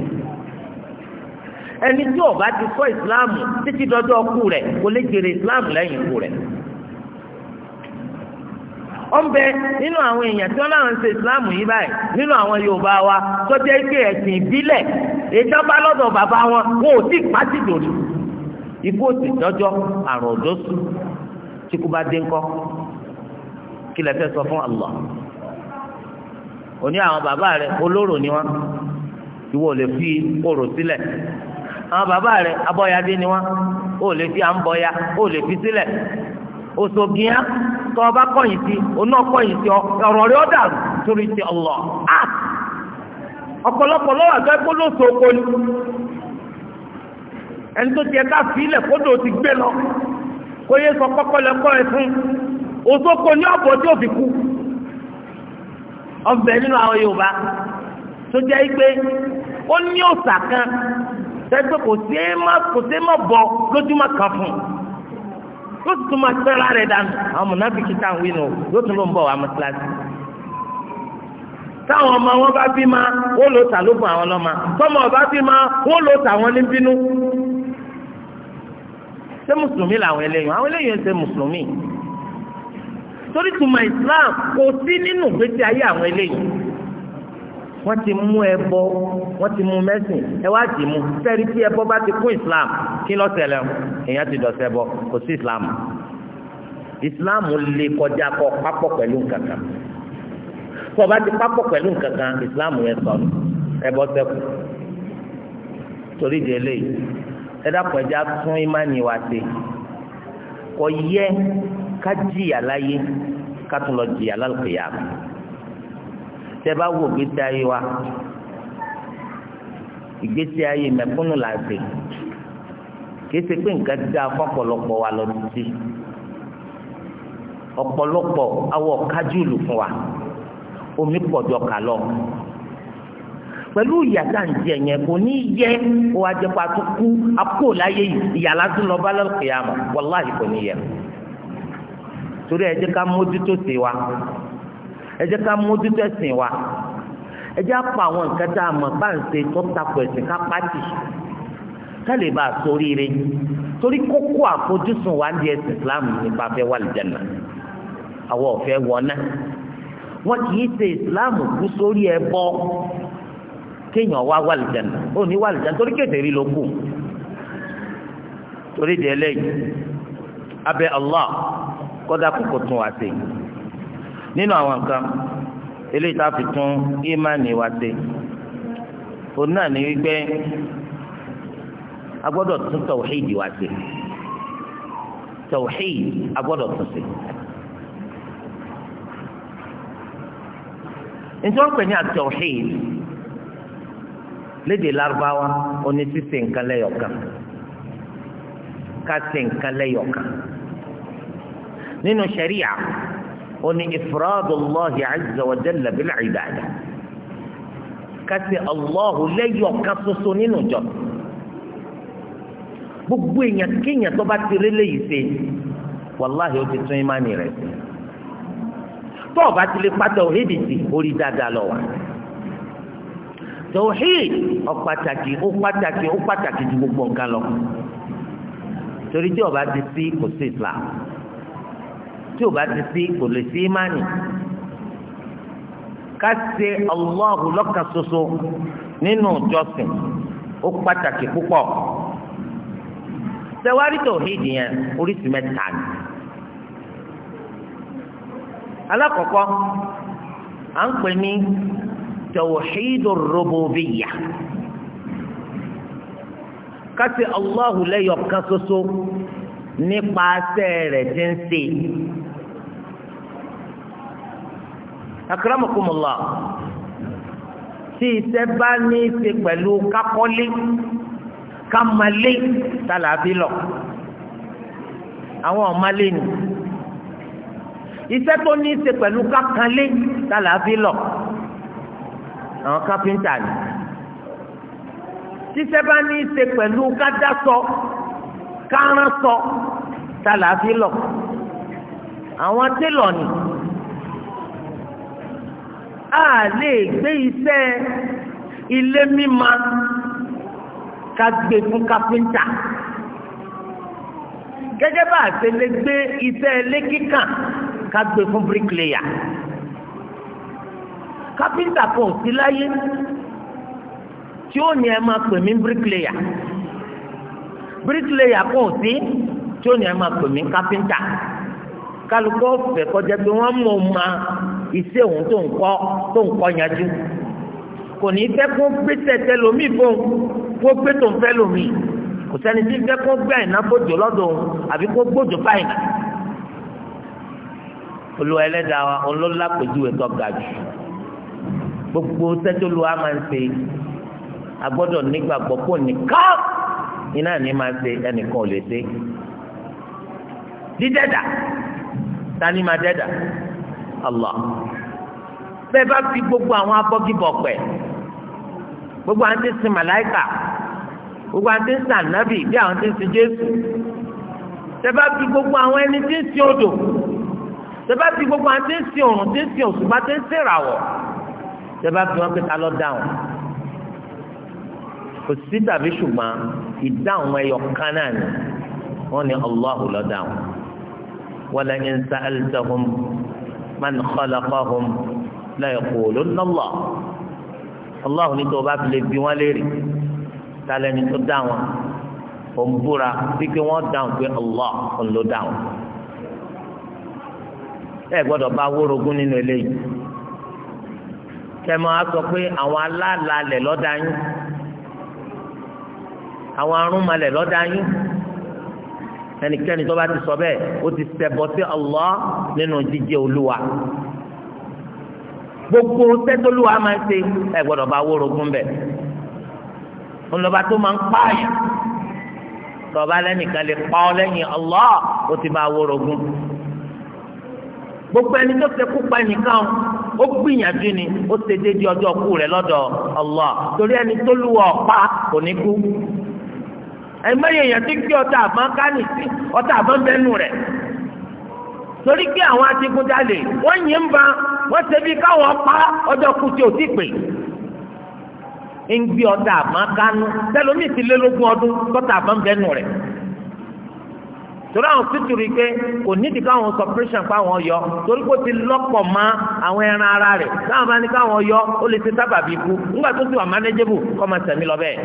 Speaker 2: ẹni tí ó bá ti kọ́ ìsìláàmù títí dọjọ́ kú rẹ̀ kò lè jèrè ìsìláàmù lẹ́yìn kú rẹ̀ ó ń bẹ nínú àwọn èèyàn tí wọn náà ń ṣe ìsìláàmù yìí báyìí nínú àwọn yorùbá wa tó jẹ́ pé ẹ̀sìn ìbílẹ̀ ìjọba lọ́dọ̀ bàbá wọn wọn ò tí pàṣẹ dòdò ikú òsì dọ́jọ́ àrùn òjò sùn tí kú bá dé ńkọ́ kí lẹ fẹ́ sọ fún Allah òní àwọn bàbá rẹ olóró ni wọn àwọn bàbá rẹ abọ́yadé ni wọ́n o lè fi à ń bọ̀ya ó lè fi sílẹ̀ òṣògìyà tó ọba kọ̀yìn sí oná kọ̀yìn sí ọ̀rọ̀ rẹ ọ̀dà torí ti ọ̀lọ́ à ọ̀pọ̀lọpọ̀ lọ́wọ́ àgbẹ̀ gbọ́dọ̀ sọ̀kọ ni ẹni tó tiẹ̀ ká fi ilẹ̀ kódò ti gbé lọ kó yẹ sọ kọ́kọ́ lẹ kọ́ ẹ fún òṣòkò ní ọ̀bọ̀ tí ò fi kú ọbẹ̀ nínú àwọn Yorùbá tó jẹ́ ó ní kan tẹ́gbẹ́ kò sí é má kò sí é má bọ̀ lójúmọ́ kan fún un yóò sì tún máa tẹ́ra rẹ̀ dànù àwọn mọ̀nàfíkì táwọn wí nù yóò tún ló ń bọ̀ wá mọ́tíláṣí táwọn ọmọ wọn bá bí ma ó lò tà ló fún àwọn ọlọ́mọ tọmọ ọba bí ma ó lò tà wọn ní bínú ṣé mùsùlùmí làwọn eléyìí àwọn eléyìí ń ṣe mùsùlùmí torí tùmọ̀ Islam kò sí nínú ìgbésí ayé àwọn eléyìí wọ́n ti mú ẹbọ wọ́n ti mú mẹ́sìn ẹ wá ti mú sẹ́rí tí ẹbọ bá ti kún islam kí ló ṣẹlẹ̀ èèyàn ti dọ̀sẹ̀ bọ kò sí islam islam lè kọjá kọ papọ̀ pẹ̀lú nǹkan kan tó o bá ti papọ̀ pẹ̀lú nǹkan kan islam yẹn sọnù ẹbọ ṣẹ́kù torí délé ẹ dákun ẹja tún ìmánìí wa ṣe kò yẹ ká jìyà láyé ká lọ jìyà lálùkìyà tẹ́ bá wò gbèsè ayé wa ìgbésí ayé mẹ̀kúnnù là ń ṣe kìí ṣe pé nǹkan dá ọ̀pọ̀lọpọ̀ wa lọ títí ọ̀pọ̀lọpọ̀ awọ kájúlù fún wa omi pọ̀jọ kà lọ pẹ̀lú ìyà tá à ń jẹ yẹn kò ní yẹ kó wa jẹ́ pa tó kú apò láyé ìyà lásán lọ bá lọ́kìyàmọ̀ wàláhì kò ní yẹ torí ẹ jẹ́ ká mójútó sí ẹ jẹ́ ká mójútó ẹ̀sìn wa ẹ jẹ́ apá àwọn nǹkan tá a mọ̀ bá ń ṣe tó takò ẹ̀sìn ká pàtì ká bá a ṣoríire torí kókó àfojúsùn wa ń di ẹ̀sìn Islam nípa fẹ́ wà lìjẹ̀nà àwọn ọ̀fẹ́ wọná wọn kì í ṣe Islam kú sórí ẹbọ kéèyàn wá wà lìjẹ̀nà ó ní wà lìjẹ̀nà torí kèfèrí ló kù torí di eléyìí abẹ́ Allah kọ́dà kókó tún nínú àwọn nǹkan eléyìí tá a fi tún ìmánì wa òun náà ní wípé a gbọ́dọ̀ tún tawhidi wa ṣe tawhidi a gbọ́dọ̀ tún ṣe. njẹ́ wọ́n pè ní tawhid oní sísè nǹkan nínú ó ní ifradullahi azza wa jalla bil ibada kasi allahu lẹ́yọ̀ kan ṣoṣo nínú ìjọ gbogbo èèyàn kéèyàn tó bá ti rí léyìí ṣe wàláhì ó ti tún ìmánì rẹ̀ sí tó o bá ti lè pátá òhídì sí orí dáadáa lọ wà tòhíd ó pàtàkì ó pàtàkì ó pàtàkì ju gbogbo nǹkan lọ torí tí o bá ti sí kò sí islam tí ò bá ti sí kò lè sí ìmánì ká ṣe Allahu lọ́kàn ṣoṣo nínú ìjọsìn ó pàtàkì púpọ̀ tẹwárí tòhídì yẹn oríṣìí mẹ́ta ni alákọ̀ọ́kọ́ à ń pè ní tòhídù rúbùbíyà ká ṣe Allahu lẹ́yọ̀ kan ṣoṣo nípa sẹ́ẹ̀rẹ̀ tí ń ṣe. akramakumullah tí iṣẹ́ bá ní í ṣe pẹ̀lú kakọ́lé kamalé tàlàbí lọ àwọn ọ̀malé ni iṣẹ́ tó ní í ṣe pẹ̀lú kakalé tàlàbí lọ àwọn kápẹ́ńtà ni tíṣẹ́ bá ní í ṣe pẹ̀lú kádásọ káránsọ tàlàbí lọ àwọn télọ̀ ni a lè gbé iṣẹ́ ilé mímá ká gbé fún kápẹ́ńtà gẹ́gẹ́ bá a ṣe lè gbé iṣẹ́ ilé kíkàn ká gbé fún bíríkìlẹ̀yà kápẹ́ńtà kò sí láyé tí ó ní ẹ máa pè mí bíríkìlẹ̀yà bíríkìlẹ̀yà kò sí tí ó ní ẹ máa pè mí kápẹ́ńtà kálukọ́ fẹ́ kọjá pé wọ́n mọ̀ máa iṣẹ́ òun tó ń kọ́ tó ń kọ́ yanjú kò ní fẹ́ kó gbé tẹ̀tẹ̀ lomi fún kó gbé tó ń fẹ́ lomi kò sẹ́ni tí ń fẹ́ kó gbé àyìnà gbòjò lọ́dọ̀ òun àbí kó gbòjò báyìí olùwà ẹlẹ́dàá wa ọlọ́lá pẹ̀lú ẹ̀tọ́ ga jù gbogbo sẹ́tọ́lùwà máa ń ṣe agbọ́dọ̀ nígbàgbọ́ pò nìkan iná ní máa ṣe ẹnìkan ò lè dé dídẹ́dà tani máa dẹ́dà. Allah bẹ́ẹ̀ bá fi gbogbo àwọn abọ́gibọ̀ pẹ̀ gbogbo àwọn tí ń sin màláìkà gbogbo àwọn tí ń sin ànábì bí àwọn tí ń sin Jésù bẹ́ẹ̀ bá fi gbogbo àwọn ẹni tí ń sin odò bẹ́ẹ̀ bá fi gbogbo àwọn tí ń sin òrùn tí ń sin òṣùpá tí ń sin ìràwọ̀ bẹ́ẹ̀ bá fi wọn pé ta ló dáhùn kò sí tàbí ṣùgbọ́n ìdáhùn ẹyọ kan náà ni wọ́n ní Allahu ló dáhùn wala man khalaqahum la yaqulunna Allah Allah ní tó bá fi lè bi wọ́n léèrè tálẹ́ni tó dá wọn ò ń búra pípé wọ́n dáhùn pé Allah ò ń lo dáhùn ẹ gbọ́dọ̀ bá wórogún nínú eléyìí kẹmọ á sọ pé àwọn aláàlá lẹ lọdá yín àwọn arúnmalẹ lọdá yín ẹnikẹ́ni tó bá ti sọ bẹ́ẹ̀ ó ti ṣẹbọ sí Allah nínú jíjẹ́ olúwa gbogbo sẹ́tọ́lúwa máa ń ṣe ẹ gbọ́dọ̀ bá wórogún bẹ̀ ńlọba tó máa ń pààyàn tọba lẹ́nìkan lè pa ọ lẹ́yìn Allah ó ti bá wórogún gbogbo ẹni tó ṣe kú pa ẹnìkan ó gbìyànjú ni ó ṣe déédéé ọjọ́ kú rẹ̀ lọ́dọ̀ Allah torí ẹni tó lù ọ́ pa kò ní kú ẹ̀mẹ́yẹ èèyàn ti gbé ọta àbọ̀n kánì sí ọta àbọ̀n bẹ́nu rẹ̀ torí pé àwọn adigunjalè wọ́n yìn ń ba wọ́n ṣe bí káwọn pa ọjọ́ kù tí ò ti pè ń gbé ọta àbọ̀n kánú tẹlomi ti lé lógún ọdún tọ́ta àbọ̀n bẹ́nu rẹ̀ torí àwọn fitiri pé kò nídìí káwọn sọpírẹ́sàn káwọn yọ torí kó ti lọ́pọ̀ mọ́ àwọn ẹran ara rẹ̀ káwọn bá ní káwọn yọ ó lè ti sábàbí ikú nígbà tó ti wà mánéjébù kọ́ máa tẹ̀mí lọ bẹ́ẹ̀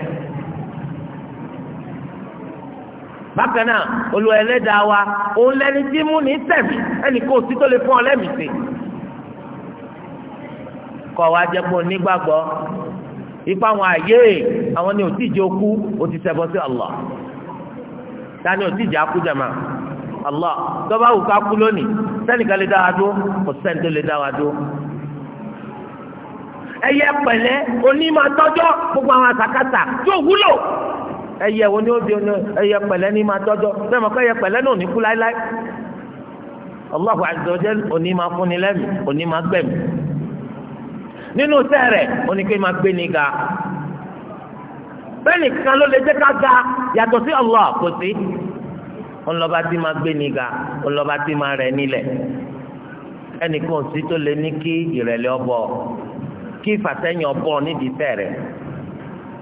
Speaker 2: bákan náà Olúwa ẹlẹ́dàá wa òun lẹni tí mú ní tẹ̀mí ẹnì kò sí tó lè fún ọ lẹ́mìí sí kọ̀ wá jẹ́ pé onígbàgbọ́ ipa àwọn àyè àwọn ni òtíjì okú òtí ṣẹbọ sí Allah tani òtíjì akú jama Allah tọ́ba wù ká kú lónìí sẹ́nìkan lè dá wa dó kò sẹ́ni tó lè dá wa dó ẹyẹ pẹ̀lẹ́ onímọ̀ tọ́jọ́ gbogbo àwọn àsàkásà yóò wúlò ẹyẹ wo ni ó di ẹyẹ pẹ̀lẹ́ ní máa tọ́jọ́ bẹ́ẹ̀ mọ̀ pé ẹyẹ pẹ̀lẹ́ náà ò ní kú láéláé Allahu azza wa jal òní máa fúnni lẹ́mìí òní máa gbẹ̀mí nínú sẹ́rẹ̀ oníke máa gbé ni ga bẹ́ẹ̀ni kan ló lè jẹ́ ká ga yàtọ̀ sí Allah kò sí ọlọ́ba tí máa gbé ni ga ọlọ́ba tí máa rẹ̀ nílẹ̀ ẹnìkan sí tó lè ní kí ìrẹ̀lẹ̀ ọbọ̀ kí ìfàsẹ́yìn ọbọ̀ nídìí sẹ́rẹ̀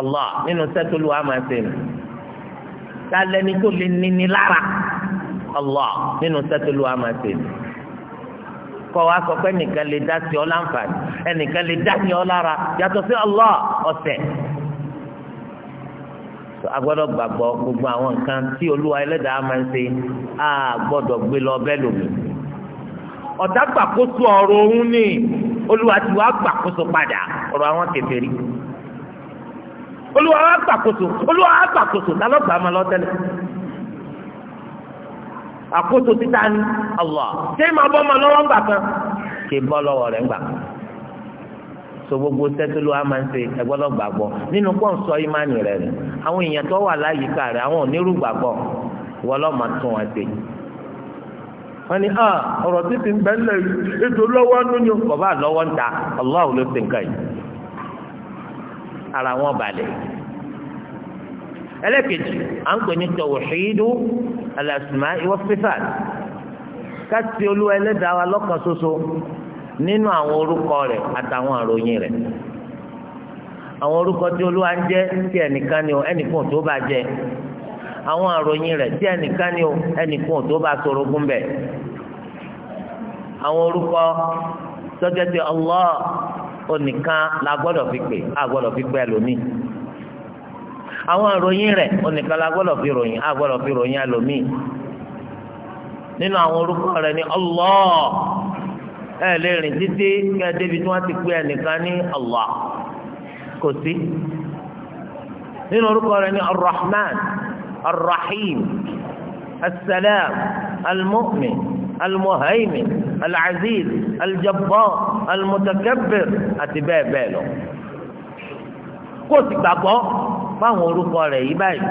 Speaker 2: allah nínú sẹ́tọ́lù wa máa ṣe nù lálẹ́ni tó lè níní lára allah nínú sẹ́tọ́lù wa máa ṣe nù kọ́ wa sọ pé ẹnìkan lè dá sí ọ láǹfààní ẹnìkan lè dá ní ọ lára yàtọ̀ sí allah ọ̀sẹ̀ a gbọ́dọ̀ gbàgbọ́ gbogbo àwọn nǹkan tí olúwa ẹlẹ́dàá máa ń ṣe a gbọ́dọ̀ gbé lọ bẹ́ẹ̀ lòmí ọ̀tá gbàkóso ọ̀rọ̀ òun ni olúwa ti wá gbàkóso padà ọ̀rọ̀ àwọn kèfèrí olúwa wa gbàkóso olúwa wa gbàkóso lálọ́ gbà máa lọ tẹ́lẹ̀ àkóso títa ni Allah ṣé màá bọ́ máa lọ́wọ́ ńgbà kan kì bọ́ lọ́wọ́ rẹ̀ ńgbà so gbogbo sẹ́tulù a máa ń ṣe ẹgbọ́dọ̀ gbàgbọ́ nínú pọ́n sọ ìmánì rẹ̀ rẹ̀ àwọn èèyàn tó wà láyìíká rẹ̀ àwọn onírú gbàgbọ́ wọ́n lọ́ máa tún wọn ṣe. wọ́n ní ah, ọ̀rọ̀ títí ń bẹ́ẹ̀ lẹ̀ ètò lọ́wọ́ nínú kọ̀ọ̀bá lọ́wọ́ ń ta Allah ló ṣe nǹkan yìí ara wọn balẹ̀ ẹlẹ́kejì à ń pè ní tọ̀wọ̀ṣìdú alàsùmá ìwọ́sífàt káti olúwa ẹlẹ́dàá wa lọ́kàn ṣoṣo nínú àwọn orúkọ rẹ̀ àtàwọn àròyìn rẹ̀ àwọn orúkọ tí olúwa ń jẹ́ tí ẹnìkan ni o ẹnìkan tó bá jẹ àwọn àròyìn rẹ̀ tí ẹnìkan ni o ẹnìkan tó ti onìkan la gbọ́dọ̀ fi pè á gbọ́dọ̀ fi pè ẹlòmíì àwọn ìròyìn rẹ̀ onìkan la gbọ́dọ̀ fi ròyìn á gbọ́dọ̀ fi ròyìn ẹlòmíì nínú àwọn orúkọ ni Allah ẹ lè rìn títí kí ẹ débi tí ti pè ẹnìkan ní kò ni rahman rahim السلام المؤمن المهيمن العزيز الجبار المتكبر àti bẹ́ẹ̀ bẹ́ẹ̀ lọ kó o sì gbàgbọ́ báwọn orúkọ rẹ̀ yìí báyìí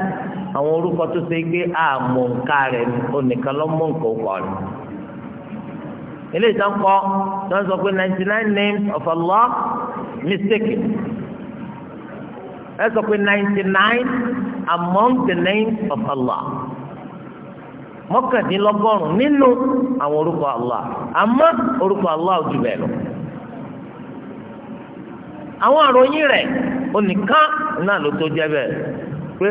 Speaker 2: àwọn orúkọ tó ṣe gbé àmọ̀ nǹka rẹ̀ onìkan ló mú nǹkan ọkọ rẹ̀ eléyìí tán kọ tán sọ pé ninety nine names of Allah mistaken ẹ sọ pé ninety nine among the names of Allah. mọ́kàndínlọ́gọ́rùn nínú àwọn orúkọ Allah àmọ́ orúkọ Allah ò jù lọ àwọn àròyìn rẹ̀ onìkan náà ló tó jẹ́ bẹ́ẹ̀ pé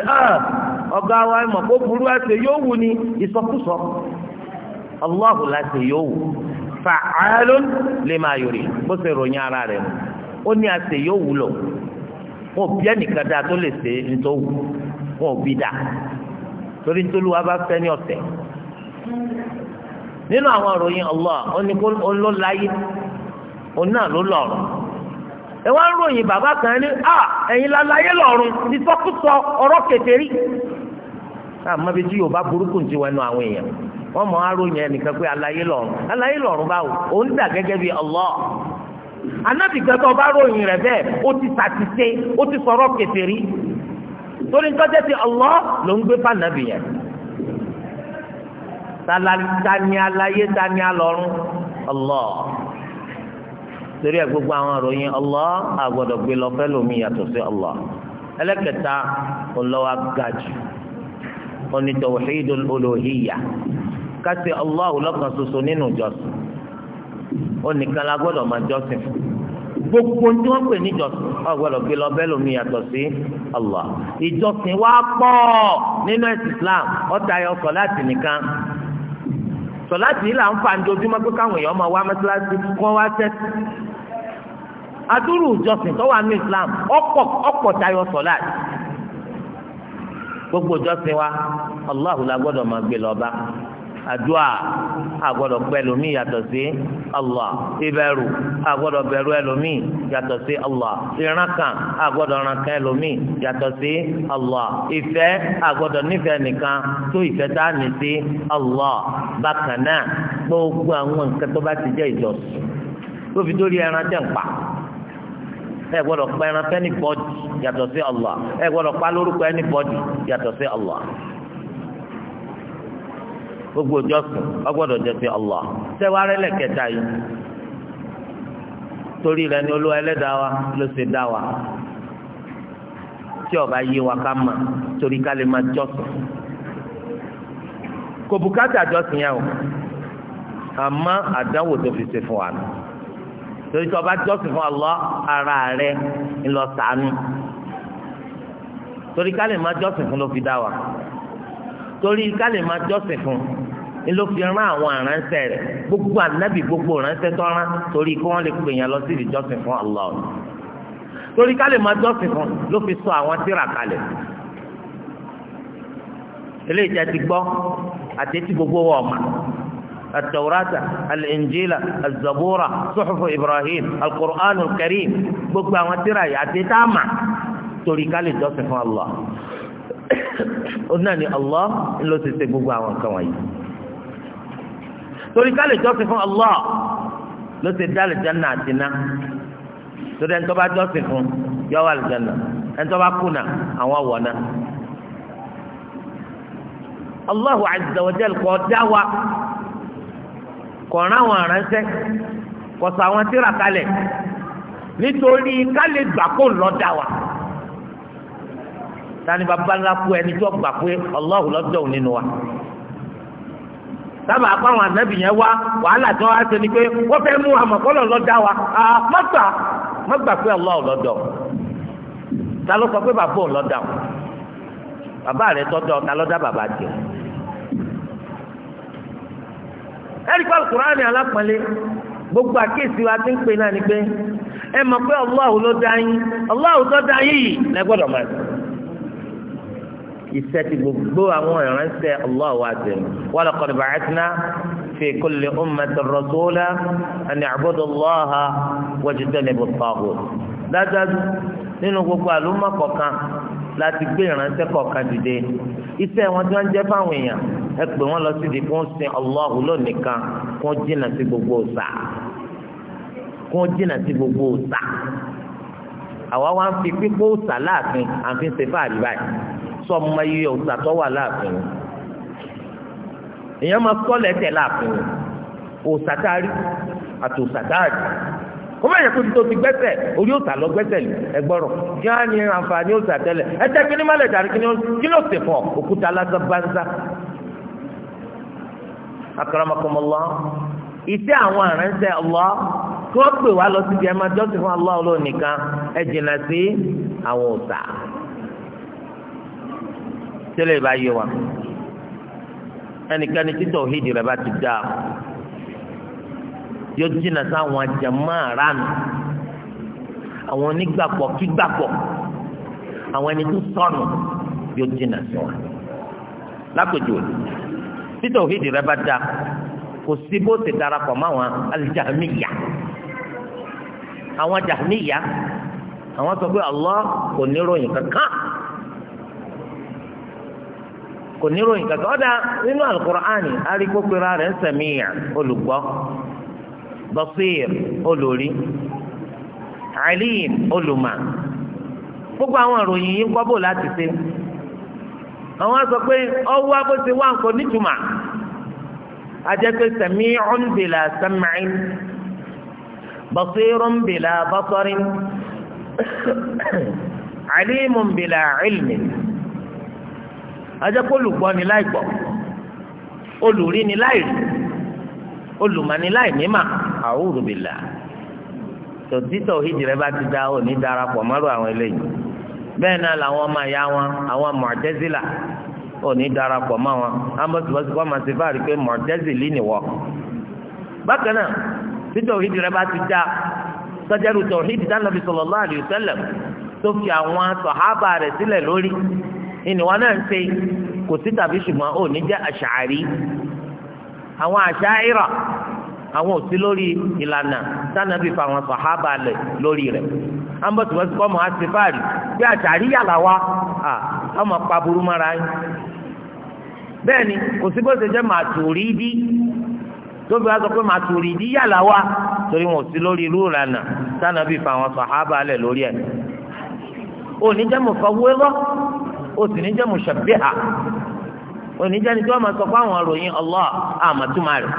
Speaker 2: ọ̀gá wa mọ̀ kó burú ẹsẹ̀ yóò wù ní ìsọkúsọ Allahu láti yóò wù fa'alun lima yuri bó ṣe ròyìn ara rẹ̀ ó ní àṣẹ yóò wúlò wọn ò bí ẹnìkan dáa tó lè ṣe nítorí wọn ò bí dáa torí nítorí bá fẹ́ ní ọ̀sẹ̀ nínú àwọn ìròyìn Allah olólayé òun náà ló lọ́rùn ẹ wá ń ròyìn bàbá kan ní à ẹ̀yin lálayé lọ́rùn ìsọkúsọ ọrọ kèfèrí bí tí burúkú ti wẹnu àwọn èèyàn ẹnìkan pé alayé lọrụ. alayé lọ́rùn báwo òun dà gẹ́gẹ́ bí Allah anabi gbẹtọ bá ròyìn rẹ̀ bẹ́ẹ̀ ó ti sàtìsẹ ó ti sọ̀rọ̀ kèfèrí torí ti Allah ló ń gbé yẹn. tani aláyé tani alọ́run Allah torí ẹ gbogbo àwọn ìròyìn Allah àgbọ́dọ̀ gbé lọ fẹ́ lómi yàtọ̀ sí Allah ẹlẹ́kẹta ọlọ́wà gàjù oní tawhidul uluhiyya kásì Allah lọ́kan ṣoṣo nínú ìjọsìn onìkan la gbọ́dọ̀ máa jọ́sìn gbogbo tí wọ́n pè ní ìjọsìn ọ̀gbọ́dọ̀ gbé lọ bẹ́ẹ̀ lómi yàtọ̀ sí Allah ìjọsìn wa pọ̀ nínú Islam ó tayọ sọláàtì là ń fa ndojúmọ́ pé káwọn èèyàn máa wá mẹ́sàlásì kọ́ wá sẹ́sì adúrú ìjọsìn tó wà ní Islam ọ̀pọ̀ ọ̀pọ̀ tayọ gbogbo ìjọsìn wa Allahu la gbọ́dọ̀ máa gbé àdúà àgbọ́dọ̀ pẹ ẹlòmíì yàtọ̀ sí Allah ìbẹ̀rù àgbọ́dọ̀ bẹ̀rù ẹlòmíì yàtọ̀ sí Allah ìrankàn àgbọ́dọ̀ rankàn ẹlòmíì yàtọ̀ sí Allah ìfẹ́ àgbọ́dọ̀ nífẹ̀ẹ́ nìkan tó ìfẹ́ tá a ní sí Allah bákan náà gbogbo àwọn nǹkan tó bá ti jẹ́ ìjọsìn tó fi dórí ẹran tẹ̀ ń ẹ gbọ́dọ̀ pa ẹran fẹ́ni bọ́dì yàtọ̀ sí Allah ẹ gbọ́dọ̀ pa lórúkọ ẹni bọ́dì yàtọ̀ sí Allah gbogbo ìjọsìn ọgbọ́dọ̀ jẹ́ ti Allah sẹ́wárẹ́ lẹ́kẹta yìí torí rẹ̀ ni olúwa ẹlẹ́dàá wa ló ṣe dá wa tí ọba yé wa ká mà torí ká lè máa jọsìn kò bùkátà jọsìn yẹn o àmọ́ àdánwò tó fi ṣe fún wa torí tí ọba jọsìn fún Allah ara rẹ̀ ńlọ sànù torí ká lè máa jọsìn fún ló fi dá wa torí ká lè máa jọ́sìn fún ló fi rán àwọn aránṣẹ́ rẹ̀ gbogbo ànábì gbogbo aránṣẹ́ tó rán torí kí wọ́n lè pè yàn lọ sí ìjọsìn fún Allah torí ká lè máa jọ́sìn fún ló fi sọ àwọn tírà kalẹ̀ eléyìí tí ti gbọ́ àti etí gbogbo wa ọ̀ma atawurata alinjila azabura suhufu ibrahim alqur'anu karim gbogbo àwọn tírà yìí àti tá a torí ká lè jọ́sìn fún Allah. ó Allah ló ti gbogbo àwọn nǹkan tori torí ká lè se fún Allah ló ti dá àlùjáná àti iná torí ẹni tó bá jọ́sìn fún yọ wà àlùjáná ẹni tó bá kùnà àwọn wọ̀ náà. azza wa jal kò dá wa tani bàbá ńlá kú ẹni tó gbà pé ọlọ́hùn lọ́dọ̀ òun wa sábà àpáwọn yẹn wá wàhálà tí wa pé ọlọ́hùn ta ló sọ pé bàbá òun lọ́dọ̀ bàbá rẹ ta bàbá jẹ gbogbo wa ti ń náà ni pé ẹ mọ̀ pé ọlọ́hùn ló dá yín ọlọ́hùn tó dá yín yìí lẹ́gbọ́dọ̀ máa iṣẹ́ ti gbogbo àwọn ìránṣẹ́ Allahu azim wa laqad ba'athna fi kulli ummatin rasulan an i'budu Allaha wajtanibu at-taghut dájájú nínú gbogbo àlùmọ̀ kọ̀ọ̀kan láti gbé ìránṣẹ́ kọ̀ọ̀kan dìde iṣẹ́ wọn tí wọ́n ń jẹ́ fáwọn èèyàn ẹ pè wọ́n lọ síbi kó ń sin Allahu lónìkan kó jìnnà sí gbogbo òòṣà kó jìnnà sí gbogbo òòṣà àwa wá ń fi pípó òòṣà láàfin àfi ń ṣe fáàrí báyìí sọmọ iye òòṣà tó wà láàfin èèyàn máa kọ́ lẹ́tẹ̀ láàfin òòṣà tá a rí àti òòṣà tá a rí kó bá yẹ kó tó ti gbẹ́sẹ̀ orí òòṣà lọ gbẹ́sẹ̀ lé ẹgbọ́rọ̀ kí á ní àǹfààní òòṣà tẹ́lẹ̀ ẹtẹ́ kí ni má lẹ̀ dàrí kí ló sì fọ òkúta lásán báńsá. akaramakomola iṣẹ́ àwọn aránṣẹ́ Allah kí wọ́n pè wá lọ síbi ẹ̀ jọ́sìn fún Allah olóòníkan ẹ̀ jìnnà sí àwọn òòṣà. tẹ́lẹ̀ bá yé wa ẹnikẹ́ni títọ̀ òhìdì rẹ̀ bá ti dá yóò jìnnà sáwọn jẹ̀mọ́ àránù àwọn onígbàpọ̀ kígbàpọ̀ àwọn ẹni tó sọnù yóò jìnnà sí wa lápèjọ títọ̀ òhìdì rẹ̀ bá dá kò sí bó ti darapọ̀ mọ́ àwọn alìjàmíyà àwọn jàmíyà àwọn sọ kò ní ròyìn kankan ọ̀dà nínú alukur'ani arikokora rẹ̀ ń olùgbọ́ basir olórí alim olùmọ̀ gbogbo àwọn ìròyìn yìí ń kọ́ bò láti ṣe àwọn sọ pé ọwọ́ abóse wà ń nítumà ajẹ́pẹ́ basirun bila basarin [coughs] alimun bila ajẹ́ kó olùgbọ́ ni láì gbọ́ olùrí ni láì rí olùmọ̀ ni láì nímà a'udhu billah tòtítọ̀ ìdìrẹ́ bá ti da òní darapọ̀ mọ́rọ̀ àwọn eléyìí bẹ́ẹ̀ náà làwọn ọmọ ìyá wọn àwọn Mu'tazila òní darapọ̀ mọ́ wọn ambọ̀sibọ́sí kọ́ máa ṣe fáàrí pé Mu'tazili nìwọ. bákan náà títọ̀ ìdìrẹ́ bá ti da sọ́jẹ́rù tọ̀ ìdìdá nàbì sallallahu ìníwá náà ń ṣe kò sí tàbí ṣùgbọ́n ò ní jẹ́ àṣàárí àwọn àṣàírà àwọn ò sí lórí ìlànà sànàbí fa àwọn sàhábà lẹ lórí rẹ̀ ambọ̀tìmọ́sí kọ́ mọ́ àṣefáàrí bí àṣàárí yàrá wa ọmọ pa burú mọ́ra yín bẹ́ẹ̀ ni kò sí bó ṣe jẹ́ màtúrídì tóbi wá sọ pé màtúrídì yàrá wa torí wọn ò sí lórí irú ìlànà sànàbí fa àwọn sàhábà lẹ lórí ẹ̀ òní jẹ́ mọ̀fọ́wérọ́ ó sì ní jẹ́ mushabbiha ó ní jẹ́ni tí wọ́n máa sọ fún àwọn ìròyìn Allah àmàtúmà rẹ̀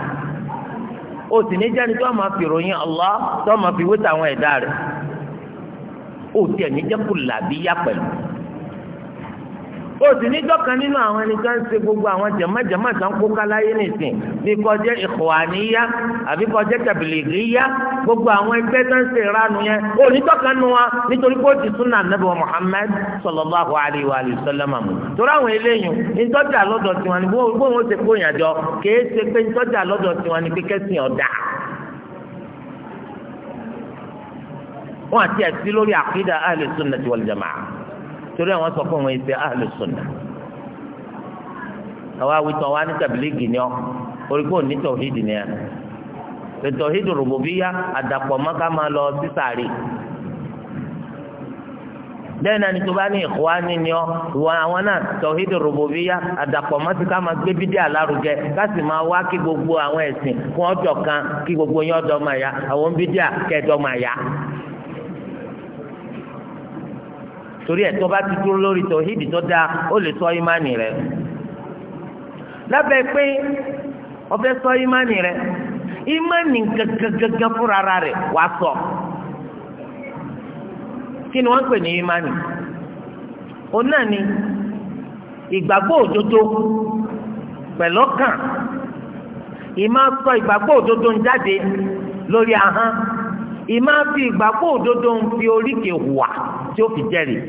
Speaker 2: ó sì ní jẹ́ni tí wọ́n máa fi ìròyìn Allah tí wọ́n máa fi wé tàwọn ẹ̀dá rẹ̀ ó tiẹ̀ ní jẹ́ kùlàbíyà pẹ̀lú. o sì níjọ́ kan nínú àwọn ẹni tó ń ṣe gbogbo àwọn jẹ̀mọ́jẹ̀mọ́ tó ń kó káláyé nìsín bí kọjá ìkọ̀wáníyá àbí kọjá tàbílìgíyá gbogbo àwọn ẹgbẹ́ tó ń ṣe ìranu yẹn o níjọ́ kan nínú wa nítorí pé ó ti nàbẹ̀wò sallallahu alayhi wa mu torí àwọn ntọ́jà lọ́dọ̀ tiwọn ni ṣe kó yàn jọ kèé ṣe pé ntọ́jà lọ́dọ̀ tiwọn ni pé kẹ́sìn ọ̀dà torí àwọn sọ fún wọn ẹsẹ ahlu sunna àwọn awitọ wa ní tabiligi ni ọ orikó ní tọhídì ni ẹ tọhídì rògbòbíyá àdàpọ̀ mọ́ká lọ sísàárì bẹ́ẹ̀ náà ni tó bá ní ni ọ àwọn náà tọhídì rògbòbíyá àdàpọ̀ mọ́tí máa gbé bídíà lárugẹ ká máa gbogbo àwọn ẹ̀sìn kún ọjọ́ kan kí gbogbo ọdọ́ máa yá àwọn kẹ́ẹ̀dọ́ máa torí ẹ̀ tó bá ti dúró lórí tòhídì tó dáa ó lè sọ ìmánì rẹ̀ lábẹ́ pé ọbẹ̀ sọ ìmánì rẹ̀ ìmánì gẹ́gẹ́gẹ́gẹ́ fúnra rẹ̀ wà sọ kí ni wọ́n ń pè ní ìmánì òun náà ni ìgbàgbọ́ òdodo pẹ̀lú ọkàn ìmá sọ ìgbàgbọ́ òdodo ń jáde lórí ahọ́n ìmá fi ìgbàgbọ́ òdodo ń fi oríkèé hùwà tí ó fi jẹ́rìí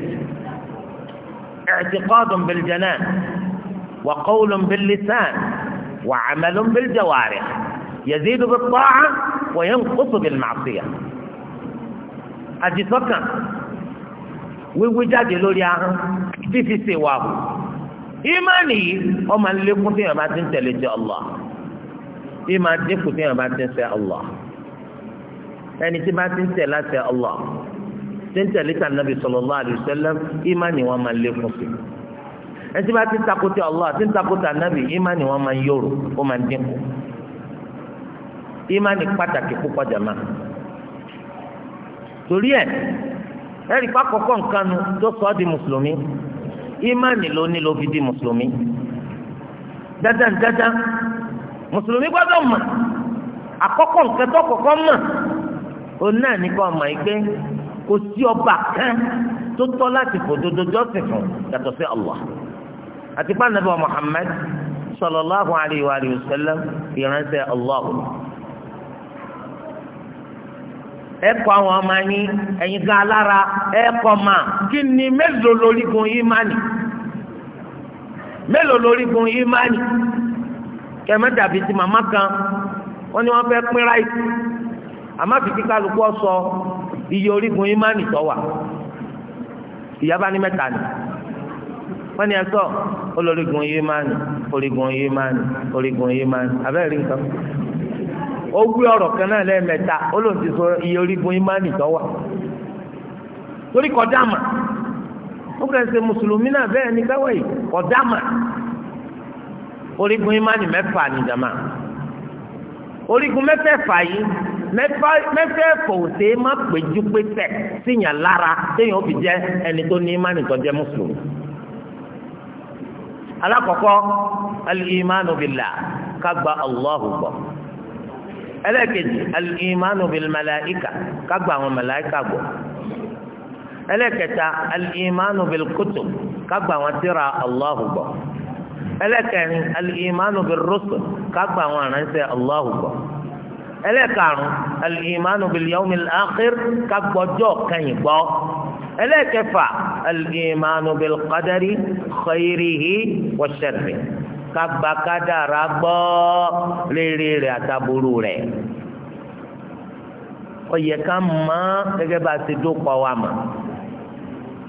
Speaker 2: i'tiqadun bil janan wa qawlun bil lisan wa 'amalun bil jawarih yazidu bit ta'a wa yanqusu bil ma'siyah àdìsọ́kàn wíwí jáde lórí ahọ́n fífi ṣe wà hù ìmánì yìí ọmọ nílékún tí ti ń jẹ Allah ìmá dínkù tí ti ń Allah ẹni tí bá ti ń tẹ̀ láti Allah tí ń tẹ̀lé tà nàbì sallallahu alaihi wasallam ìmánì wọn máa lékún sí ẹ tí bá ti ń takotẹ Allah tí ń takotẹ nàbì ìmánì wọn máa ń yòrò ó máa ń dínkù ìmánì pàtàkì púpọ̀ jàmá torí ẹ ẹ̀rí pákọ̀kọ́ nǹkan nu tó sọ ọ́ di mùsùlùmí ìmánì ló ní ló fi di mùsùlùmí dandan dandan mùsùlùmí gbọ́dọ̀ mọ̀ àkọ́kọ́ nǹkan tó kọ́kọ́ mọ̀ òun náà ní kò sí ọba kan tó tọ́ láti fòdodo jọ́sìn fún yàtọ̀ sí Allah àti pa nàbẹ Muhammad sallallahu alayhi wa sallam ìránṣẹ́ Allah ẹ̀kọ́ àwọn ọmọ yín ẹ̀yin gan alára ẹ̀kọ́ ma kí ni mélòó lórígun yìí má nì mélòó lórígun yìí má nì kẹmẹdàbí ti màmá kan wọ́n ní wọ́n fẹ́ pín ráìtì àmọ́ kíkálukú ọsọ iye orígun ìmánì tó wà ìyábá ní mẹ́ta ni wọ́n ní ẹ̀sọ́ olórígun ìmánì orígun ìmánì orígun ìmánì abẹ́rẹ́ rí nǹkan ó gbé ọ̀rọ̀ kan náà iye orígun tó wà torí kọjá mà ó kẹ́ ṣe mùsùlùmí náà bẹ́ẹ̀ ni káwọ́ yìí kọjá mà orígun mẹ́fẹ̀ẹ̀fà yìí mẹ́fẹ̀ẹ̀fà ò ṣe é má péjú pésẹ̀ síyàn lára téèyàn ó fi jẹ́ ẹni tó ní ìmánì tó jẹ́ mùsùlùmí. alákọ̀ọ́kọ́ alìmánu billah ká gba Allahu gbọ́ ẹlẹ́ẹ̀kejì alìmánu bil màláìkà ká gba àwọn màláìkà gbọ́ ẹlẹ́ẹ̀kẹta alìmánu bil kutub ká gba Allahu gbọ́ ẹlẹ́kẹrin alìmánu bil rusul kágbà àwọn aránṣẹ́ Allahu gbọ́ ẹlẹ́karùn alìmánu bil yawmil akhir kágbọ́jọ́ kẹyìn gbọ́ ẹlẹ́kẹfà alìmánu bil qadari khayrihi wa sharrihi kagbà kádàrá gbọ́ rere rẹ̀ àtàbúrú rẹ̀ ó ká mọ̀ gẹ́gẹ́ bá a ti dópa wa mọ̀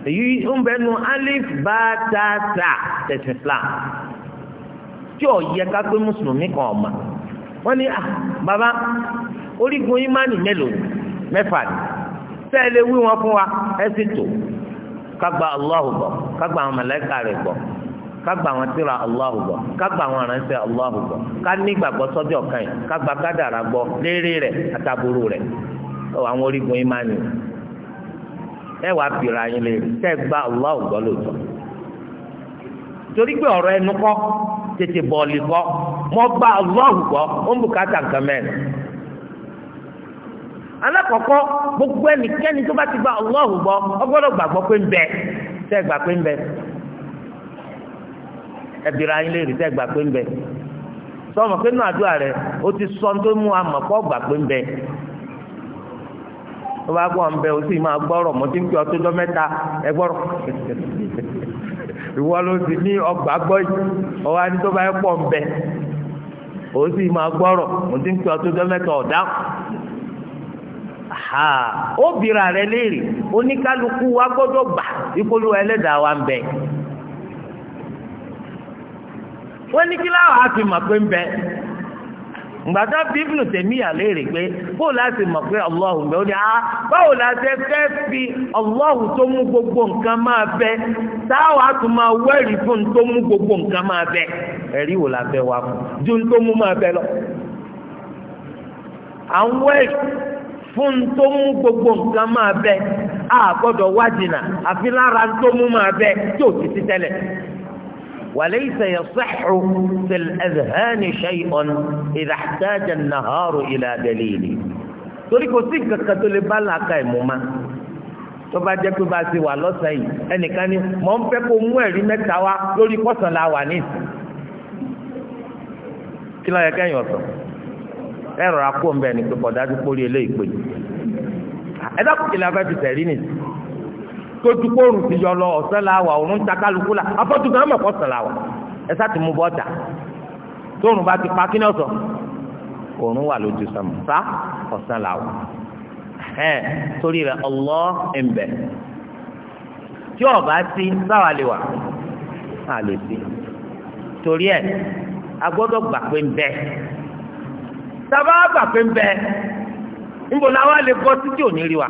Speaker 2: èyí ń bẹnu alif bá ta ta tẹ̀sí Islam. tí ò yẹ ká pé mùsùlùmí kan ọ̀ma wọ́n ní ah bàbá orígun ìmánì mélòó mẹ́fà ni sẹ́ẹ̀ lè wí wọn fún wa ẹ sì tò kagba Allahu kagba àwọn màláíkà rẹ̀ kagba àwọn tíra Allahu kagba àwọn aránṣẹ́ Allahu gbọ́ ká sọ́jọ́ kan yìí kádàrà gbọ́ léèrè rẹ̀ àtàbúrò rẹ̀ àwọn orígun ẹ wàá yín sẹ́ẹ̀ torí pé ọ̀rọ̀ ẹnu kọ́ tètè bọ̀ọ̀lì kọ́ mọ́ gba ọlọ́hùn kọ́ ó ń bùkátà nǹkan mẹ́rin. alákọ̀ọ́kọ́ gbogbo ẹnikẹ́ni tó bá ti gba ọlọ́hùn gbọ́ ọ gbọ́dọ̀ gbàgbọ́ pé ń bẹ tẹ́ gbà pé ń bẹ ẹbìrì ayé lè rí tẹ́ gbà pé ń bẹ sọmọ pé nínú àdúrà rẹ o ti sọ tó mú amọ̀ kọ́ gbà pé ń bẹ tó bá gbọ́ ń bẹ o sì máa gbọ́rọ̀ mọ́tí ń pè ọ́ tó dọ́ mẹ́ta ẹ gbọ́rọ̀ [laughs] ìwọ ló ti ní ọgbà gbọ́ yìí ọwọ́ ẹni tó bá yẹ pọ̀ ń bẹ sì máa gbọ́rọ̀ mo ti ń pè ọtún tó mẹ́ta ọ̀dá wa gbọ́dọ̀ gbà ìpolówó ẹlẹ́dàá wa fi mà pé gbàtà bí Ibn Taymiyyah léèrè pé bóò láti mọ̀ pé ọlọ́hùn bẹ́ẹ̀ ó ní ah báwo la fẹ́ fi ọlọ́hùn tó mú gbogbo nǹkan máa bẹ táwa tún máa wẹ́rì fún tó mú gbogbo nǹkan máa bẹ ẹ̀rí wò la fẹ́ wá fún ju tó mú máa bẹ lọ. à ń wẹ́rì fún tó mú gbogbo nǹkan máa bẹ a gbọ́dọ̀ nà àfi lára tó mú máa bẹ tí ò ti ti tẹ́lẹ̀. وليس يصح في الأذهان شيء إذا احتاج النهار إلى دليل torí kò sí nǹkan kan tó lè bá làákà ẹ̀ mú ma tó bá jẹ́ pé bá a ti wà lọ́sàn-án yìí ẹnìkan ni mọ̀ ń fẹ́ kó mú ẹ̀rí mẹ́ta wá lórí pọ̀sán la wà nísìn kí lọ́ọ́ kẹ́yìn ọ̀sán ẹ̀rọ akó ń bẹ̀ ni pé kọ̀dájú pórí eléyìí pé ẹ̀dá kùkìlà fẹ́ fi tẹ̀rí nìsín tó dúpọ̀ òrùn ti yọ lọ ọ̀sán la wà òrùn ta kálukú la afọ́jú kan mọ̀ kọ́ sàn la wa ẹ sá ti mú bọ́ta tóòrùn bá ti pa kí ni ọ̀sán òrùn wà lójú sọmọ sá ọ̀sán la wà ẹ torí rẹ ọlọ́ ẹ̀ǹbẹ̀ tí ọba sí sáwà lè wà á lè sí torí ẹ a gbà pé ń bẹ sábà gbà pé ń bẹ níbo la wà lè bọ́ sí tí ò rí wa.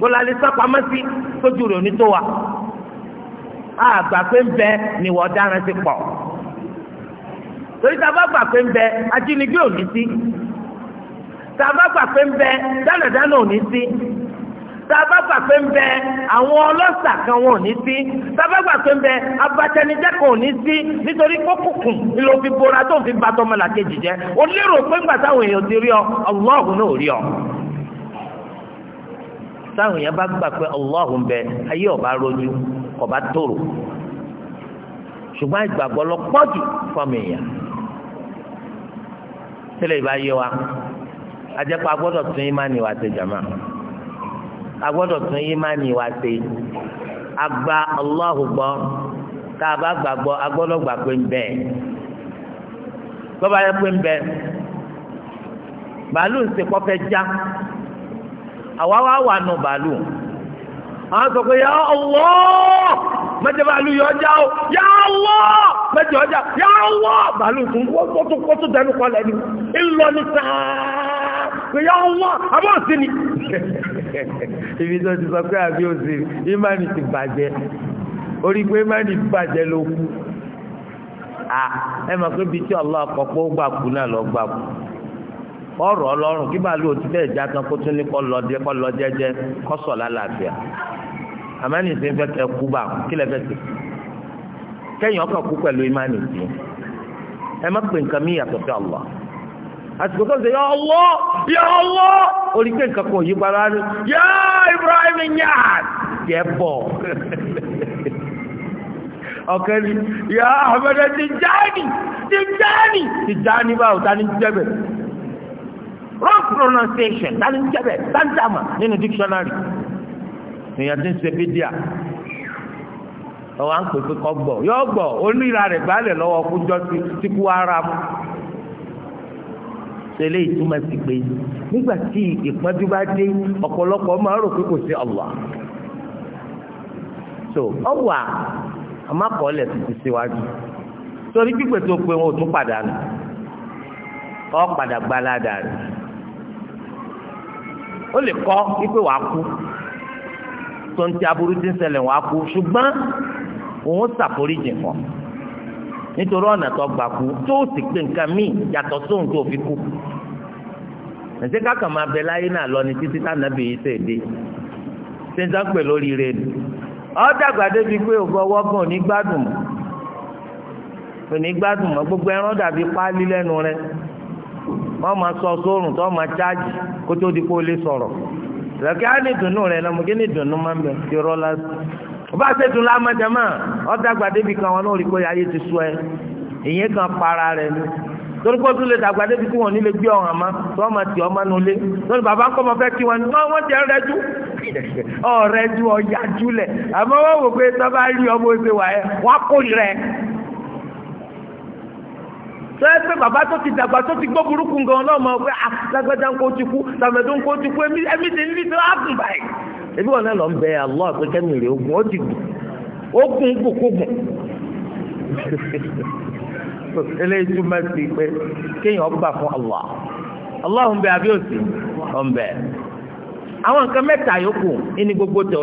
Speaker 2: kó la lè sá pamọ́ sí tójú rẹ̀ òní tó wa àgbà pé ń bẹ ni wọ́n dára sí pọ̀ torí tá a bá gbà pé ń bẹ ajínigbé òní sí tá a bá gbà pé ń bẹ dánàdánà òní sí tá a bá gbà pé ń bẹ àwọn ọlọ́sà kan wọn ò ní sí tá a bá gbà pé ń bẹ abatẹnijẹ́ kan ò ní sí nítorí kókùnkùn ló fi bora tó ń fi ba tọmọlàkejì jẹ́ o lérò pé ńgbà táwọn èèyàn ti rí ọ ọlọ́ọ̀hún náà ò rí ọ. táwọn èèyàn bá gbà pé ọlọ́hùn bẹ ayé ọba rojú ọba tòrò ṣùgbọ́n ìgbàgbọ́ lọ pọ́jù fọmọ èèyàn tẹ́lẹ̀ ìbá yé wa ajẹ́pọ̀ agbọ́dọ̀ tún ṣe jàmá agbọ́dọ̀ agba gbọ́ tá a bá gbàgbọ́ agbọ́dọ̀ gbà pé ń bẹ́ẹ̀ bọ́ba ń bàálù ń ṣe kọ́fẹ́ àwa wá wà nù bàálù àwọn sọ pé yà Allah mẹ́jẹ bàálù yọ ọjà o yà Allah mẹ́jẹ ọjà yà Allah bàálù tún wọ́tún dẹnu kọlẹ̀ ni ńlọ ní sáà pé yà Allah àbọ̀ sí ni [laughs] ibi tó ti sọ pé àbí òsè ìmánì ti bàjẹ́ orí pé ìmánì bàjẹ́ ló kú ẹ mọ̀ pé bí tí Allah kọ̀ pé ó gbà kú náà lọ gbà kú ọ̀rọ̀ ọlọ́run kí bàálù òtún bẹ́ẹ̀ já tán kó tún ní kọ́ lọ jẹ́ kọ́ lọ jẹ́jẹ́ kọ́ sọ̀ lálàáfíà àmọ́ ní ìsìn fẹ́ kẹ́ kú bá kí lẹ fẹ́ sè kẹ́yìn ọkọ̀ kú pẹ̀lú ìmánì sí ẹ má pè nǹkan mí yàtọ̀ sí ọlọ́ àsìkò tó ń sè yà Allah yà Allah orí pé nǹkan kan yìí gbára ni yà Ibrahim Niass yẹ bọ̀ [laughs] ọ̀kẹ́ ni yà Ahmed Tijani Tijani Tijani báwo ta ni jẹ́gbẹ̀ẹ́ wrong pronunciation tani ń jẹ́bẹ̀ tani dàmà nínú dictionary èèyàn ti ń ṣe bídíà ọwọ́ à ń pè pé kọ́ gbọ́ yọ gbọ́ oníra rẹ̀ gbálẹ̀ lọ́wọ́ kújọ́ sí tí kú ara mu tẹ́lẹ̀ ìtumọ̀ sí pé nígbà tí ìpọ́njú bá dé ọ̀pọ̀lọpọ̀ máa rò pé kò sí Allah so ọwà amákọ̀ọ́lẹ̀ ti ti síwájú torí pípẹ́ tó pé wọn ò tún padà nù ọ́ padà gbaládàá rẹ̀ ó lè kọ́ wípé wàá kú tó ń ti aburú ti ń ṣẹlẹ̀ wàá kú ṣùgbọ́n òun ṣàforíjì fún ọ nítorí ọ̀nà tó gbà kú tó sì pé nǹkan míì yàtọ̀ sóhun tó fi kú ẹ̀sẹ̀ kákan máa bẹ láyé náà lọ ní títí tànàbí yìí ṣe dé ṣe ń sọ́pẹ̀ lórí rẹ̀ nù ọ̀dàgbà débi pé ògbọ́ wọ́gàn ní gbádùn mọ́ òní gbádùn mọ́ gbogbo ẹran dàbí páálí lẹ́nu rẹ̀ wọ́n máa sọ sórùn tó máa chájì kó tó di kó lè sọ̀rọ̀ lọ́kẹ́ á ní ìdùnnú rẹ̀ náà mo gé ní ìdùnnú máa ń bẹ̀ ti rọ́ lásì. ọba ṣètò lámàjàmá ọ̀dà gbàdébì kan wọn náà rí pé ayé ti sọ ẹ ìyẹn kan para rẹ̀ ni torí kó tún lè dàgbà débi tí wọn nílé gbé ọ̀hàn má tí wọ́n máa tì ọ́ mánú lé lórí bàbá ń kọ́ ọmọ fẹ́ kí wọn ní wọ́n ti rẹ́jú ọ̀rẹ́jú ọ̀yájú lẹ̀ àmọ́ wọ́n wò pé tọ́ rí ọmọ ìgbéwà ẹ̀ wọ́n á kó sọ́yẹ́ pé bàbá tó ti dàgbà tó ti gbọ́ burúkú gan náà mọ̀ pé lágbájá ń kó ti kú tàmẹ̀dó ń kó ti kú ẹ̀mí ti ní tó ápùn ah, báyìí. ebi wọn náà lọ ń bẹ rè ogun ó ti gùn [laughs] pé kéèyàn fún bẹ gbogbo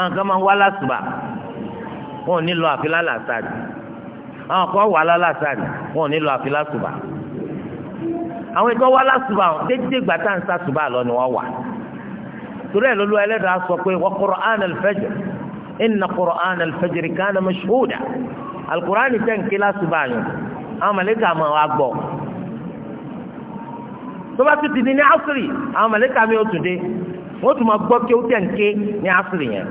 Speaker 2: àwọn kan máa ń wá lásùbà wọn ò ní lọ àfi lálàsàrì àwọn kan wà lálàsàrì wọn ò ní lọ àfi lásùbà àwọn ìtọ́ wá lásùbà déédéé gbà tá à ń sàsùbà lọ ni wọ́n wà torí ẹ̀ lólu ẹlẹ́dàá sọ pé wa Qur'an al-fajr inna Qur'an al-fajr kana mashhuda alukur'ani tẹ̀ ń ké lásùbà yẹn àwọn màlàíkà máa wá gbọ́ tó bá ti di ní asiri àwọn màlàíkà mi ò tún dé wọ́n tún máa gbọ́ kí ó tẹ̀ǹké ní áfírí yẹn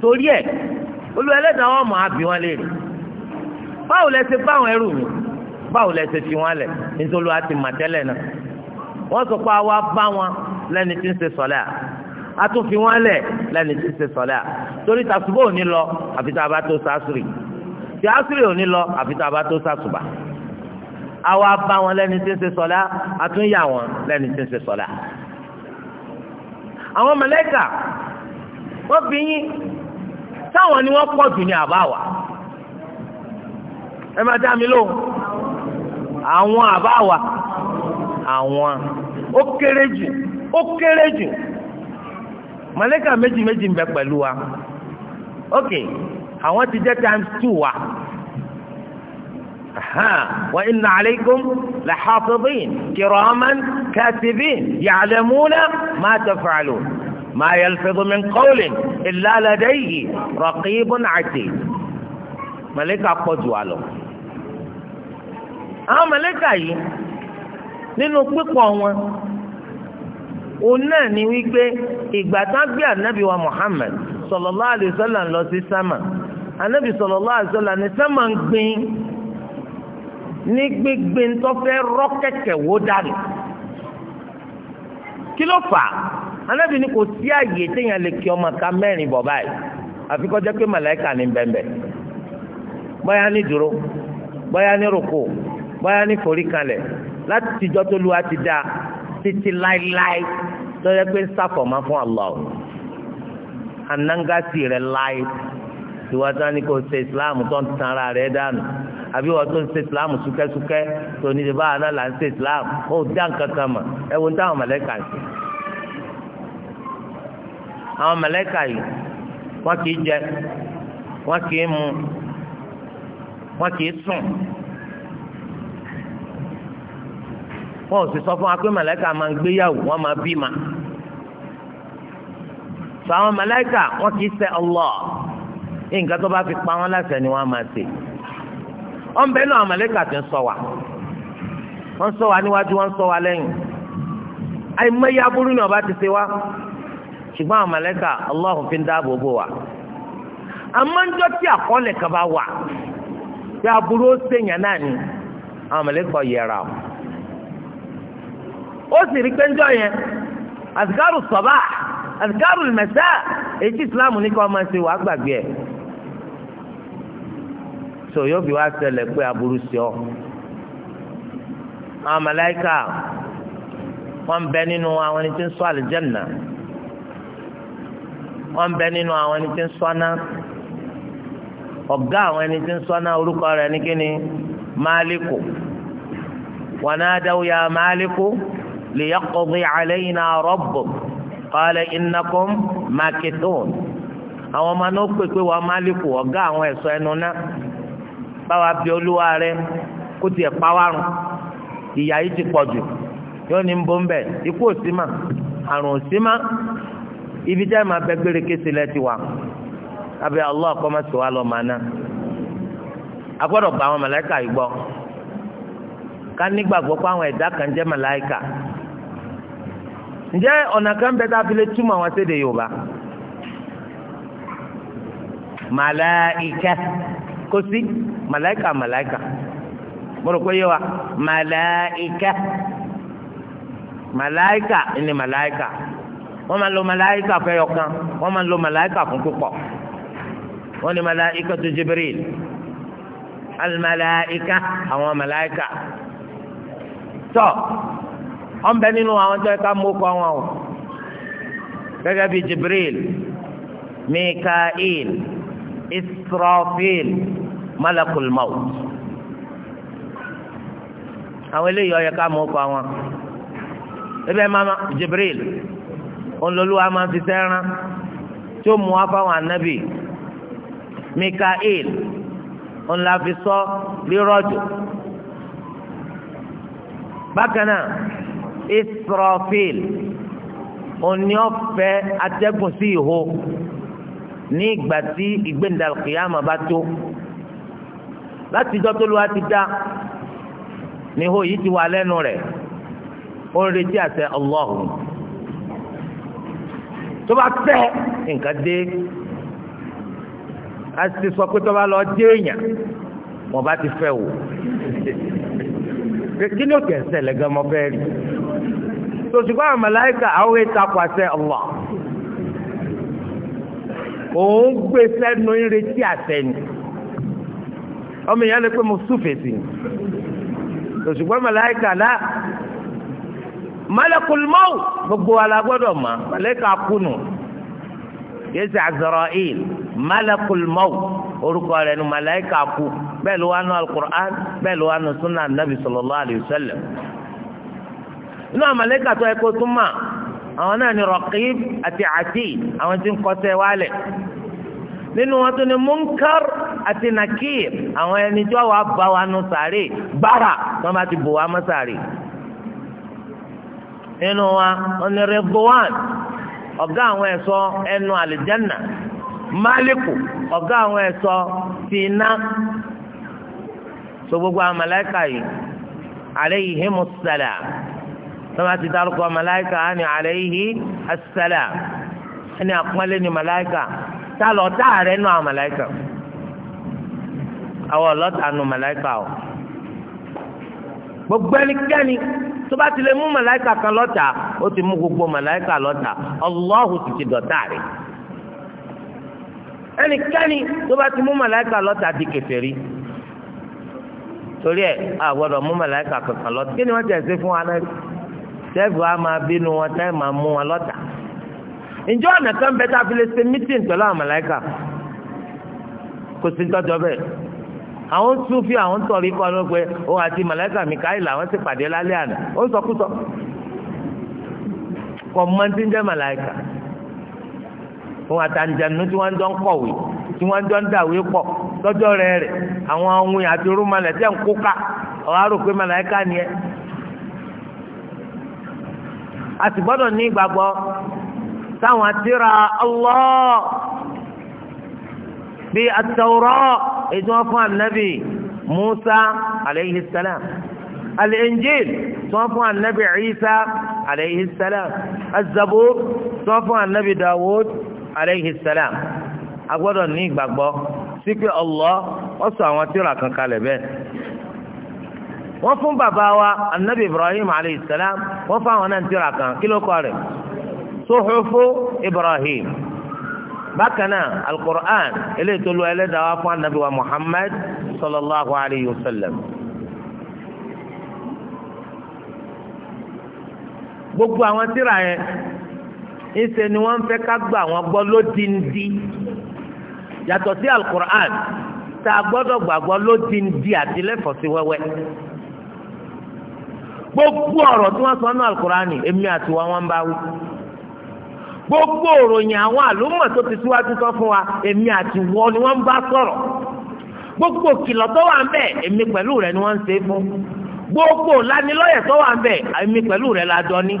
Speaker 2: torí ẹ̀ olú ẹlẹ́dàá wọn máa bí wọn léèrè báwo lẹ ṣe báwọn ẹrù mi báwo lẹ ṣe fi wọn lẹ nítorí a ti mà tẹ́lẹ̀ náà wọ́n sọ pé àwa bá wọn lẹ́ni tí ń ṣe sọ́lẹ̀ à a tún fi wọn lẹ̀ lẹ́ni tí ń ṣe sọ́lẹ̀ à torí tàṣùbọ̀ ò ní lọ àfi tá a bá tó sásùrì tí àṣùrì ò ní lọ àfi tá a bá tó sásùbà àwa bá wọn lẹ́ni tí ń ṣe sọ́lẹ̀ à a tún yà wọn lẹ́ni tí ń ṣe sọ́lẹ̀ à àwọn mẹlẹ́kà wọ́n bí yín táwọn ni wọ́n pọ̀ jù ní àbáwá ẹ máa dá mi lóhùn àwọn àbáwá àwọn ó kéré jù ó kéré jù mẹlẹ́kà méjì méjì ń bẹ pẹ̀lú wa ok àwọn ti jẹ́ times two wa. وإن عليكم لحافظين كراما كاتبين يعلمون ما تفعلون ما يلفظ من قول إلا لديه رقيب عتيد ملك أقوى له àwọn mẹlẹka yìí nínú pípọ̀ wọn òun náà ni wípé ìgbà tá gbé ànábì wa Muhammad sallallahu alaihi wasallam lọ sí sámà ànábì sallallahu alaihi wasallam sámà ń gbin ní gbégbé ńtọ́fẹ́ rọ́ kẹ̀kẹ́ wó dànù kí ló fà á anábì kò sí àyè téèyàn lè kí ọmọ ká mẹ́rin bọ̀ báyìí àfi kọjá pé ní bẹ́ẹ̀nbẹ́ bóyá ní dúró bóyá ní rúkú bóyá ní foríkalẹ̀ láti tìjọ́ tó lu àti dáa títí láéláé tó ìwọ tó ní kò ṣe islam tó ń tan ara rẹ̀ dànù àbí tó ń ṣe islam súkẹ́súkẹ́ tó ní ìbá àná là ń ṣe islam ó dá nǹkan kan mọ̀ ẹ wo táwọn mọ̀lẹ́kà ṣe. àwọn mọ̀lẹ́kà yìí wọ́n kì í jẹ wọ́n kì í mu wọ́n kì í sùn. ò sì sọ fún wa pé mọ̀lẹ́kà máa ń ma. sọ àwọn mọ̀lẹ́kà wọ́n kì í Allah. nǹkan tó fi pa wọn láṣẹ ni wọ́n máa ṣe wọn bẹ náà màlẹ́kà ti ń ṣọ́ wa wa níwájú wọ́n ṣọ́ wa àìmọye aburú ọba ti ṣe wa ṣùgbọ́n àwọn fi ń wa àmọ́ tí àkọọ́lẹ̀ kan bá wà tí aburú ó ṣèyàn náà ni àwọn o ó sì rí péńjọ yẹn azkaru sabah azkaru mẹsà èyí tí islam ní kí máa ṣe so yóò fi wá ṣẹlẹ̀ pé aburú sí ọ. àwọn màláíkà wọ́n bẹ nínú àwọn ẹni tí ń ṣọ́ àlùjánnà wọ́n bẹ nínú àwọn ẹni tí ń ṣọ́ ná ọ̀gá àwọn ẹni tí ń ṣọ́ ná orúkọ rẹ̀ ní kíni máàlíkù wọn náà dáwọ́ ya máàlíkù liyaqdi alayna rabbuk qala innakum makithun àwọn ọmọ náà pèpè wa máàlíkù ọ̀gá àwọn ẹ̀ṣọ́ ẹnu náà. báwa bí olúwa rẹ kó tiẹ̀ pàwárùn ìyá yìí ti pọ̀ jù yóò ní bó ń ibi tẹ́ ma bẹ gbére kése ti wà abẹ́ Allah kọ́ wa lọ wá ná gba àwọn màláìka yìí gbọ́ ká nígbàgbọ́ pé àwọn ẹ̀dá kan jẹ́ màláìka ọ̀nà kan bẹ tá a kò sí màláìkà màláìkà mo rò pé yé wa màláìkà màláìkà ni màláìkà wọ́n máa lo màláìkà fún ẹyọkan wọ́n máa lo màláìkà fún púpọ̀ wọ́n ní màláìkà tó jibril alimàláìkà àwọn màláìkà tọ́ wọ́n bẹ nínú àwọn tó yẹ ká mú kọ́ wọn o gẹ́gẹ́ bí jibril mikael. Israfil malakul maut àwọn eléyìí ọyẹ ká mọ ọkọ àwọn ebe mama Jibril olólùwà máa fi sẹ́ran tí mú wá fáwọn anabi Mikael ńláfisọ́ lírọ́jò bákan Israfil oníọ̀fẹ́ atẹ́gùn sí ìhó ní ìgbà tí ìgbéǹda kìyàmà bá tó láti ìjọ tó lu wa ti dá ni ihò yìí ti wà lẹ́nu rẹ̀ ó ń retí àṣẹ ọlọ́hùn tó bá tẹ́ nǹkan dé a ti sọ pé tó bá lọ dé èèyàn wọn bá ti fẹ́ wò kí ni ó kẹ̀ ń ṣẹlẹ̀ rí tòṣùgbọ́n àwọn màláíkà àwọn ètò àpàṣẹ ọlọ́hùn òun gbé sẹ́nu ìrètí àtẹ̀yìn ọmọ ìyá lè pé mo súfèsì òṣùgbọ́n màláìkà náà mọ́lẹ́kùlmọ́ọ̀ gbogbo alágbọ́dọ̀ mọ́ màláìkà kùnú yéésì Azrail malakul maut orúkọ rẹ̀ ni malayika kú bẹ́ẹ̀ ló wà nù alukur'an bẹ́ẹ̀ ló wà nù sunna anabi sallallahu alayhi wa sallam inú àwọn tó yẹ kó tún mà àwọn náà ni Raqib àti Atid àwọn tí ń kọsẹ̀ wálẹ̀ nínú wọn tó ni Munkar àti Nakir àwọn ẹni tí wàá bá wa nu sàárè bára wọn bá ti bò wá mọ́ sàárè nínú wa wọn ni Ridwan ọ̀gá àwọn ẹ̀ṣọ́ ẹnu àlìjánà Máàlìkù ọ̀gá àwọn ẹ̀ṣọ́ ti so gbogbo àwọn màláíkà yìí alayhimus salam tọ́ba ti dárúkọ màláìka á ní alayhi assalam ẹni àpọ́nlé ní màláìka tá lọ tá rẹ̀ nù àwọn màláìka àwọn ọlọ́ta nù màláìka o gbogbo ẹnikẹ́ni tó bá ti lè mú màláìka kan lọ́ta ó ti mú gbogbo màláìka lọ́ta Allahu sì ti dọ̀tá rẹ̀ ẹnikẹ́ni tó ti mú màláìka lọ́ta di kèfèrí torí ẹ̀ a gbọ́dọ̀ mú kankan lọ́ta kí ni wọ́n ti ẹ̀ ṣe fún wa náà tẹ́ẹ̀fù á máa bínú wọn tẹ́ẹ̀ máa mú wọn lọ́tà ǹjọ́ ọ̀nà kan bẹ tá a fi lè ṣe mítìn pẹ̀lú àwọn màláíkà kò sí tọ́jọ́ bẹ́ẹ̀ àwọn Súfì àwọn tọ̀rí kọ́ ló pé òun àti màláíkà Mikaila àwọn ti pàdé lálẹ́ àná ó sọkúsọ kọ́ mọ́tí ń jẹ́ màláíkà òun àtàǹjànú tí wọ́n jọ ń kọ̀wé tí wọ́n jọ ń dàwé pọ̀ tọ́jọ́ rẹ̀ rẹ̀ àwọn ohun àti rúmalẹ̀ tẹ̀ ń kóka ọ̀hárò pé ni a sì gbọ́dọ̀ ní ìgbàgbọ́ táwọn àtìrà Allah bíi àtàwòrọ́ ètò wọn fún ànábì Musa alayhi salam al-Injil tí wọ́n fún ànábì Isa alayhi salam az-Zabur tí wọ́n fún ànábì Dawud alayhi salam a ní ìgbàgbọ́ sí pé Allah àwọn tírà kan kalẹ̀ wọ́n fún bàbá wa anabi ibrahim alayhi salam wọ́n fún àwọn náà tírà kan kí ló kọ rẹ̀ suhufu ibrahim bákan náà alukur'an eléyìí tó lu ẹlẹ́dàá wa fún anabi wa muhammad sallallahu alayhi wa sallam. gbogbo àwọn tírà yẹn ńṣe ni wọ́n fẹ́ ká gbà wọ́n gbọ́ lódìndí yàtọ̀ sí alukur'an tá a gbọ́dọ̀ gbàgbọ́ lódìndí àti lẹ́fọ̀ọ́ wẹ́wẹ́. gbogbo ọrọ tí wọn sọ nínú alukurani èmi àti wa wọn bá wí gbogbo òròyìn àwọn àlùmọ̀ tó ti síwájú sọ fún wa èmi àti wọ́n ni wọn bá sọrọ. gbogbo kìlọ̀ tó wà ń bẹ̀ èmi pẹ̀lú rẹ̀ ni wọ́n ń ṣe fún gbogbo lanilọ́yẹ̀ tó wà ń bẹ̀ èmi pẹ̀lú rẹ̀ la dọ́ ní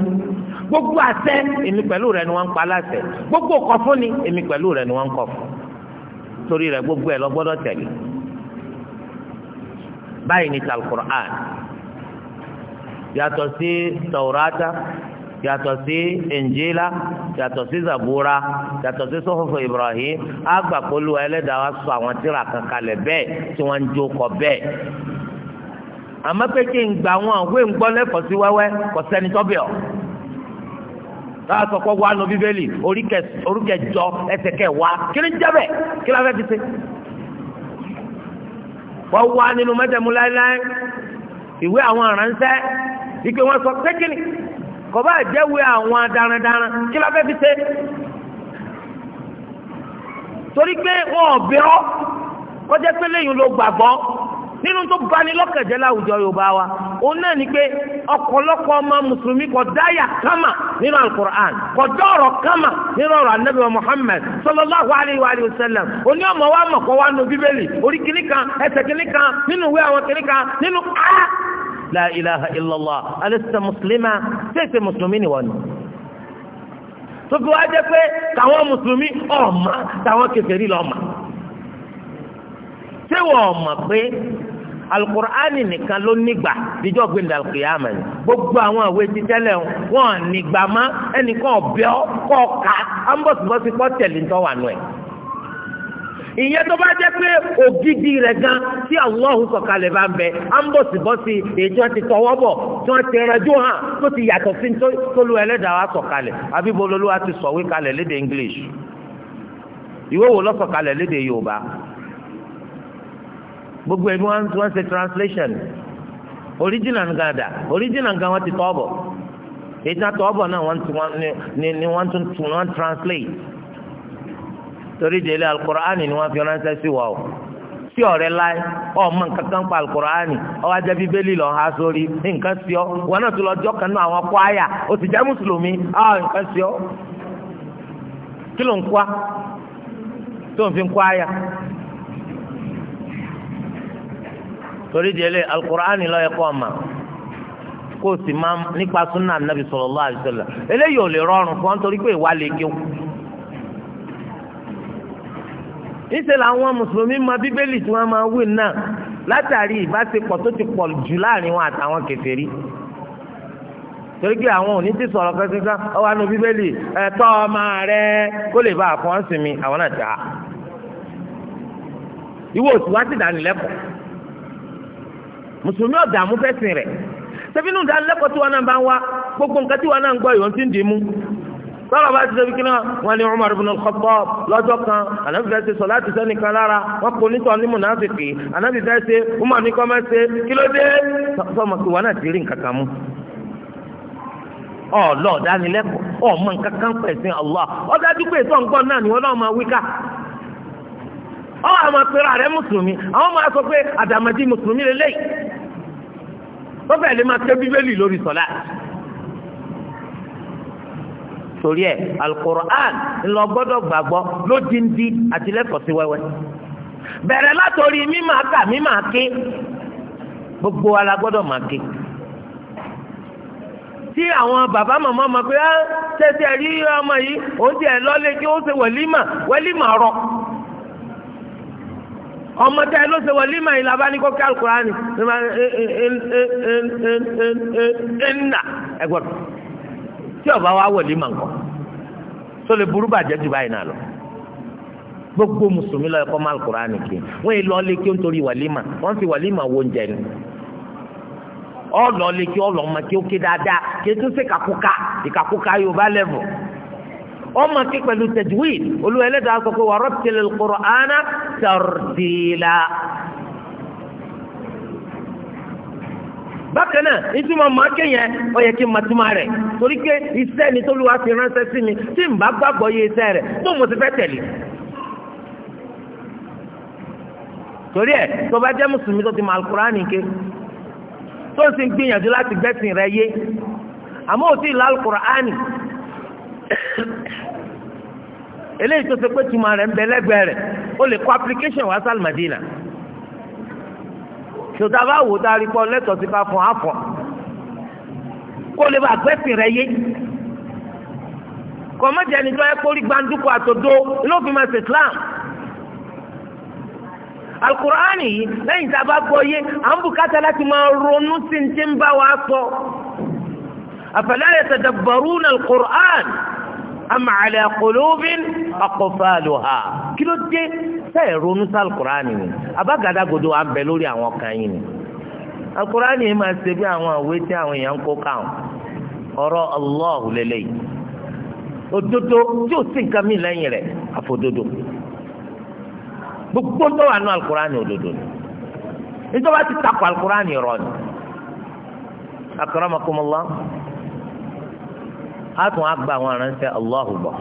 Speaker 2: gbogbo àṣẹ èmi pẹ̀lú rẹ̀ ni wọn ń pa láṣẹ gbogbo kọfúnni èmi pẹ̀lú rẹ̀ ni wọ́n ń kọ fún torí rẹ̀ gbogbo ẹ̀ lọ gbọ́dọ̀ tẹ̀lé báyìí ni tal Qur'an yàtọ̀ sí taurata yàtọ̀ sí injila yàtọ̀ sí zabura yàtọ̀ sí sọ́fọ̀fọ̀ ibrahim agbàpọ̀lù ẹlẹ́dàá wa sọ àwọn tíra kankan lẹ̀ bẹ́ẹ̀ tí wọ́n ń jókòó bẹ́ẹ̀ àmọ́ pé kí n gbà wọn òwe ń gbọ́ lẹ́kọ̀ọ́ sí wẹ́wẹ́ kò sẹ́ni tọ́bíọ̀ láà sọ pé wà á nu bíbélì oríkẹjọ ẹsẹ̀ kẹwàá kí ni jẹ́ kí la fẹ́ ti ṣe wọ́n wá nínú mẹ́tẹ̀mú láéláé ìwé àwọn aránṣẹ́ ìpè wọn sọ pé kíni kọba àjẹwé àwọn darandaran kí la fẹ́ fi ṣe torí pé wọn ò bí kọjá ló gbàgbọ́ nínú tó bani lọ́kẹ̀jẹ́ láwùjọ wa òun náà ni pé ọmọ mùsùlùmí dáyà kama nínú alukur'an kọ dọ̀rọ̀ kama nínú ọ̀rọ̀ muhammed alayhi wa sallam òní ọmọ wa mọ̀ kọ́ wa nù bíbélì orí ẹsẹ̀ nínú ìwé àwọn nínú a لا إله إلا الله. muslima ṣèṣe mùsùlùmí مسلمين wọ́n ni tó fi wá jẹ́ pé tàwọn mùsùlùmí ọ̀ma tàwọn kèfèrí lọ́ma ṣé wọ́n mọ̀ pé alukur'ani nìkan ló nígbà díjọ́ gbẹ̀ndà alukiyama ni gbogbo àwọn àwé ti tẹ́lẹ̀ wọn nígbà má ẹnìkan ọ̀bẹ́ kọ́ ọ̀ka tẹ̀lé ń tọ́ wà nù ẹ̀. ìyẹn tó bá jẹ́ pé ògidì rẹ̀ gan tí Allahu sọ̀kalẹ̀ bá ń bẹ á ń bọ̀ sí bọ́ sí ti tọwọ́ bọ̀ tí wọ́n ti rẹjú hàn tó ti yàtọ̀ sí tólú ẹlẹ́dàá wa sọ̀kalẹ̀ àbí ti sọ̀wé kalẹ̀ léde English ìwé wo lọ́sọ̀kalẹ̀ léde Yorùbá gbogbo ẹni wọn wọn ṣe translation original gan original gan wọn ti tọ́ bọ̀ èyí tọ́ bọ̀ translate. torí ilé alukur'ani ni wọn fi ránṣẹ́ sí wa o sí ọ̀rẹ́ láyé ọmọ nǹkan kan pa alukur'ani lọ ha sórí nǹkan sí ọ wọn náà ti lọ kan náà àwọn kwaya o ti jẹ́ mùsùlùmí ọ nǹkan sí ọ kí ló ń kwa tó ń fi kwaya torí alukur'ani yẹ kó o sì máa nípa súnà nàbì níṣẹ́ làwọn mùsùlùmí mọ bíbélì tí wọ́n máa wí náà látàrí ìbáṣepọ̀ tó ti pọ̀ jù láàrin wọn àtàwọn kèfèrí torí pé àwọn òní ti sọ̀rọ̀ kankan ọwọ́ àánú bíbélì ẹ̀tọ́ ọmọ rẹ kó lè bá àfọ́n sinmi àwọn náà ta ìwọ òtún wá sí ìdánilẹ́kọ̀ọ́ mùsùlùmí ọ̀dààmú fẹ́ sìn rẹ̀ sẹ́fínú ìdánilẹ́kọ̀ọ́ tí wọn náà bá ń wá gbogbo nǹkan tí wọn náà ń gbọ́ ìwọ̀n ti ń dì í mú tọ́lọ̀ bá ti ṣe náà kan ṣe sọ láti sẹ́ni kan lára wọ́n kò nítọ̀ ní mùnàfíkì ànábì fẹ́ ṣe Umar ní kọ́mẹ́ ṣe kí ló dé sọmọ náà ti rí nǹkan kan mú. ọ̀lọ́ dánilẹ́kọ̀ọ́ ọmọ nǹkan kan pẹ̀ sí Allah ọ̀dájú pé ìtọ́ nǹkan náà ni wọ́n náà máa ọ ọ̀hún àwọn apẹ̀rẹ̀ àrẹ mùsùlùmí àwọn máa sọ pé àdàmàdì mùsùlùmí torí ẹ̀ alukur'an ńlọ gbọ́dọ̀ gbàgbọ́ lódindi àti lẹ́kọ̀ọ́ sí wẹ́wẹ́ bẹ̀rẹ̀ látòrí mímà kà mímà ké gbogbo wa la gbọ́dọ̀ mà ké tí àwọn bàbá màmá ma pé á tẹ́tẹ́ rí ọmọ yìí òun ti ẹ̀ lọ́lé kí ó ṣe wẹ̀límà wẹ̀límà rọ ọmọ tẹ ló ṣe wẹ̀límà yìí làbá ní kókè alukur'an ní ẹnna ẹgbọ́dọ̀ tí ọba wa wọlé mà ńkọ tó lè burú bàjẹ́ ju báyìí náà lọ gbogbo mùsùlùmí lọ ẹ̀kọ́ máa kúrò ànìkè wọn yìí lọ lékè nítorí wàlímà wọn fi wàlímà wo oúnjẹ ni ọlọ lékè ọlọ ọmọ kí ó ké dáadáa kí ètò ṣe kàkúkà ìkàkúkà yóò lẹ́vù ọmọ kí pẹ̀lú tajwid olú ẹlẹ́dàá sọ pé wà rọ́pìtìlẹ̀ Al-Qur'ana tartila bákan náà ìtumọ̀ mọ́ kéèyàn ó yẹ kí n mọ̀túmọ̀ ise torí pé iṣẹ́ ni t'Olúwa fi ránṣẹ́ sí mi tí n bá gbàgbọ́ yé iṣẹ́ rẹ̀ tó mo ti fẹ́ tẹ̀lé. torí ẹ tó bá jẹ́ mùsùlùmí tó ti mọ alukurani ké tó ń sin gbìyànjú láti gbẹ́sìn rẹ̀ yé àmọ́ òtí ìlà alukurani eléyìí tó ṣe pé tuma rẹ̀ ń bẹ lẹ́gbẹ̀ẹ́ rẹ̀ ó lè application wá sálmàdínà. sọ̀tà bá wò dárí pọ̀ lẹ́tọ̀ọ́ sí ká fún àfọ̀ kó lè bá gbẹ́sìn rẹ yé kọ́mọ́jà ni lọ́yẹ́ kórí gbàǹdùkú àtòdó ló fi ṣe Islam alukur'ani yìí lẹ́yìn tá a bá gbọ́ yé à ń bùkátà láti máa ronú sí ní tí ń bá wa sọ àfẹ́lẹ́ yẹ tẹ̀dẹ̀ bọ̀rú ní alukur'ani. am ala qulubin aqfaluha kí ha dé sẹ́ẹ̀ ronú sí alukur'ani ni abágadágodo à ń bẹ lórí àwọn kan yìí ni alukur'ani yìí máa ṣe bí àwọn àwé tí àwọn èèyàn ń kó káwọn ọ̀rọ̀ Allahu lélẹ́yìí òdodo tí ò sí nǹkan mìíràn gbogbo tó wà nù alukur'ani òdodo ni nítorí ti takò alukur'ani rọ ni á tún á gba àwọn aránṣẹ́ Allahu gbọ́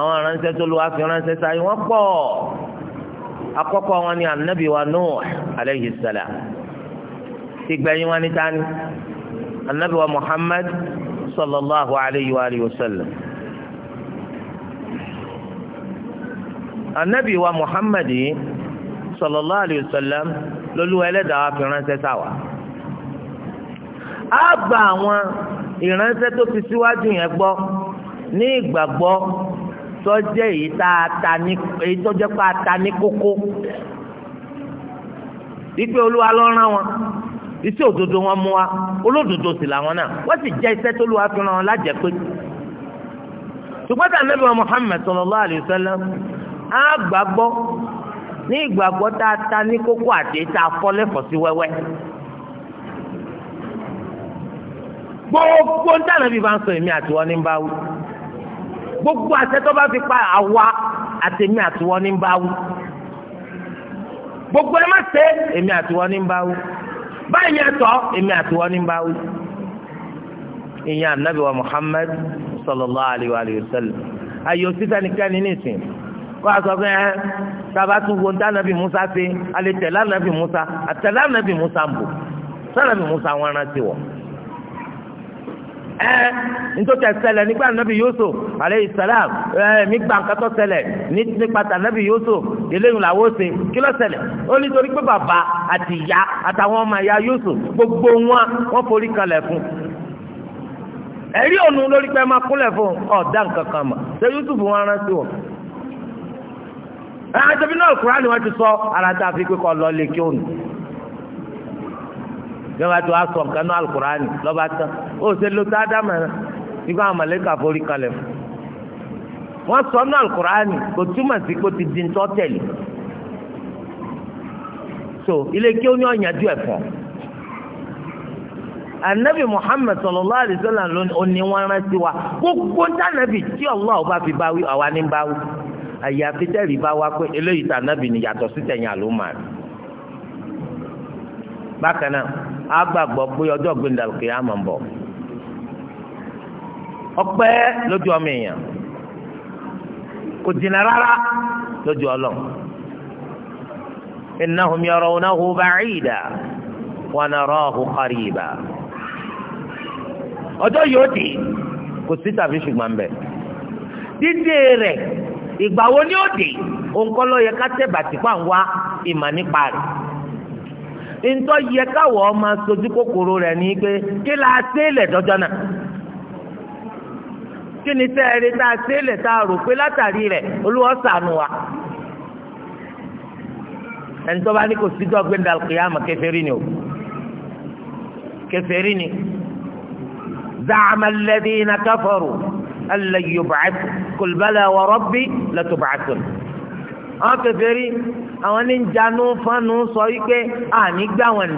Speaker 2: àwọn aránṣẹ́ tó lu wá fi ránṣẹ́ sáyé wọ́n pọ̀ àkọ́kọ́ wọn ni anabi wa Nuh alayhi salam ìgbẹ̀yìn wọn ni tani anabi wa Muhammad sallallahu alayhi wa alihi wa sallam anabi wa Muhammad yìí sallallahu alayhi wa sallam lólu ẹlẹ́dàá fi ránṣẹ́ sáwà á àwọn ìránṣẹ́ tó fi síwájú yẹn gbọ́ ní ìgbàgbọ́ tọ́jẹ́ èyí tá a ta ní èyí tọ́jẹ́ pa a ta ní kókó ipe olúwa ló rán wọn iṣẹ́ òdodo wọn mú wa olódodo sì làwọn náà wọ́n sì jẹ́ iṣẹ́ tó lùwà fi ràn wọn lájẹ́ pé ṣùgbọ́n tà nẹ́bí wa Muhammad sallallahu alayhi wa sallam á gbàgbọ́ ní ìgbàgbọ́ tá a ta ní kókó àti tá a fọ́ lẹ́fọ̀ọ́ sí wẹ́wẹ́. gbogbo ń tànà bí bá ń sọ èmi àtiwọ́ ní báwú gbogbo àṣẹ tó bá fi pa àwa àtẹ̀mí àtiwọ́ ní báwú gbogbo ẹ má ṣe èmi àtiwọ́ ní báwú báyìí ni ẹ̀tọ́ èmi àtiwọ́ ní báwú ìyẹn anabi wa Muhammad sallallahu alayhi wa alayhi wa sallam ayò sísá nìkan ní nìsín kó a sọ fún ẹ sábà tún wo ń tànà bí Musa ṣe alẹ́ tẹ̀lé ànàbì Musa àtẹ̀lé ànàbì Musa ń bò sànàbì Musa wọn rántí wọ̀ ẹ nítorí ẹsẹlẹ nígbà nàbì Yusuf aleyhi salam ẹ mi gbà nǹkan tó ṣẹlẹ̀ nípa tànàbì Yusuf eléyìí làwọn ṣe kí ló ṣẹlẹ̀ ó nítorí pé bàbá àti ìyá àtàwọn ọmọ ìyá Yusuf gbogbo wọn wọn forí kalẹ̀ fún ẹ̀rí ònu lórí pé máa kúnlẹ̀ fún ọ̀dà nǹkan kan mà ṣé Yusuf wọn rántí wọn. ẹ̀ ẹ́ ṣe bí náà Kúránì wọn ti sọ ara tá a fi pé kọ́ lọ lè kí òun yọba tó a sọ nǹkan náà alukurani lọ́ba tán ó ṣe ló tá a dá mọ̀ ẹ́ ibà àmàlẹ́kà forí kalẹ̀ fún wọ́n sọ náà alukurani kò túmọ̀ sí kó ti di ntọ́ tẹ̀lé so ilé kí ó ní ọ̀nyàdú ẹ̀fọ́ anabi muhammed sallallahu alayhi wa sallam ló ní wọn rántí wa gbogbo ntànàbì tí allah ọba fi báwí àwa ní báwí àyàfi tẹ́lẹ̀ bá wa pé eléyìí tànàbì ni yàtọ̀ sí tẹ̀yìn àlùmọ́ọ̀rì. bakana náà pé ọjọ́ gbẹndàlùkì á mọ̀ ń bọ̀ ọpẹ́ lójú ọmọ èèyàn kò jìnnà rárá lójú ọlọ́run innahum yarawnahu ba'ida wa narahu qariba ọjọ́ yóò dé kò sí tàbí ṣùgbọ́n bẹ́ẹ̀ dídé rẹ̀ ìgbà wo ni ó dé òǹkọ́ ló yẹ ká tẹ̀ bàtí pàǹwá ntọ́ yẹ káwọ́ ọmọ sojú kòkòrò rẹ̀ ní pé kí la sílẹ̀ dọ́jọ́ náà kí ni tẹ́ ẹ rí tá a sílẹ̀ tá a rò pé látàrí rẹ̀ olúwa ṣàánú wa ẹni tó bá ní kò sí dọ́gbẹ́ dàlùkìyàmù kèfèrí ni o kèfèrí ni za'ama alladhina kafaru alla yub'ath qul bala wa rabbi la tub'athun àwọn kèfèrí àwọn ní janu fanu sọ wípé àní gbà wọn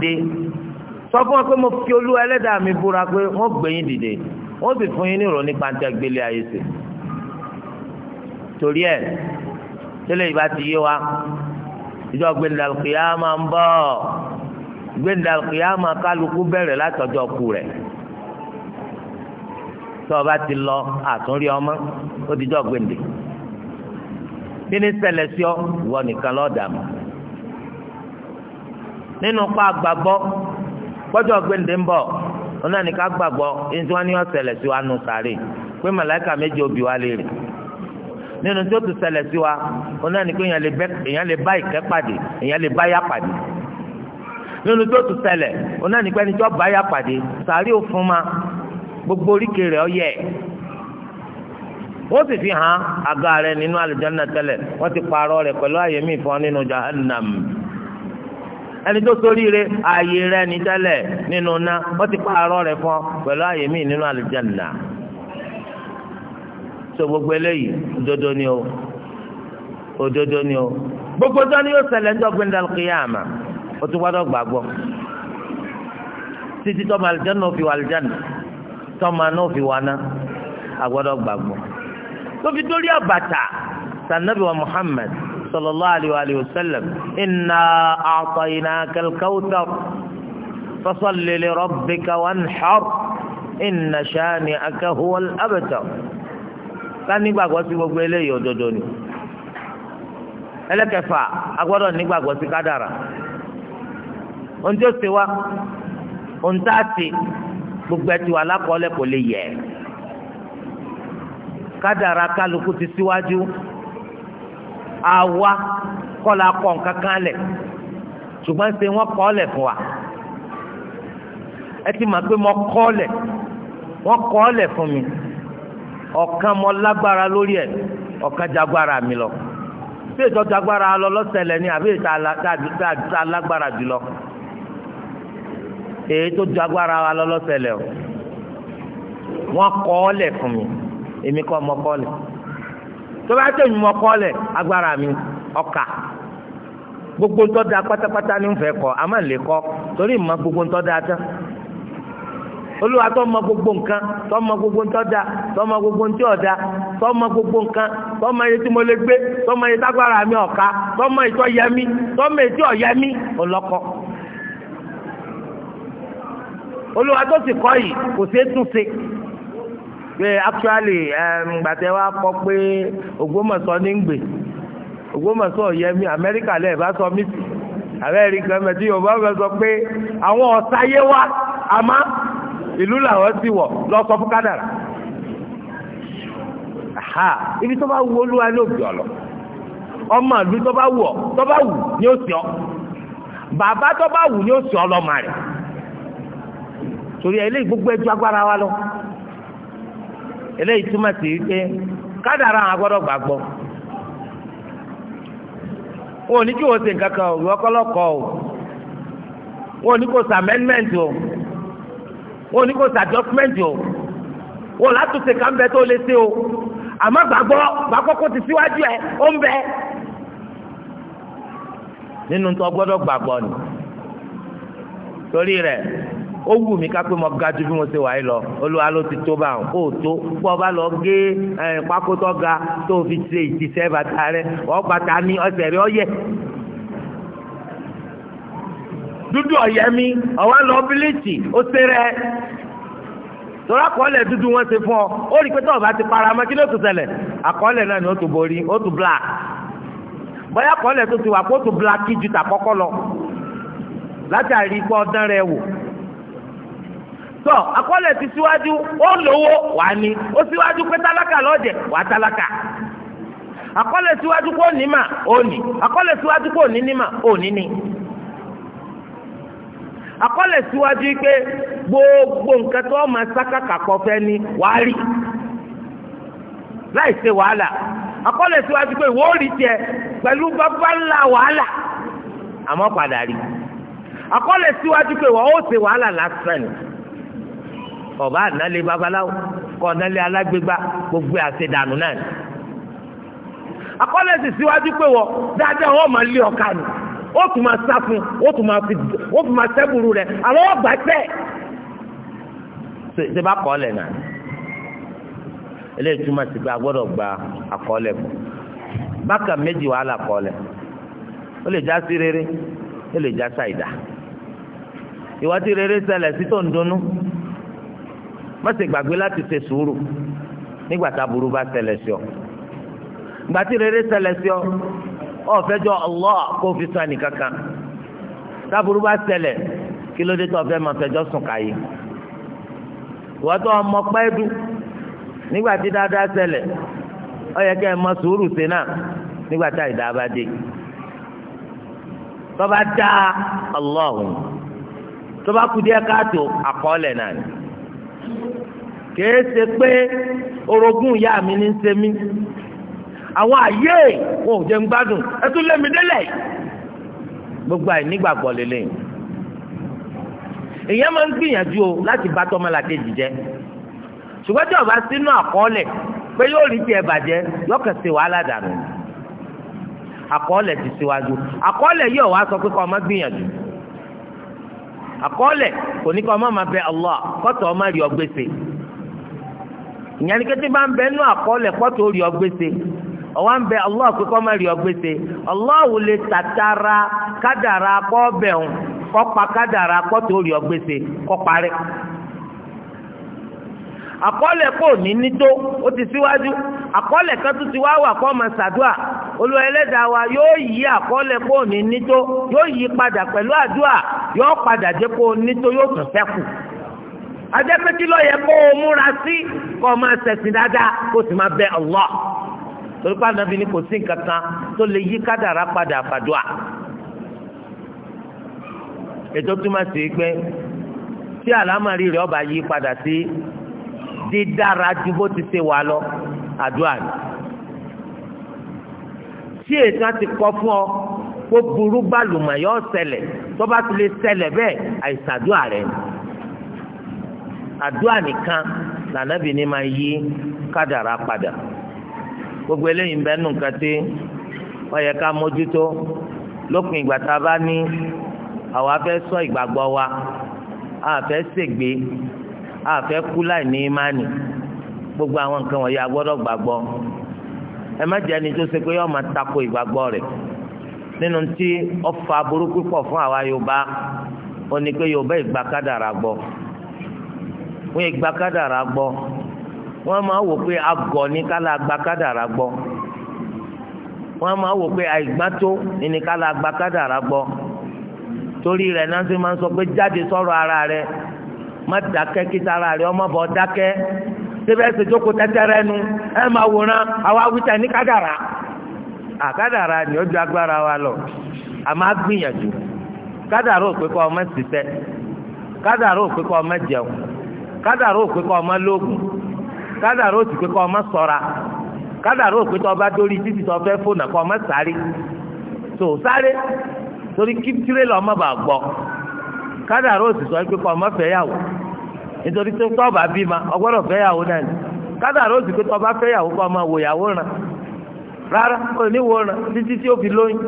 Speaker 2: sọ fún wọn pé mo fi olú ẹlẹ́dàá mi búra pé wọ́n gbé yín dìde wọ́n sì fún yín ní ìròyìn pàǹtẹ́ gbélé ayé sè torí ẹ̀ tẹ́lẹ̀ ìbá ti yé wa ìjọ gbẹ̀ndàlùkìyà máa ń bọ̀ gbẹ̀ndàlùkìyà máa kálukú bẹ̀rẹ̀ látọjọ́ ku rẹ̀ tọ́ ọ bá ti lọ àtúnrí ọmọ ó ti jọ gbẹ̀ndẹ̀. kí ni si sí ọ ìwọ nìkan lọ́ọ̀dà mọ́ nínú pa gbàgbọ́ gbọ́dọ̀ gbẹ̀ǹdẹ̀ ń bọ̀ ọ̀nà nìkan gbàgbọ́ ẹni tí wọ́n si sí wa nù sàárè pé màláìka méje obì wa lè rìn nínú tó tún ṣẹlẹ̀ sí wa ọ̀nà nìkan èèyàn lè bá ìkẹ́ pàdé èèyàn lè bá yá pàdé nínú tún gbogbo wọ́n sì fi hàn àga rẹ̀ nínú àlùjáná tẹ́lẹ̀ wọ́n ti pààrọ̀ rẹ̀ pẹ̀lú àyè míì fún ọ nínú jahannam ẹni tó ṣoríire ààyè rẹ̀ ní tẹ́lẹ̀ nínú ná wọ́n ti pààrọ̀ rẹ̀ fún ọ pẹ̀lú àyè míì nínú àlùjáná so gbogbo eléyìí òdodo ni o òdodo ni o gbogbo dání yóò ṣẹlẹ̀ ń dọ́gbìn dàlùkìyàmà o tún gbọ́dọ̀ gbàgbọ́ títí tọ́mọ àlùjáná ò fi wà àlùjáná tọ́mọ náà ò fi wà ná àgbọ́dọ̀ gbàgbọ́ tó fi dórí àbàtà sànàbí wa Muhammad sallallahu alayhi wa sallam inna a'tainaka al-kawthar fasalli li rabbika wanhar inna shani'aka huwal abtar ká nígbàgbọ́ sí gbogbo eléyìí òdodo ni ẹlẹ́kẹ̀fà agbọ́dọ̀ nígbàgbọ́ sí kádàrà ohun tí ó ṣe wá ohun tá a ti gbogbo ẹ̀ wà lákọọ́lẹ̀ kò lè yẹ̀ kádàrá kálukú ti síwájú àwa kọ́la kọ́ nǹkan kan lẹ̀ ṣùgbọ́n ṣe wọ́n kọ́ lẹ̀ fún wa ẹ ti mọ̀ pé mo kọ́ lẹ̀ wọ́n kọ́ lẹ̀ fún mi ọ̀kan mo lágbára lórí ẹ̀ ọ̀kan jagbára mi lọ lọ lọ́sẹ̀lẹ̀ ni àbí alágbára jùlọ èyí tó o wọ́n èmi kọ́ mọ kọ́ọ̀lẹ̀ tó bá tẹ̀mí agbára mi ọkà gbogbo ntọ́ da pátápátá ní nfẹ̀ kọ́ àmọ́ lè kọ́ torí ma gbogbo ntọ́ da tán olúwa tó mọ gbogbo nǹkan tó mọ gbogbo ntọ́ da tó mọ gbogbo ntí ọ̀dà tó mọ gbogbo nǹkan tó mọ tí mo lè gbé tó mọ mi ọ̀ka tó mọ tó mọ tó sì kọ́ yìí pé actually gbàtẹ́ wa kọ́ pé Ògbómọ̀ṣọ́ ní ń gbè Ògbómọ̀ṣọ́ yẹmi Amẹ́ríkà lẹ́ẹ̀ bá sọ mí sí Amẹ́ríkà mẹ́tí Yorùbá fẹ́ sọ pé àwọn ọ̀sáyé wa àmọ́ ìlú làwọn ti wọ̀ lọ sọ fún kádàrà ibi tó bá wù olúwa ní òbí ọ̀lọ́ ọmọ ìlú tó bá wù ọ tó bá wù ní òsì ọ bàbá tó bá wù ní òsì ọ lọ́mọ rẹ̀ torí ẹ lé gbogbo ẹjọ́ agbára wa lọ. eléyìí túmọ̀ sí pé kádàrá àwọn agbọ́dọ̀ gbàgbọ́ wọn ò ní kí wọ́n ṣe nǹkan o wọn ò sa amendment o wọn ò sa adjustment o wọn ò látúnṣe ká ń bẹ tó lé sí o àmọ́ gbàgbọ́ gbàgbọ́ kó ti síwájú ẹ̀ ó ń bẹ nínú tó ni torí rẹ̀. ó wù mí kápẹ́ mọ ga ju bí mo ṣe wà yìí lọ olúwa ló ti tó báwọn kó o tó kó o bá lọ gé pákótó ga tó o fi ṣe ìtìsẹ́ bàtà rẹ ọ̀ bàtà mi ọ̀sẹ̀ rẹ ọ̀yẹ̀ dúdú ọ̀yẹ́ mi ọ̀wá lọ bíléètì ó ṣeré torí àkọọ́lẹ̀ dúdú wọn ṣe fún ọ ó rí i pé tó bá ti para ọmọ kí ló tún ṣẹlẹ̀ àkọọ́lẹ̀ náà ni ó tún borí ó tún black bóyá àkọọ́lẹ̀ tó ti wà kó tún black kí ju tàkọ́kọ́ lọ látàrí pé ọdán rẹ wò tọ àkọọ́lẹ̀ ti síwájú ó lówó wà ní ó síwájú pé tálákà lọ́jẹ̀ wà tálákà àkọọ́lẹ̀ síwájú kò ní mà ó ní àkọọ́lẹ̀ síwájú kò ní ní mà ó ní ní àkọọ́lẹ̀ síwájú pé gbogbo nǹkan tó máa sákàkà kọ ni wàá rí láì ṣe wàhálà àkọọ́lẹ̀ síwájú pé ìwọ òrì tiẹ̀ pẹ̀lú bàbá ńlá wàhálà àmọ́ padà rí àkọọ́lẹ̀ síwájú pé ìwọ ó ṣe wàhálà lásán ni. ọba ànálẹ babaláwo kọ ọ̀nálẹ alágbègbà gbogbo àṣedànù náà ni. akọ́lẹ́sì síwájú pé wọ dáadáa wọ́n máa lé ọ̀ka ni ó tún máa sá fún ó tún máa fi ó àwọn ọgbà tẹ̀. ṣe bá kọ́ náà eléyìí túmọ̀ sí pé a gbọ́dọ̀ gba àkọọ́lẹ̀ bákan méjì ó lè já sí rere má ṣe gbàgbé láti ṣe sùúrù nígbà tá burú bá ṣẹlẹ̀ sí ọ gbàtí rere ṣẹlẹ̀ sí ọ ọ̀fẹ́jọ́ Allah kó fi sọ ẹnìkankan tá burú bá ṣẹlẹ̀ kí ló dé tó ọfẹ́ máa fẹjọ́ sùn káyé tó ọmọ pẹ́ dùn nígbà tí dáadáa ṣẹlẹ̀ ó yẹ kẹ́ ẹ mọ sùúrù sí náà nígbà tá ìdá bá dé tó bá dá Allah tó bá kú díẹ̀ káàtó àkọọ́lẹ̀ náà ni. kèé pé orogún ìyá mi ní ṣe mí àwọn àyè wọn ò mi délẹ̀ gbogbo àìnígbàgbọ́ lélẹ̀ máa ń gbìyànjú o láti bá tọmọlàkejì jẹ ṣùgbọ́n tí ọba sínú àkọọ́lẹ̀ pé yóò rí tiẹ̀ bàjẹ́ yọkàn sí wàhálà dànù àkọọ́lẹ̀ ti síwájú àkọọ́lẹ̀ yóò wá sọ pé kọ́ ọ gbìyànjú àkọọ́lẹ̀ kò ní kọ́ ọ máa bẹ Allah kọ́tọ̀ ọ ma rí ọ ìyẹn ni kété bá ń bẹ nú àkọọ́lẹ̀ pọ́tò rí ọgbẹ́sẹ̀ ọwọ́ ń bẹ Allah kó má rí ọgbẹ́sẹ̀ Allah lè tàtàrà kádàrà kọ́ bẹ̀hùn kọ́pa kádàrà pọ́tò rí ọgbẹ́sẹ̀ kọ́ parẹ́ àkọọ́lẹ̀ kò ní ní tó ó ti síwájú àkọọ́lẹ̀ kan tún ti wá wà kọ́ ọmọ sàdúà olúwa ẹlẹ́dàá wa yóò yí àkọọ́lẹ̀ kò ní ní tó yóò yí padà pẹ̀lú àdúà yóò padà dé kò ní tó yóò tún fẹ́ kù. ajẹ́pẹ́tì lọ́yẹ̀ kó o múra sí kó o máa ṣẹ̀sìn dáadáa kó o sì máa bẹ Allah torí pé ànábì ni kò sí nǹkan kan tó lè yí kádàrá padà àfàdúà ètò túmọ̀ sí pé tí àlámàrí rẹ̀ ọba yí padà sí dídára ju bó ti ṣe wà lọ àdúrà ni tí ètò àti kọ́ fún ọ kó burú gbàlùmọ̀ yọ ọ ṣẹlẹ̀ tó bá ti lè ṣẹlẹ̀ bẹ́ẹ̀ àìsàdúrà rẹ̀ ni àdúrà nìkan lànàbì ni máa yí kádàrá padà gbogbo eléyìí ń bẹ nù nǹkan tí wọ́n yẹ ká mójútó lópin ìgbà tá a bá ní àwa fẹ́ sọ ìgbàgbọ́ wa a fẹ́ ṣègbé a fẹ́ kú láì ní ìmánì gbogbo àwọn nǹkan wọ̀nyí a gbọ́dọ̀ gbàgbọ́ ẹ má jẹ́ ẹni tó ṣe pé yó máa tako ìgbàgbọ́ rẹ̀ nínú tí ó burúkú pọ̀ fún àwa Yorùbá ó ní pé Yorùbá ìgbà kádàrá gbọ́. wọn ìgbà kadara gbɔ, wọn máa wò pé agọ̀ n'ikala kálá gba kádàrà wọn máa wò pé àìgbátó ní kálá gba kádàrà gbọ́ torí máa ń sọ pé jáde sọ̀rọ̀ ara rẹ̀ má ma kíta ara rẹ̀ ọmọ bọ̀ dákẹ́ síbẹ̀ ṣe tẹ́tẹ́rẹ́ nu ẹ máa wòran àwa wíta ní ni ó ju agbára wa lọ àmọ́ á gbìyànjú ò pé kọ́ ò pé kọ́ kádàrá ò pé kọ́ ọmọ lóògùn kádàrá ò kọ́ ọmọ sọ́ra kádàrá ò pé ọba dórí títí tọ́ fẹ́ fóònù kọ́ ọmọ sáré tó sáré torí kí tirẹ́là ọmọ bá gbọ́ kádàrá ò sì sọ kọ́ ọmọ fẹ́yàwó nítorí tó tọ́ ọba bímọ ọgbọ́dọ̀ fẹ́yàwó náà ni ọba fẹ́yàwó kọ́ ọmọ ràn rárá ràn títí tí ó fi lóyún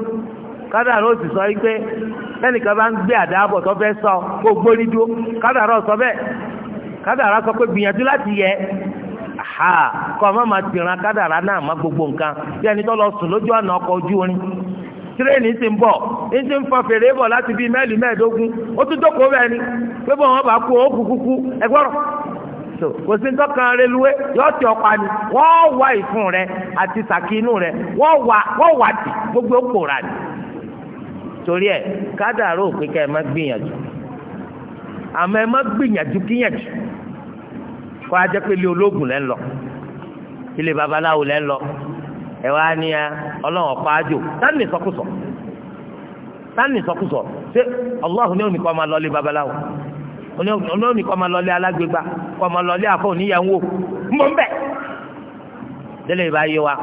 Speaker 2: bá ń gbé tó fẹ́ sọ bẹ́ẹ̀ kádàrá sọ pé gbìyànjú láti yẹ ha kọ́ ọmọ máa ti ran kádàrá náà má gbogbo nǹkan bí ẹni tó lọ sùn lójú ọ̀nà ọkọ̀ ojú orin tírẹ́ẹ̀nì ti ń bọ̀ ń ti ń fọ fèrè bọ̀ láti bíi mẹ́lì mẹ́ẹ̀ẹ́dógún ó tún bẹ́ẹ̀ ni pé bọ́ wọn bá kú ó kú kúkú so kò sí ntọ́kan reluwé yóò ti ọ̀pá ni wọ́n wá ìfun rẹ àti sàkí inú rẹ wọ́n wá gbogbo òpòrà ni torí ẹ kádàrá òpin ká ẹ má gbìyànjú àmọ́ ẹ má gbìyànjú kíyànjú kó a jẹ́ pé ilé ológun lẹ́ ń lọ ilé babaláwo lẹ́ ń lọ ẹ wá ní ẹ ah, ọlọ́run àjò tani sọkúsọ tani sọkúsọ ṣé ọlọ́run ní òní kọ́ máa lọ ilé babaláwo olóòní kọ́ máa lọ ilé alágbègbà kọ́ máa lọ ilé àfọ̀ oníyàwó mbọ́ mbẹ́ délé ìbá yé wa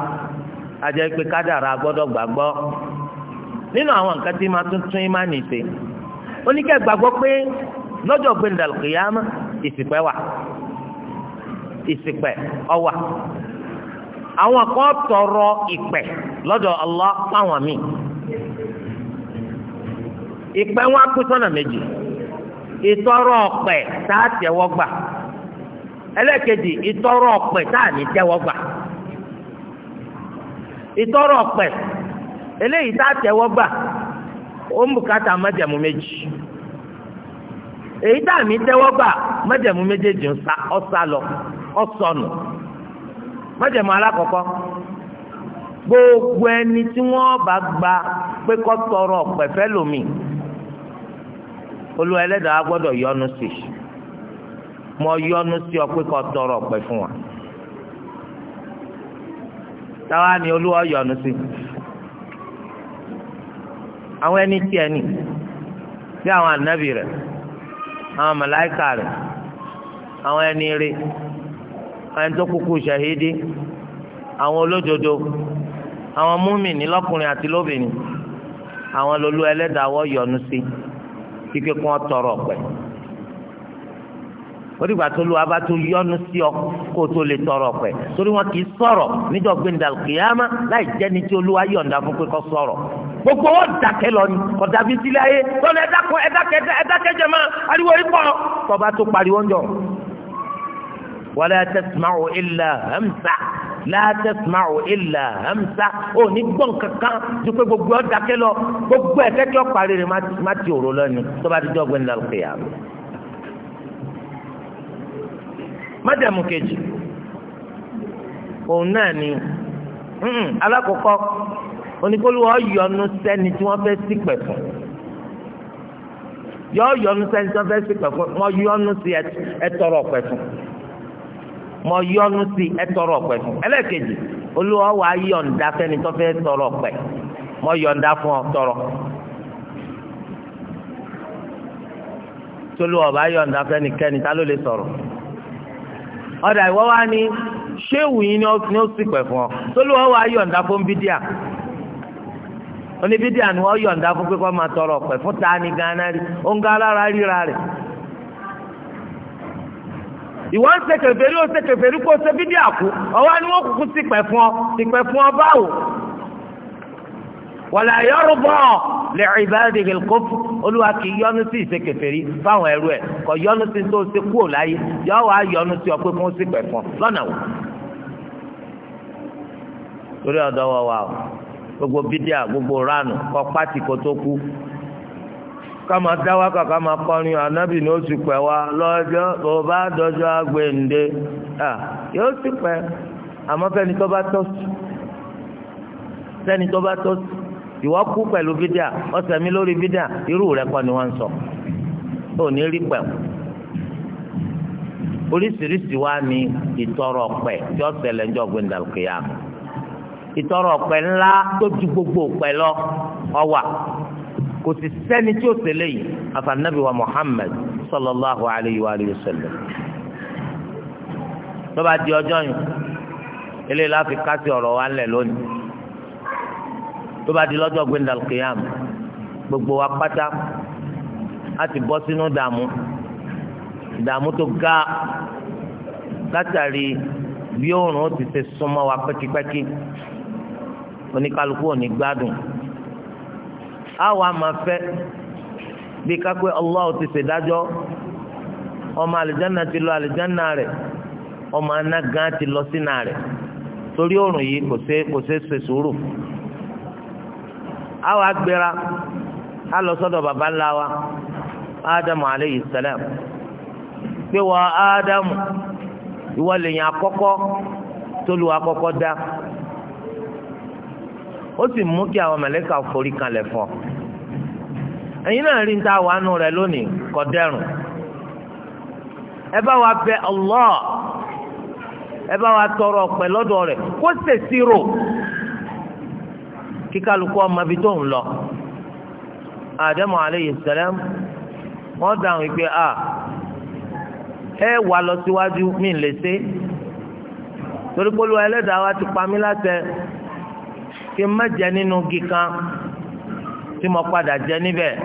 Speaker 2: a jẹ́ pé kádàrá gbọ́dọ̀ gbàgbọ́ nínú àwọn nǹkan tí máa tuntun máa nì oníkẹ́ gbàgbọ́ pé lọ́jọ́ gbẹ̀ndàlùkìyàmá ìsìpẹ́ wà. ìṣìpẹ̀ ọwà àwọn kan tọrọ ìpẹ̀ lọ́dọ̀ Allah fáwọn míì ìpẹ́ wọn kú sọ́nà méjì ìtọrọ ọ̀pẹ̀ tá a tẹ́wọ́ gbà ẹlẹ́kejì ìtọrọ ọ̀pẹ̀ tá a ní tẹ́wọ́ gbà ìtọrọ ọ̀pẹ̀ eléyìí tá a tẹ́wọ́ gbà ó ń bùkátà májẹ̀mú méjì èyí tá a ní tẹ́wọ́ gbà májẹ̀mú méjèèjì ń sa ọ́ sá lọ. ọ̀sọ̀nù májẹ̀mú alákọ̀ọ́kọ́ gbogbo ẹni tí wọ́n bá gba pé kọ́ tọrọ pẹ̀fẹ́ lomi olú ẹlẹ́dàá gbọ́dọ̀ yọ́nú sí mo yọ́nú sí ọ pé kọ́ tọrọ pẹ̀ fún wa táwa ni olú ọ̀yọ́nú sí àwọn ẹni tí ẹni bí àwọn ànábì rẹ̀ àwọn màláíkà rẹ̀ àwọn ẹni rẹ̀. àwọn tó kúkú ṣàhídì àwọn olójodo àwọn múmìnì lọ́kùnrin àti lóbìnrin àwọn lolú ẹlẹ́dàá wọ́ yọ́nú sí kíkẹ́ kó tọrọ ọ̀pẹ. onígbà tó lu abá tó yọ́nú sí ọ kó tó lè tọrọ ọ̀pẹ torí wọn kì í sọ̀rọ̀ níjọ́ gbẹ̀ndà kìyàmá láì jẹ́ni tí olúwa yọ̀ǹda fún pé kó sọ̀rọ̀. gbogbo wọn dàkẹ́ lọ ni ọ̀dà bíi sílẹ̀ ayé tọ́lá ẹ̀dákẹ́ ẹ̀dákẹ́ ẹ̀dákẹ́ jẹ̀ máa tọba tó pariwo ń jọ wala tasma'u illa hamsa la tasma'u illa hamsa ò ní gbọ́n kankan ju pé gbogbo ọ̀dàkẹ́ lọ gbogbo ẹ̀kẹ́kẹ́ ọ̀parí rẹ̀ má ti òró lọ́nu tó bá ti dọ́gbẹ́ ńlá lókè yà. májàmú kejì òun náà ni alákọ̀ọ́kọ́ oníkólúwọ́ yọnu sẹ́ni tí wọ́n fẹ́ sí pẹ̀ fún yọ yọnu sẹ́ni tí wọ́n fẹ́ sí pẹ̀ fún wọ́n yọnu sí ẹ̀tọ́rọ̀ pẹ̀ mọ yọnu si ẹ tọrọ ọpẹ́ ẹlẹ́ẹ̀kejì olúwa wà á yọ̀ǹda fẹ́ni tó fẹ́ tọrọ ọpẹ́ mọ yọ̀ǹda fún ọ tọrọ tolúwa ọba yọ̀ǹda fẹ́ni kẹ́ni tá ló lè sọ̀rọ̀ ọ̀dà ìwọ wa ni ṣéwù yín ni ó sì pẹ̀ fún ọ tolúwa wà á yọ̀ǹda fún bídíà oníbídíà ni wọ́n yọ̀ǹda fún pé kó máa tọrọ ọpẹ́ fún ta ni gánà rí ó ń gá lára ríra rẹ̀. ìwọ ń ṣe kèfèrí ó ṣe kèfèrí kó ṣe bídí àkú ọwọ́ ni wọ́n kúkú ti pẹ̀ fún ọ ti pẹ̀ fún ọ báwo. wàlà yọrù bọ̀ lè ìbáraẹni kò kó olúwa kì í yọnu sí ìṣe kèfèrí fáwọn ẹrú ẹ kò yọnu sí tó ṣe kúò láyé yọ wàá yọnu sí ọ pé fún sí pẹ̀ fún lọ́nà wò. torí ọ̀dọ́ wọ wa o gbogbo bídíà gbogbo ránù kọ pátì kó tó kú Kama máa dá wákà ká máa kọrin ànábì ni ó sì pẹ́ wa lọ́jọ́ bó bá dọ́jọ́ àgbèǹde yóò sì pẹ́ àmọ́ fẹ́ni tó bá tọ́ sí sẹ́ni tó bá tọ́ sí ìwọ kú pẹ̀lú fídíà ọ̀sẹ̀ mi lórí fídíà irú rẹ̀ kọ́ ni wọ́n ń sọ ò ní rí pẹ̀ oríṣiríṣi wa ni ìtọrọ pẹ̀ tí ọ̀sẹ̀ lẹ́ ń jọ gbẹ̀ndàlùkìyà ìtọrọ pẹ̀ ńlá tó ju gbogbo pẹ̀ lọ ọwà kò sì sẹ́ni tí ó tẹ̀lé yìí àfànàbí wa Muhammad sallallahu alayhi wa sallam tó bá di ọjọ́ yìí eléyìí láti kásì ọ̀rọ̀ wa ńlẹ̀ lónìí tó bá di lọ́jọ́ gbẹ̀ndàl kìyàm gbogbo wa pátá a ti bọ́ sínú dààmú dààmú tó ga látàrí bí oòrùn ó ti ṣe súnmọ́ wa pẹ́kípẹ́kí oníkálukú ò ní gbádùn. Awa ma fẹ, máa fẹ́ bí kápẹ́ Allah ti ṣèdájọ́ ọmọ àlìjáná ti lọ àlìjáná rẹ̀ ọmọ anágán ti lọ sínú rẹ̀ torí òrùn yìí kò ṣe kò ṣe ṣe sùúrù á wà á gbéra á lọ baba ńlá wa ádámù aleyhi sẹlẹm pé wọ ádámù ìwọ lèèyàn àkọ́kọ́ tólu àkọ́kọ́ dá ó sì mú kí àwọn mẹ̀lẹ́kà forí kanlẹ̀ fún ọ. ẹ̀yin náà rí níta wà nù rẹ̀ lónìí kò dẹrùn ẹ bá wa bẹ Allah ẹ bá wa tọrọ pẹ̀ lọ́dọ̀ rẹ̀ kó siro rò kí kálukú ọmọ ibi tó ń lọ Adamu aleyhi salam wọ́n dáhùn pé a ẹ wà lọ síwájú mi lè ṣe torí pé Olúwa ẹlẹ́dàá wa ti pa mí láṣẹ kí n má jẹ nínú kan. tí mo padà jẹ níbẹ̀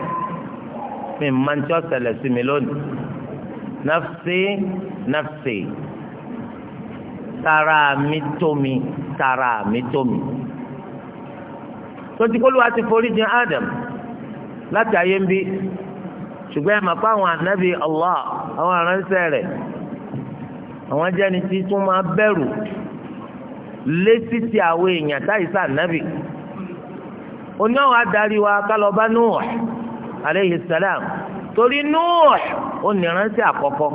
Speaker 2: mi máa ń tí ó ṣẹlẹ̀ sí mi lónìí nafsi nafsi tara mi tó mi tara mi tó mi tó ti kó ló ti forí jìn Adam láti ayé ń bí ṣùgbọ́n ẹ̀ máa pa àwọn ànábì Allah àwọn aránṣẹ́ rẹ̀ àwọn jẹ́ni tí tún máa bẹ̀rù létí ti àwọn èèyàn táyì sá ànábì. oní ọ̀hún adarí wa kálọ̀bá Nuh aleyhi salam torí Nuh oníránṣẹ́ àkọ́kọ́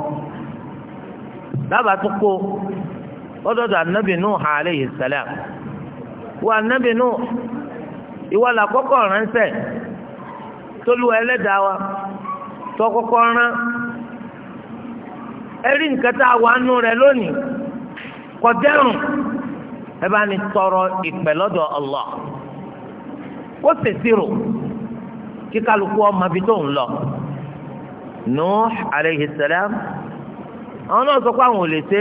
Speaker 2: dábàá tó kó lọ́dọ̀dọ̀ anabi Nuh aleyhi salam wọ anabi Nuh ìwọ làkọ́kọ́ ránṣẹ́ tolu ẹlẹ́dàá wa tọkọ́kọ́ rán ẹrí nǹkan tá a wà nù rẹ lónìí kọjẹ́rùn ẹ bá ní tọrọ ìpẹ́ lọ́dọ̀ Allah. kó ṣèṣirò kí kálukú ọmọ ibi tó ń lọ Nuh alayhi salam àwọn náà sọ pé àwọn ò lè ṣe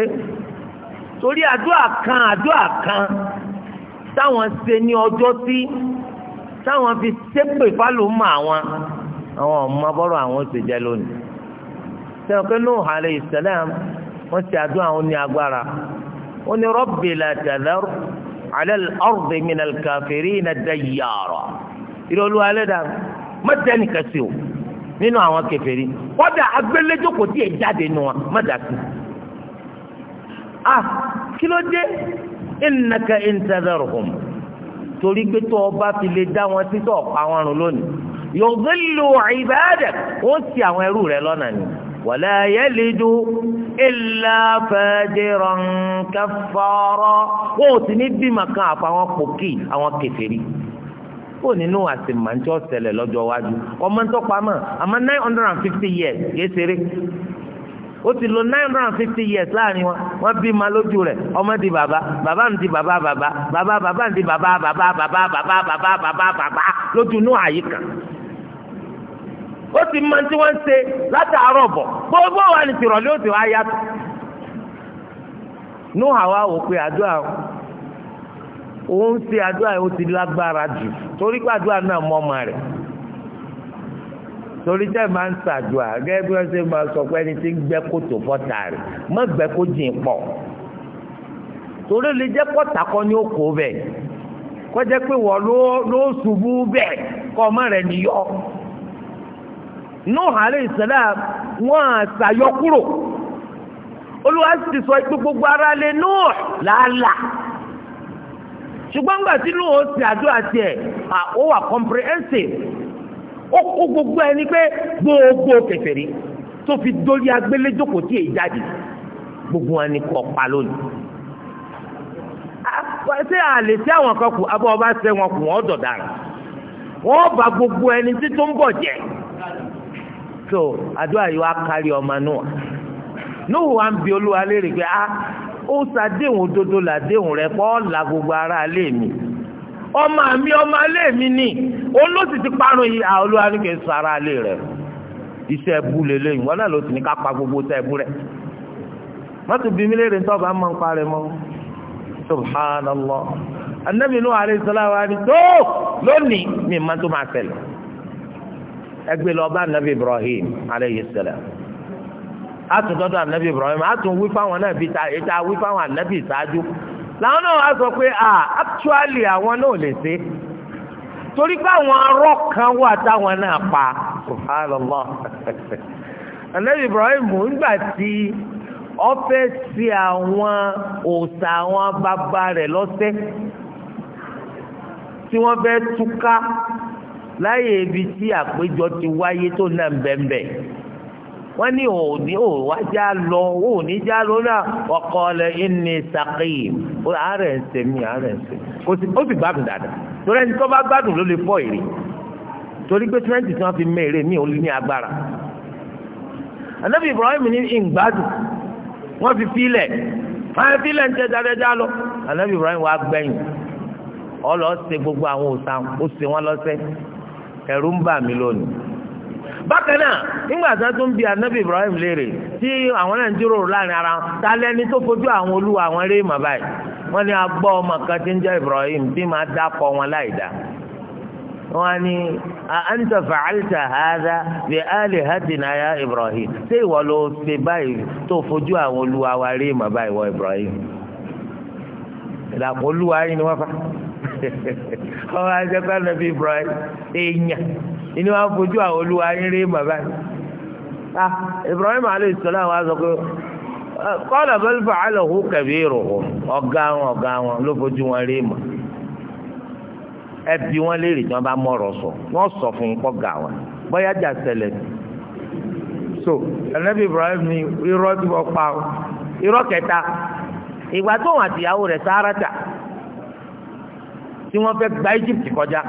Speaker 2: torí àdúrà kan àdúrà kan táwọn ṣe ní ọjọ́ tí táwọn fi ṣépè fálùmọ́ àwọn àwọn ọmọ bọ́rọ̀ àwọn ṣe jẹ́ lónìí sẹ́wọ̀n pé Nuh alayhi salam wọ́n ṣe àdúrà wọn ní agbára wọ́n ní Rabbi la tadhar alẹ́ ọ̀rùbẹ̀ mìíràn kàfẹ́rì iná dá yàrá ìrọ̀ olúwa ẹlẹ́dà má dẹ́ni kẹsì o nínú àwọn kèfèrí kọ́dà agbélédòkò tí ẹ jáde nù wọn má dà sí. a kí torí pé tó o bá fi lè dá wọn títọ̀ pa wọn rùn lónìí yudhillu ibadak wọ́n ti àwọn ẹrú rẹ lọ́nà ni. ولا yalidu إلا fajiran كفارا wọn ò sì ní bímọ kan àfàwọn pòkì àwọn kèfèrí kó nínú àsèmàǹtí ọ̀sẹ̀lẹ̀ lọ́jọ́ iwájú ọmọ tó pamọ́ àmọ́ years يسري seré ó ti lò nine hundred and fifty years láàrin wọn wọ́n bí ma lójú rẹ̀ ọmọ di bàbá bàbá ń di bàbá bàbá bàbá bàbá ń di bàbá bàbá bàbá bàbá bàbá bàbá bàbá lójú inú àyíká. ó ti máa tí wọ́n ṣe látàárọ̀ bọ̀ gbogbo wa ni tìrọ̀lẹ́ òtò wa yàtọ̀ wa wò pé àdúrà òun ṣe àdúrà ó ti lágbára jù torí pé àdúrà náà mọ́ ọmọ torí tẹ́ máa ń ṣàdúrà gẹ́gẹ́ bí wọ́n ṣe máa sọ ẹni tí ń gbẹ́ kòtò fọ́tà rẹ̀ má gbẹ́ kó jìn pọ̀ torí lè jẹ́ kan ní òkò bẹ́ẹ̀ pé wọ́n ló ṣubú bẹ́ẹ̀ kọ́ ọmọ Nuh alayhi salam wọ́n ṣàyọkúrò olúwa sì sọ pé gbogbo ara lè Nuh làálàá ṣùgbọ́n nígbà tí Nuh ṣe àdúrà tiẹ̀ ó wà comprehensive ó kó gbogbo ẹni pé gbogbo kèfèrí tó fi dórí agbéléjòkó tí èyí jáde gbogbo wọn ni kò pa lónìí ṣé àlè tí àwọn kan kù abọ́ ọba ṣe wọn kù wọ́n dọ̀dára wọ́n bá gbogbo ẹni tí tó ń bọ̀ jẹ́ so àdúrà yìí wá kárí ọmọ náà nóhùn wa ń bi olúwa léèrè pé a ah, ó ṣàdéhùn òdodo làdéhùn rẹ pọ́ la gbogbo ara alé mi ọmọ mi ọmọ alé mi ni olóòtú ti parun yìí àwọn ah, olúwa ní kò sọ ara alé rẹ iṣẹ́ ẹbú lélẹ́yìn wọn náà ló ti ní ká pa gbogbo iṣẹ́ ẹbú rẹ mọ́tò bí mi léèrè tó bá mọ̀ ń parẹ́ mọ́ subhanallah anabi nuhu alayhi salaam wa ni tó lónìí mi máa tó máa tẹ̀lé ẹgbẹ́ lọ bá anabi ibrahim aleyhi sẹlẹ̀ àtúntọ́dọ̀ anabi ibrahim àtún wí fáwọn náà bíi ta ètò àwí fáwọn anabi ìsáájú làwọn náà wá sọ pé ah actually àwọn náà lè ṣe torí pé àwọn arọ́ kan wà táwọn náà pa subhanallah anabi [laughs] ibrahim nígbà tí ọfẹ́ sí àwọn òòṣà àwọn bàbá rẹ̀ lọ́sẹ̀ tí wọ́n fẹ́ túká láyé ibi tí àpéjọ ti wáyé tó náà ń bẹ́ẹ̀ bẹ́ẹ̀ wọ́n ní òní òwájá lọ òní já lọ náà ọkọ lẹ ẹni sàkéyìm ó àárẹ̀ ń sèmi àárẹ̀ ń sèmi ó sì gbádùn dáadáa torí ẹni tó bá gbádùn ló lè fọ èrè torí pé twenty tí wọ́n fi mé èrè mi ò ní agbára anabi Ibrahim ní ìgbádùn wọ́n fi filẹ̀ wọ́n fi filẹ̀ ń jẹjá jẹjá lọ anabi Ibrahim wá gbẹ̀yìn ọ lọ ṣe gbogbo àwọn òsàn ó ṣe wọn lọ́sẹ̀ ẹ̀rù ń bà mí lónìí bákan náà nígbà tí wọn tún bi anabi ibrahim léèrè tí àwọn náà ń jíròrò láàrin ara ta lẹni tó fojú àwọn olúwa àwọn eré ìmọ̀ báyìí wọn ni agbọ ọmọ kan tí ń jẹ ibrahim bí máa dákọ wọn láì dá wọn ni anta fa'alta hadha bi alihatina ya ibrahim ṣé ìwọ ló ṣe báyìí tó fojú àwọn olúwa àwọn eré ìmọ̀ báyìí wọ ibrahim ìlànà olúwa yìí ni wọn fa ọmọ ajẹ́pẹ́ nàbí Ibrahim èèyàn ìní wàá fojú àwọn olúwa rírí màbá yìí ah Ibrahim alayhi salaam wa sọ pé kọ́lá bẹ́ẹ̀ fà á lọ́hùn kẹ̀bí ìrọ̀hùn ọ̀gá wọn ọ̀gá wọn ló fojú wọn rí màá ẹbí wọn léèrè tí wọn bá mọ̀rọ̀ sọ wọn sọ fún yín kọ́ gà wọn bóyá jà ṣẹlẹ̀ so ẹnẹ́bí Ibrahim ni irọ́ tí wọ́n pa irọ́ kẹta ìgbà tó wọn àtìyàwó rẹ̀ sáárà tà tí wọ́n fẹ́ gba Egypt kọjá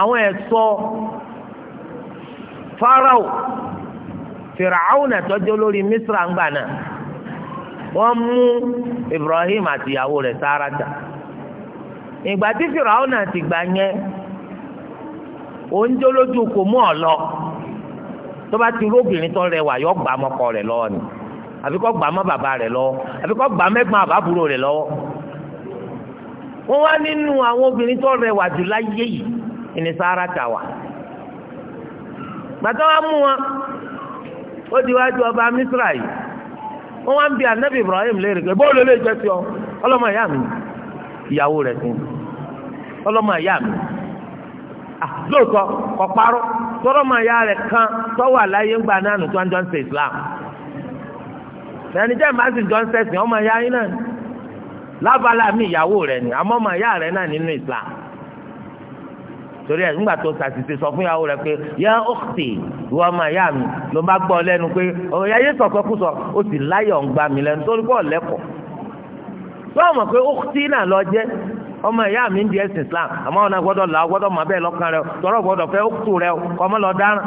Speaker 2: àwọn ẹ̀ṣọ́ Fáráò Fìràáhùn àtọ́jọ́ lórí Misra ń gbà náà wọ́n mú Ibrahim àtìyàwó rẹ̀ sáárátà ìgbà tí Fìràáhùn àti gbà yẹn oúnjẹ lójú kò mú ọ lọ tó bá ti róbìnrin tó rẹwà yọ gbà mọ́kọ rẹ̀ ni àbíkọ́ gbà bàbá rẹ̀ lọ́wọ́ àbíkọ́ gbà àbábúrò rẹ̀ lọ́wọ́ wọ́n wá nínú àwọn obìnrin tó rẹwà jù láyé yìí ní Sàárà ta wá gbàtà wa mú wọn ó di ọba Misra yìí wọ́n wá ń bi anabi Ibrahim léèrè pé bóòlù lè jẹ́ ọ ọlọ́mọ ìyá mi ìyàwó rẹ̀ sí ọlọ́mọ ìyá mi lóòótọ́ ọ̀parọ́ tọ́lọ́mọ ìyá rẹ̀ kan tọ́wọ́ àlàyé ńgbà náà nù jọ ń Islam ìmáàsì jọ ń ọmọ ìyá yín náà lábala mi ìyàwó rẹ̀ ni àmọ́ ọmọ ìyá rẹ̀ náà nínú Islam torí ẹ nígbà tó sàṣìṣe sọ fún ìyàwó rẹ̀ pé yẹ ọ̀sì ìwọ ọmọ ìyá mi ló bá gbọ́ lẹ́nu pé ọ̀yà yé sọ̀sọ́kùsọ ó sì láyọ̀ ń gbà mí lẹ́nu torí pọ̀ lẹ́kọ̀ọ́ tó mọ̀ pé ọ̀sì náà lọ jẹ́ ọmọ ìyá mi ń di ẹ̀sìn Islam àmọ́ ọ̀nà gbọ́dọ̀ là gbọ́dọ̀ mọ̀ bẹ́ẹ̀ lọ́kàn rẹ̀ tọrọ gbọ́dọ̀ fẹ́ ọ̀sù rẹ̀ kọ́mọ́ lọ dáràn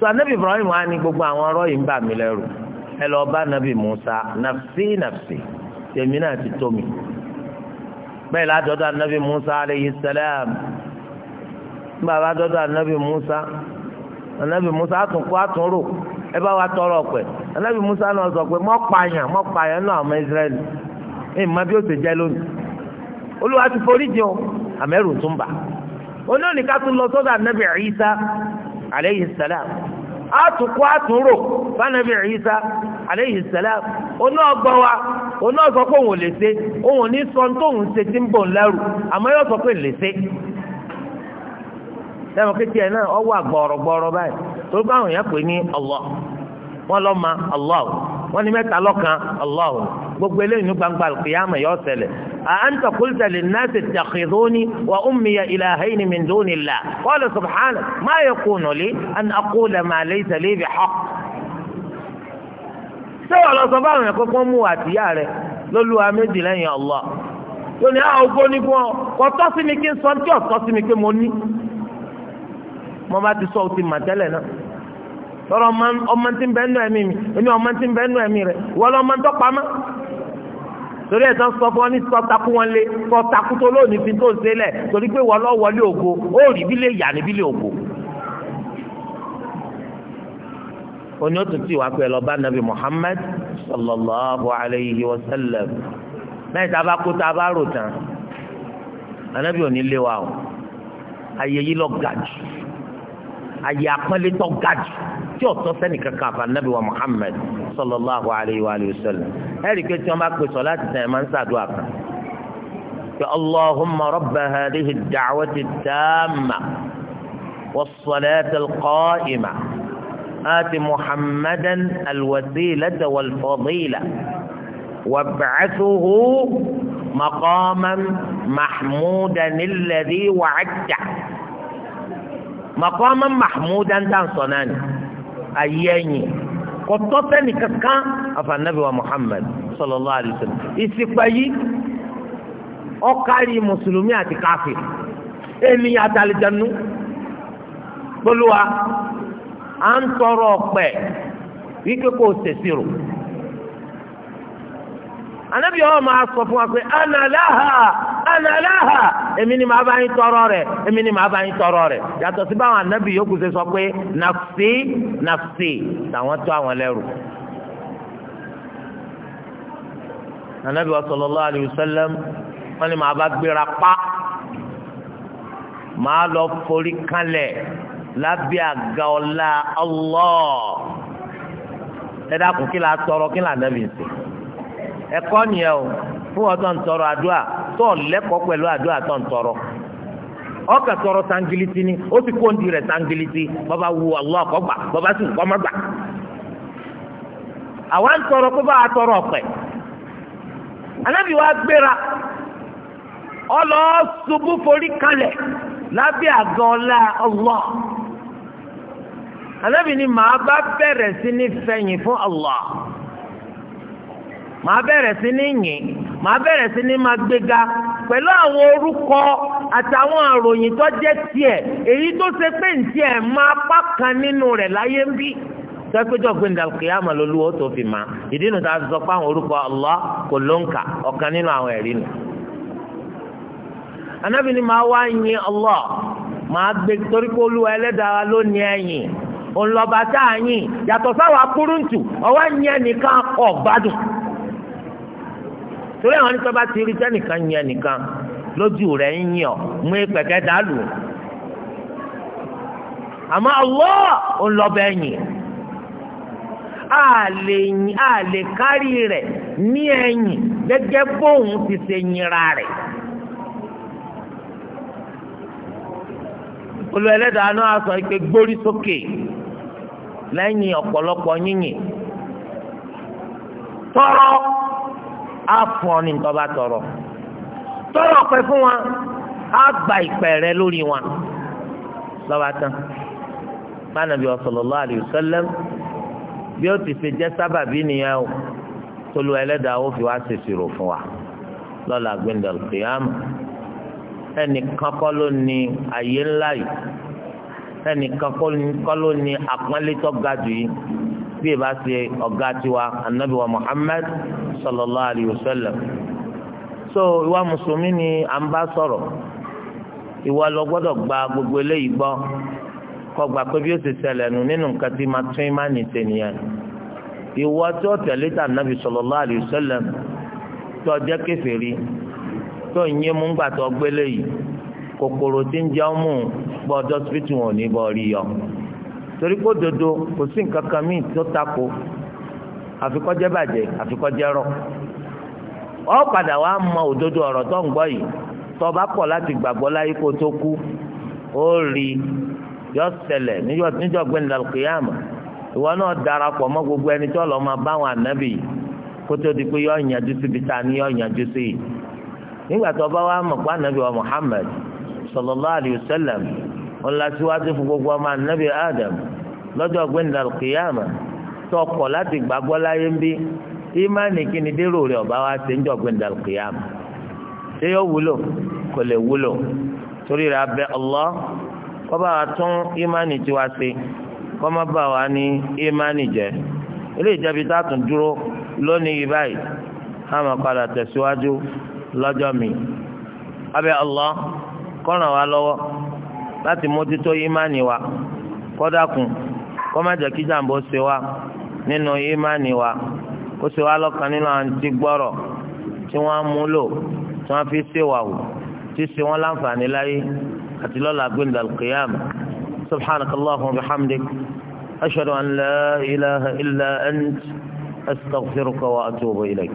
Speaker 2: sọ anábì Ibrahim wa ni gbogbo àwọn ọ̀rọ̀ yìí ń bà mí lẹ́rù ẹ lọ bá nabi musa nàfsí nàfsí tèmi náà ti tó mi bẹ́ẹ̀ látọ̀dọ̀ anabi musa aleyhi salam bàbá dọ́dọ̀ anabi musa anabi musa àtúnkù àtúnrò ẹ bá wa tọrọ pẹ̀ anabi musa náà sọ pé mọ́ pààyàn mọ́ pààyàn náà ọmọ israẹli ẹ̀ má bí ó ti jẹ́ lónìí olúwa ti forí jẹun àmẹ́rù tún bà oní òní ká tún lọ sọ́dọ̀ anabi isa aleyhi salam. atụkwa àtúnrò fanabi Isa aleyhi salam oná ọgbọ́n wa oná sọ pé òun lè ṣe òun ní sọ ṣe ti ń bọ̀ lẹ́rù àmọ́ yóò sọ pé lè ṣe lẹ́mọ̀ náà ọwọ́ àgbọ̀rọ̀gbọ̀rọ̀ báyìí tó bá wọ́n lọ ma allah wọ́n ní mẹ́ta lọ́kan allah gbogbo eléyìí ní gbangba alqiyama yọ ṣẹlẹ̀ à ń tọkùlùtà lè ná ti tàkìdóni wa ummiya ilahayni min dóni la qala subhana ma yakunu li an aqula ma laysa li bi haqq. ṣé wàá lọ sọ fáwọn ẹ̀kọ́ kó mú àtìyá rẹ lólúwa méjì lẹ́yìn allah yóò àwọn ògbó ní fún ọ kò tọ́ sí mi kí n sọ tí ò tọ́ sí mi pé mo ní mo bá ti sọ ọ ti mà tẹ́lẹ̀ náà tọrọ ọmọ tí ń bẹ nù ẹ̀mí mi oní ọmọ tí ń bẹ nù ẹ̀mí rẹ wọ́n lọ́mọ tó pamọ́ torí ẹ̀ tán sọ fún ọ ní sọ takú wọn lé sọ takú tó lónìí fi tó ṣe lẹ̀ torí pé wọ́n lọ́ wọlé ògo ó rí bí lè yà ní bí lè ògo. oní òtún tí wàá pè lọ nàbì Muhammad sallallahu alayhi wa sallam lẹ́yìn tá a bá kó tá a bá rò tán ànábì ò ní lé wa o ayé yìí lọ gàjù. àyè àpọ́nlé tó ga jù tí ò tọ́ sẹ́ni kankan àfa nàbí wa muhammed sallallahu alayhi wa sallam ẹ̀rí pé tí wọ́n bá pè sọ láti tẹ̀ ẹ̀ máa ń sàdúrà kan. ke اللهم رب هذه الدعوة التامة والصلاة القائمة آت محمدا الوسيلة والفضيلة وابعثه مقاما محمودا الذي وعدته màkọ́mà mahmud andan sọ̀nani ayé ẹ̀yìn kọ́tọ́ sẹ́ni kankan àfànàbí wa muhammad sallallahu alaihi wasallam ìsìnkú ayé ọ̀kárí mùsùlùmí àti káfíìn èmi àtàlìjẹnu gbólúwa à ń tọrọ ọ̀pẹ wípé kò anabi ọ máa sọ fún wa pé analaha analaha èmi ni màá bá yín tọrọ rẹ! èmi ni màá bá yín tọrọ rẹ! yàtọ̀ sí báwọn anabi yòókù ṣe sọ pé nafsi nafsi làwọn tó àwọn lẹ́rù. anabi wa sallallahu alayhi wa sallam wọn ni màá bá gbéra pa màá lọ forí kanlẹ̀ lábẹ́ àga ẹ dákun kí la tọrọ kí la ẹ̀kọ́ nìyẹn o fún wọn tó ń tọrọ àdúrà tó lẹ́kọ̀ọ́ pẹ̀lú àdúrà tó ń tọrọ ọkà tọrọ sangiliti ni ó ti kóńdì rẹ sangiliti bàbá wu Allah kó gbà bàbá sì kọ́ mọ́ gbà àwa ń kó bá a tọrọ wa gbéra ọlọ ṣubú forí ni màá bá sí ní fún màá bẹ̀rẹ̀ sí ní yìn màá bẹ̀rẹ̀ sí ní máa gbéga pẹ̀lú àwọn orúkọ àtàwọn àròyìn tó jẹ́ tiẹ̀ èyí tó ṣe pé ntí ẹ̀ máa apá kan nínú rẹ̀ láyé ń bí tẹ́gbẹ́jọ́ gbé ó tó fi mà ìdí nu ta sọ pé àwọn orúkọ kò ló ń kà ọ̀kan nínú àwọn ẹ̀rí nu. torí pé olúwa ẹlẹ́dàá ló ní ẹ̀yìn a yìn yàtọ̀ sáwà kúrúǹtù ọwọ́ yẹn nìkan torí àwọn ní sọ́ba ti rí sẹ́nìkan yẹn nìkan lójú rẹ̀ ń yàn mú ìpẹ̀kẹ́ dàlù àmọ́ Allah ń lọ a lè kárí rẹ̀ ní ẹ̀yìn gẹ́gẹ́ bóun ti ṣe yinra rẹ̀. olú ẹlẹ́dàá náà sọ pé gbórí sókè lẹ́yìn ọ̀pọ̀lọpọ̀ tọrọ á fún ọ ní nǹkan bá tọrọ tọrọ pẹ fún wọn á gba ìpẹ rẹ lórí wọn lọ́ba tán bánàbí sallallahu alayhi wa sallam bí ó ti ṣe jẹ́ sábàbí nìyẹn o tolu ẹlẹ́dàá ó fi wá ṣèṣirò fún wa lọ́la gbẹ̀ndàlù kìyàmù ẹnìkan kọ́ ló ní ayé ńlá yìí ẹnìkan kọ́ ló ní àpọ́nlé tó yìí bí ìbá ṣe ọ̀gá tiwa anabi wa muhammad sallallahu alayhi wa sallam so ìwà mùsùlùmí ni à ń bá sọ̀rọ̀ ìwà lọ gbọ́dọ̀ gba gbogbo eléyìí gbọ́ kó gbà pé bí ó ṣe ṣẹlẹ̀ nù nínú nǹkan tí máa tún ìmá nì tènìyàn ìwà tí ó tẹ̀lé tà nàbì sallallahu alayhi wa sallam tó jẹ́ kèfèrí tó ń yé múngbà tó gbélé yìí kòkòrò tí ń jẹun mú bọ́ dọ́sítì wọn ní bọ́ yọ. torí kó dodo kò sí nǹkan kan míì tako bàjẹ́ rọ ọ padà wàá mọ òdodo ọ̀rọ̀ tó ń gbọ́ yìí tó bá pọ̀ láti gbàgbọ́ láyé kó tó kú ó rí yọ ṣẹlẹ̀ níjọ́ gbẹ̀ndà kìyàmù ìwọ náà darapọ̀ mọ́ gbogbo ẹni tó lọ́ọ́ báwọn ànábì kó tó di pé yọ ìyànjú ni yọ ìyànjú sí i nígbà tó bá wàá mọ̀ pé ànábì wa ọ̀la síwájú fún gbogbo ọmọ anabi adam lọ́jọ́ gbẹ̀ndà kìyàmà tọkọ̀ láti gbàgbọ́ láyé ń bí ìmánì kíni dérò rẹ̀ ọ̀bá wa ṣe ń jọ gbẹ̀ndà kìyàmà ṣé yóò wúlò kò lè wúlò torí rẹ̀ abẹ́ Allah kó bá wa tún ìmánì tiwa ṣe kó bá wa ní ìmánì jẹ́ ilé ìjẹ́bi tá a tún dúró lónìí báyìí a máa padà tẹ̀síwájú lọ́jọ́ mi abẹ́ Allah kó wa lọ́wọ́. láti mójútó ìmánì wa kọ́dákun kó má jẹ́ kí jàǹbó ṣe wá nínú ìmánì wa kó ṣe wá lọ́kàn nínú àwọn tí gbọ́rọ̀ tí wọ́n mú lò tí wọ́n fi ṣèwà wò tí ṣe wọ́n láǹfààní láyé àti lọ́la gbẹ̀ndàlùkìyàm subhanaka allahumma wa bihamdik ashhadu an la ilaha illa ant astaghfiruka wa atubu ilayk.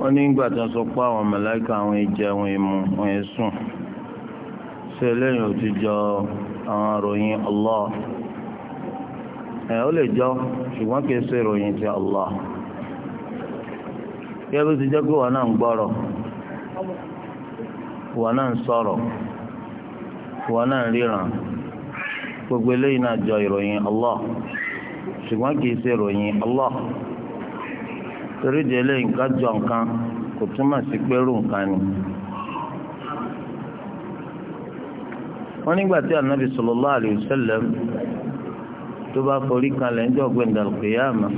Speaker 2: wọ́n ní ìgbà tó sọ pé àwọn màláíkà àwọn ìjẹ àwọn ìmu wọn ẹ̀ sùn ṣe lẹ́yìn ti jọ àwọn ròyìn Allah ẹ̀ ó lè jọ ṣùgbọ́n kì ṣe ròyìn ti Allah yẹ bí ó ti jẹ́ pé wọn náà ń gbọ́rọ̀ wọn náà ń sọ̀rọ̀ wọn náà ń jọ ìròyìn Allah ṣùgbọ́n ṣe ròyìn Allah. torí délé nǹkan jọ nǹkan kò túmọ̀ sí pẹ́rù nǹkan ni. wọ́n nígbà tí anabi alayhi wa tó bá forí kalẹ̀ ń jọ gbẹ̀ndàlù kìyàmà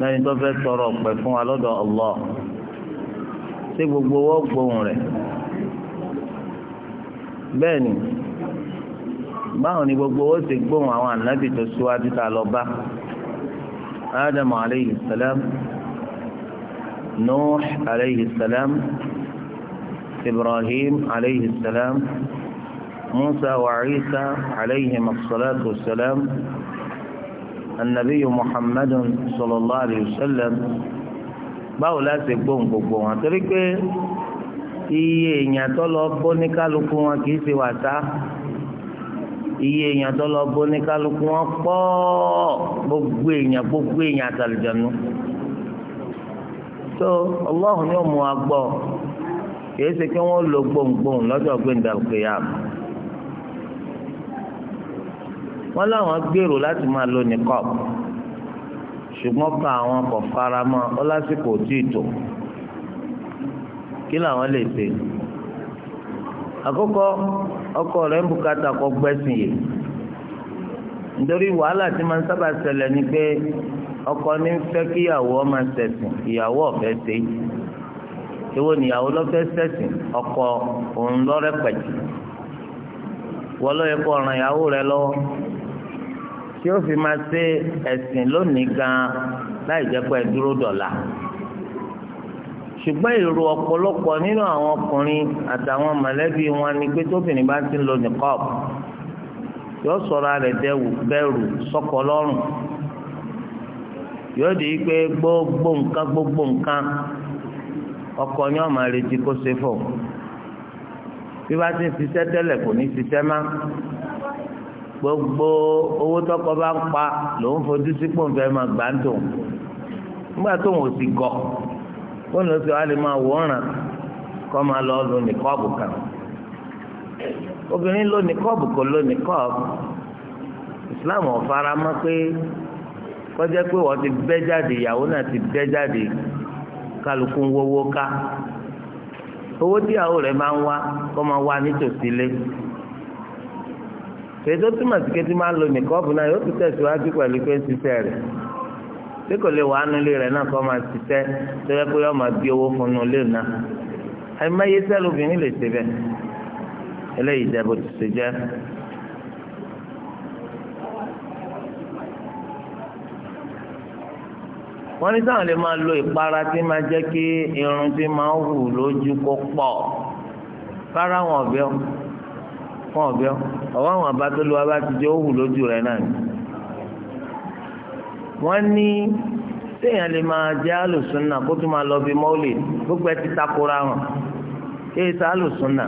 Speaker 2: lẹ́yìn tó fẹ́ tọrọ ọ̀pẹ fún wa gbogbo wọ́n gbóhùn rẹ̀ bẹ́ẹ̀ ni báwo ni gbogbo wọ́n ti gbóhùn àwọn anabi tó síwájú tá a lọ bá نوح عليه السلام إبراهيم عليه السلام موسى وعيسى عليهم alayhi masalatu salam anabiyu muhammadun sallallahu alayhi wa sallam báwo la ṣe gbóhùn gbogbo wọn torí pé iye èèyàn tó lọ bó ní kálukú wọn kì í ṣe wàtá iye èèyàn tó lọ bó ní kálukú wọn pọ̀ gbogbo èèyàn gbogbo èèyàn àtàlùjọ́nu. tó ọlọ́run yóò mú wa gbọ́ kìí ṣe kí wọ́n lo gbohùngbohùn lọ́jọ́ gbẹ̀ǹdà òkèèyàn wọ́n láwọn gbèrò láti máa lo nìkọ́p ṣùgbọ́n ká àwọn kò fara mọ́ ọ lásìkò tí ì tò kí làwọn lè ṣe ọkọ rẹ̀ ń bùkátà gbẹ́sìn yìí wàhálà tí máa ń sábà ṣẹlẹ̀ ọkọ ní fẹ́ kí ìyàwó máa ṣẹ̀sìn ìyàwó ọ̀fẹ́ ṣe èwo nìyàwó lọ́fẹ́ ṣẹ̀sìn ọkọ òun lọ́rẹ́ pẹ̀jù wọ́n lọ́ọ́ yẹ kó ọ̀ràn ìyàwó rẹ lọ́wọ́ tí ó fi máa ṣe ẹ̀sìn lónìí gan-an láì jẹ́ pé dúró dọ̀la ṣùgbọ́n èrò ọ̀pọ̀lọpọ̀ nínú àwọn ọkùnrin àtàwọn mọ̀lẹ́bí wọn ni pé tóbìnrin bá ti ń lo nìkọ́ọ̀bù yóò sọ̀rọ̀ rẹ̀ dẹ́rù sọ́kọ lọ́rùn yóò di pé gbogbo nǹkan gbogbo nǹkan ọkọ ni ọmọ retí kó ṣe fọ bí ti ń kò gbogbo owó tọkọ bá ń pa lòun fojú sí pòǹfẹ́ máa gbà ń nígbà tó wọn sì gọ ó ní oṣù àlè máa wòran kọ́ máa lọ lò ní kọjá pé wọ́n ti bẹ́ jáde ìyàwó náà ti bẹ́ jáde kálukú wọ́wọ́ ká owó tíyàwó rẹ̀ máa ń wá kọ́ máa wá nítòsí ma èyí tó túmọ̀ sí kété máa ń lo nìkọ́ọ̀bù náà yóò ti tẹ̀síwájú pẹ̀lú pé ń ṣiṣẹ́ rẹ̀ tí kò lè wàá nulẹ̀ rẹ̀ náà kọ́ máa ṣiṣẹ́ tó yẹ pé yọ máa bí owó fún un lé náà àìmọye lè ṣe bẹ́ẹ̀ ti ṣe jẹ́. wọ́n ní sáwọn lè máa lo ìpara tí máa jẹ́ kí irun tí máa ń hù lójú kó pọ̀ rárá wọn ọ̀bẹ wọn ọ̀bẹ ọ̀wọ́ àwọn àbá tó lu wa bá ti jẹ́ ó hù lójú rẹ̀ náà ni. wọ́n ní téèyàn lè máa jẹ́ alùsùnà kó tún máa lọ bí mọ́ọ̀lì gbogbo ẹ ti takora hàn kéè sá alùsùnà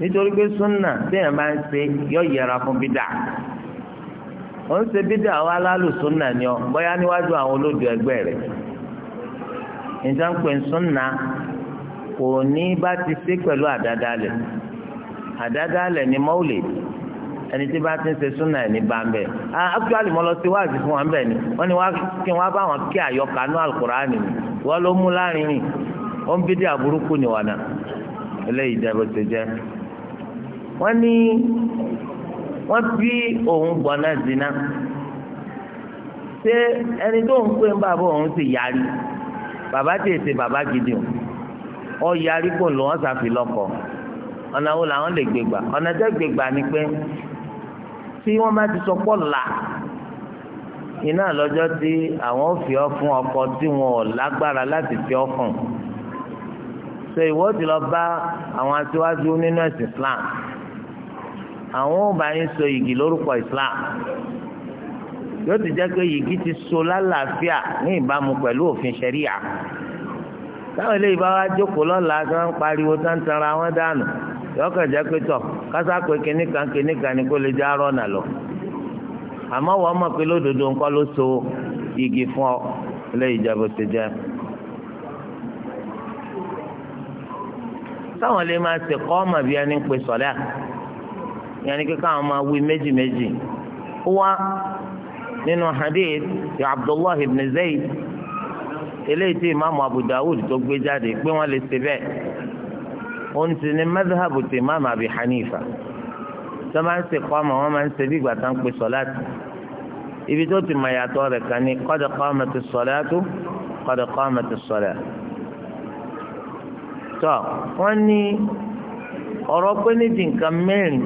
Speaker 2: nítorí pé sùnà téèyàn bá ń ṣe yọ yẹra fún bídà. ó ń ṣe bídà àwọn ni ọ bóyá níwájú àwọn olódò ẹgbẹ́ rẹ̀ nǹkan pè kò ní bá ti ṣe pẹ̀lú ni mọ́ọ̀lẹ̀ ẹni tí bá ti ń ṣe súnà ẹni bá ń bẹ̀ ah, lọ sí wa ń bẹ̀ ni wọ́n ní kí wọ́n bá wọn kí àyọkànú ni wọ́n ló mú láàrin ni ó ń ni wọ́n bí òun gbọ́nà zina ṣé ẹni tó ń pè ń bàbá òun ti yarí bàbá tèè ṣe bàbá gidi o ọ yarí kò lò wọ́n ṣàfi lọ́kọ ọ̀nà wo làwọn lè gbégbà ọ̀nà tẹ́ gbégbà ni pé tí wọ́n bá ti sọ pọ̀ là iná lọ́jọ́ tí àwọn ò fi ọ́ fún ọkọ tí wọn ò lágbára láti fi ọ́ fún ṣe ìwọ́sí lọ bá àwọn aṣíwájú nínú ẹ̀sìn Islam. àwọn ọba yín so yìgì lórúkọ Islam yóò ti jẹ́ pé yìgì ti so lálàáfíà ní ìbámu pẹ̀lú òfin ṣẹ̀ríà táwọn eléyìí bá wá jókòó lọ́la tí wọ́n ń pariwo tí wọ́n ń tanra wọn dànù yọkàn jẹ́ pé tọ̀ kásá pé kinní kan ni lè jẹ́ arọ́ nà lọ àmọ́ wọ́n mọ̀ pé lódodo ńkọ́ ló so igi fún ọ eléyìí jẹ́ bó ti jẹ́. táwọn lè máa ṣe kọ́ ọmọ bíi ẹni ń pe yẹnni kí káwọn máa wí méjì méjì ó wá nínú hadith ti abdullahi ibn zayd eléyìí tí imaamu abu dawud tó gbé jáde pé wọn lè ṣe bẹ́ẹ̀ òun sì ni madhabu ti imaamu abi hanifa tó máa ń ṣe kọ́mọ wọn máa ń ṣe bí ìgbà tán pé sọ́láàtì ibi tó ti máa yàtọ̀ rẹ̀ kan ní qad qamati ssalatu qad qamati ssalatu. tó wọ́n ní ọ̀rọ̀ pé nídìí nǹkan mẹ́rin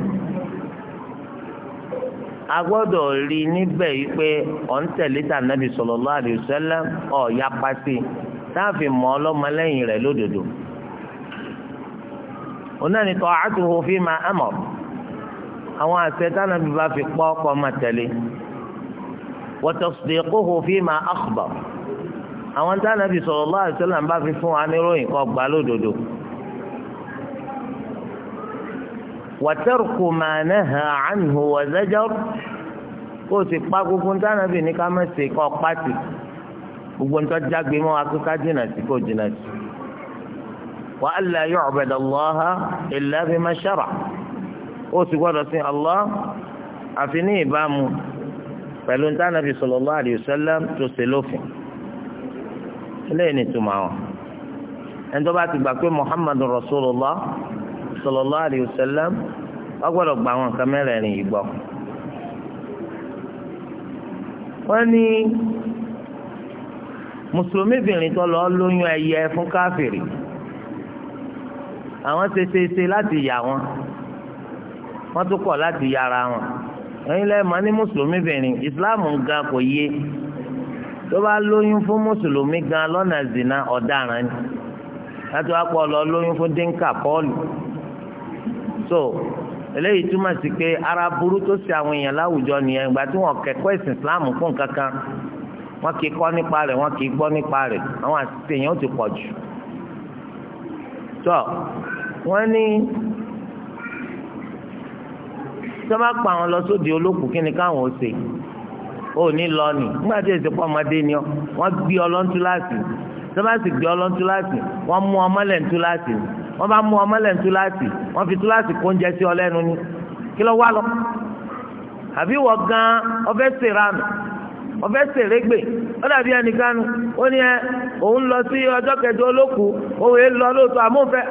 Speaker 2: a gbọ́dọ̀ rí níbẹ̀ yìí pé ọ̀ ń tẹ̀lé tà nàbì sallallahu alaihi wasallam ọ̀ ya pàṣẹ táàfin mọ́ ọlọ́mọlẹ́yìn rẹ̀ lódodo. onáni ta'atuhu fima amara àwọn àṣẹ tánàbì bá fi pọ́ ọkọ̀ máa tẹ̀lé wa tasdiquhu fima akhbara àwọn tánàbì sallallahu alaihi wasallam bá fi fún wa níròyìn kọ́ gbà lódodo. wàtẹ́rùkù máa ní hàn ánìhù wọ̀zẹ́jọ́ kó o sì pa gbogbo ń tánà bì ní ká má ṣe kọ́ pàtì gbogbo ń tọ́ jágbe mọ́ akíká jìnnà sí kò jìnnà sí. wà á lè yọ ọ̀bẹ̀dẹ̀ lọ́ha illa bima shara ó sì gbọ́dọ̀ sin Allah àfi ní ìbámu pẹ̀lú ń tánà bì sallallahu alayhi tó ṣe lófin. eléyìí ni àwọn ẹni tó bá ti gbà pé Muhammadun Rasulullah sallallahu alayhi wa sallam wọ́n gbọ́dọ̀ gba àwọn nǹkan mẹ́rẹ̀ẹ̀rin yìí gbọ́. wọ́n ní mùsùlùmí bìnrin tó lọ lóyún ẹyẹ fún káfìrì àwọn ṣe ṣe ṣe láti yà wọn wọ́n tún kọ̀ láti yàrá wọn ẹ̀yin lẹ́yìn máa ní mùsùlùmí bìnrin ìsìláàmù gan kò yé tó bá lóyún fún mùsùlùmí gan lọ́nà zina ọ̀daràn ni láti wá pọ̀ lọ lóyún fún dínkà pọ́ọ̀lù so eléyìí túmọ̀ sí pé ara burú tó ṣe àwọn èèyàn láwùjọ nìyẹn ìgbà tí wọ́n kẹ́kọ̀ọ́ ẹ̀sìn Islam fún kankan wọ́n kì í kọ́ nípa rẹ̀ wọ́n kì í gbọ́ nípa rẹ̀ àwọn àti èèyàn ó ti pọ̀ jù tọ́ wọ́n ní tó bá pa àwọn lọ sóde olókùú kí ni káwọn ó ṣe ó ní lọ nì nígbà tí èsì pọ̀ ọmọdé ni ọ wọ́n gbé ọlọ́ntúláàsì tó bá sì gbé ọlọ́ntúláàsì wọ́n mú ọmọlẹ̀ ntúláàsì ni wọ́n bá mú ọmọ lẹ́nu túláàsì wọ́n fi túláàsì kó oúnjẹ sí ọ lẹ́nu ni kí ló wá lọ. àbí wọ gan ọfẹ́ sèrànù ọfẹ́ sèrègbè ó dàbí ẹnìkanu ó ní ẹ òun lọ sí ọjọ́ kẹjọ olóku òun èé lọ lóòótọ́ àmọ́ òun fẹ́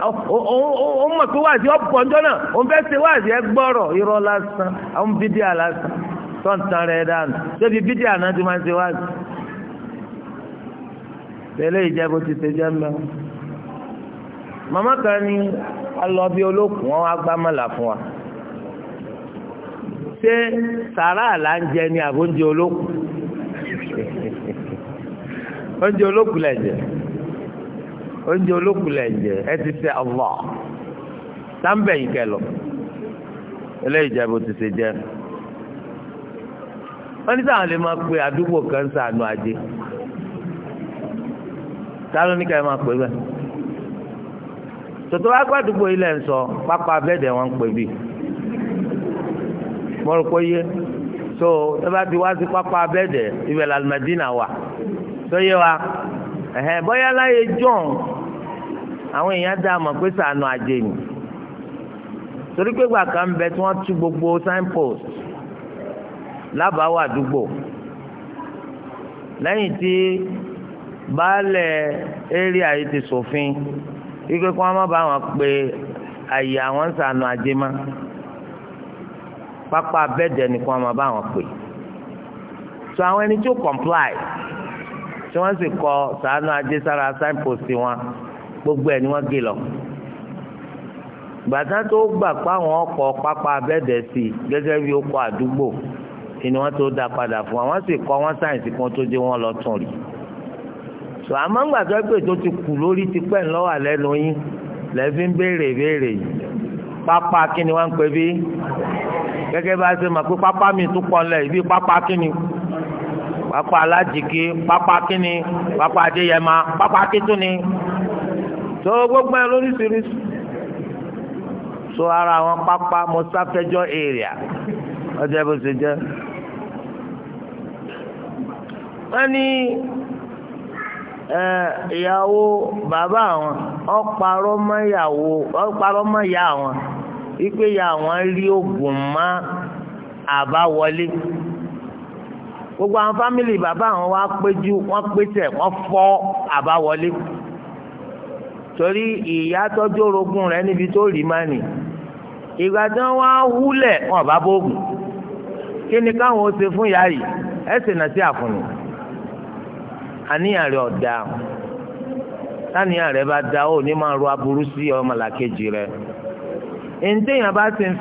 Speaker 2: òun mọ̀ pé wáàzì ọ̀pọ̀ ọjọ́ náà òun fẹ́ ṣe wáàzì ẹ gbọ́rọ̀ irọ́ lásán àwọn bídíà lásán tọ́ǹtàn rẹ̀ dànù débi bídíà náà ti máa ń ṣe wáàzì. tẹ́lẹ̀ ìjẹ́bù ti ṣe jẹ́ mẹ́wàá màmá kan ní alọ́bí olókùn wọn wá gbá mọ́là fún wa ṣé sàrà là ń jẹ ní àbóúnjẹ olókùn oúnjẹ olókùn [laughs] lẹ̀ jẹ oúnjẹ olókùn lẹ̀ jẹ ẹ ti ṣe ọ̀vọ̀ sáńbẹ̀ yìí kẹlọ eléyìí jẹ bó ti ṣe jẹ wọ́n ní sáwọn lè máa pe àdúgbò kan sànù àjẹ táwọn oníkàyẹ máa pè bẹ́ẹ̀ tòtò wá gbàdúgbò ilẹ̀ ń sọ pápá bẹ́ẹ̀dẹ̀ wọn ń pè bí mo rò pé yé so ẹ bá ti wá sí pápá bẹ́ẹ̀dẹ̀ ibẹ̀ làlùmẹ́dínà wà tó yé wa ẹ̀hẹ́n bóyá láyé john àwọn èèyàn dá a mọ̀ pé sànù àjèyìn torí pé gbà kan bẹ tí wọ́n tú gbogbo signpost lábàáwá àdúgbò lẹ́yìn tí baálẹ̀ area yìí ti ṣòfin. So wípé kí wọ́n ba bá wọn pé àyè àwọn ń sànù àjẹmá pápá bẹ́ẹ̀dẹ̀ ni kí wọ́n ba bá wọn pè so àwọn ẹni tó comply tí wọ́n sì kọ sànù àjẹ sára signpost wọn gbogbo ẹ̀ ni wọ́n gé lọ gbàtà tó gbà páwọn ọkọ̀ pápá bẹ́ẹ̀dẹ̀ sí gẹ́gẹ́ bí ọkọ̀ àdúgbò ni wọ́n tó dá padà fún wa wọ́n sì kọ́ wọ́n sáyẹ̀nsì kan tó dé wọ́n lọ tún rí tó àmọ́ ńgbà tó pè tó ti kù lórí ti pẹ́ ńlọ́wà lẹ́nu yín lẹ́fí ń béèrè béèrè yìí pápá kíni wọ́n ń pè bí gẹ́gẹ́ bá ṣe mọ̀ pé pápá mi tún pọ̀ lẹ̀ ibi pápá kíni pápá alájìkí pápá kíni pápá adéyẹmá pápá kítúni tó gbogbo ẹ lóríṣiríṣi so ara àwọn pápá mọ́sáfẹ́jọ́ area ọjọ́ bó ṣe jẹ́ wọ́n ní ìyàwó bàbá àwọn ọ̀parọ́ mọ́ ìyàwó ọ̀parọ́ mọ́ ìyá àwọn wípé ìyá àwọn rí oògùn mọ́ àbáwọlé gbogbo àwọn fámìlì bàbá àwọn wá péjú wọ́n pèsè wọ́n fọ́ àbáwọlé torí ìyá tọ́jú orogún rẹ̀ níbi tó rí má nì ìgbà tí wọ́n wá wúlẹ̀ wọn bá bóògùn kí ni káwọn ó ṣe fún ìyá yìí ẹ sì nà sí àfùnù. àníyàn rẹ̀ ọ̀dà táníyàn rẹ̀ bá da ó ní máa ro aburú sí ǹdéyàn bá ti ń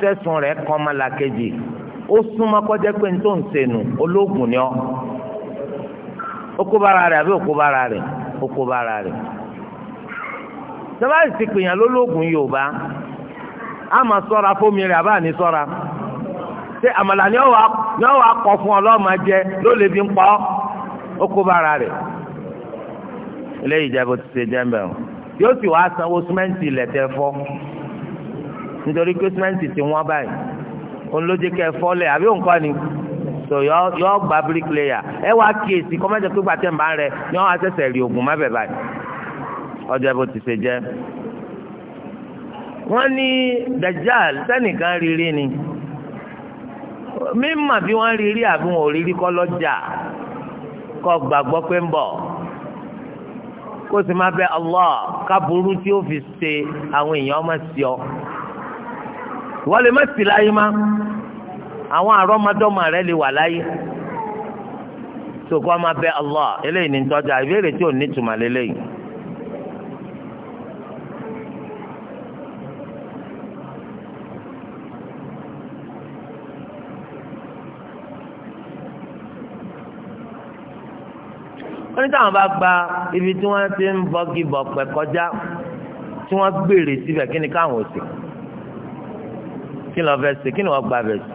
Speaker 2: ó kọjá pé tó ń sènù ológun ni ọ́ ó bára rẹ̀ àbí ó bára rẹ̀ ó bára rẹ̀ sábàá sì pèèyàn lólógun yorùbá a máa sọ́ra fómi rẹ̀ àbá ní sọ́ra ṣé àmàlà ni ọ̀ wá kọ́ fún ọ lọ́ọ́ máa jẹ ló lè ń pa eléyìí jẹ́ bó ti ṣe jẹ́ mbẹ́ o yóò sì wá sanwó símẹ́ǹtì ilẹ̀ tẹ́ fọ́ nítorí pé símẹ́ǹtì ti wọ́n báyìí òun ló jẹ́ kẹ́ fọ́lẹ̀ àbí òun kọ́ ni so yọ yọ gba bíríkìlẹ̀yà ẹ wá kíyèsí kọ́mẹ́tẹ̀ pé gbàtẹ́ ń bá rẹ ni wọ́n wá sẹ̀sẹ̀ rí oògùn má bẹ̀ báyìí ọjọ́ bó ti ṣe jẹ́ wọ́n ní dajal sẹ́nìkan rírí ni mímọ̀ bí wọ́n rírí àbí wọn ò rírí kọ́ lọ́jà kọ́ gbàgbọ́ pé ń bọ̀ kó sì máa bẹ Allah káburú tí ó fi ṣe àwọn èèyàn ọmọ sí ọ wọ́n lè má sí láyé má àwọn àrọ́mọdọ́mọ rẹ lè wà láyé tó máa bẹ Allah eléyìí ní tọ́jà ìbéèrè tí ò ní tùmọ̀ lélẹ́yìí. wọ́n ní táwọn bá gba ibi tí wọ́n ti ń bọ́gi bọ̀pẹ̀ kọjá tí wọ́n gbèrè síbẹ̀ kí ni káwọn ò sè kí ni wọ́n fẹ́ sè kí ni wọ́n gba bẹ̀ sí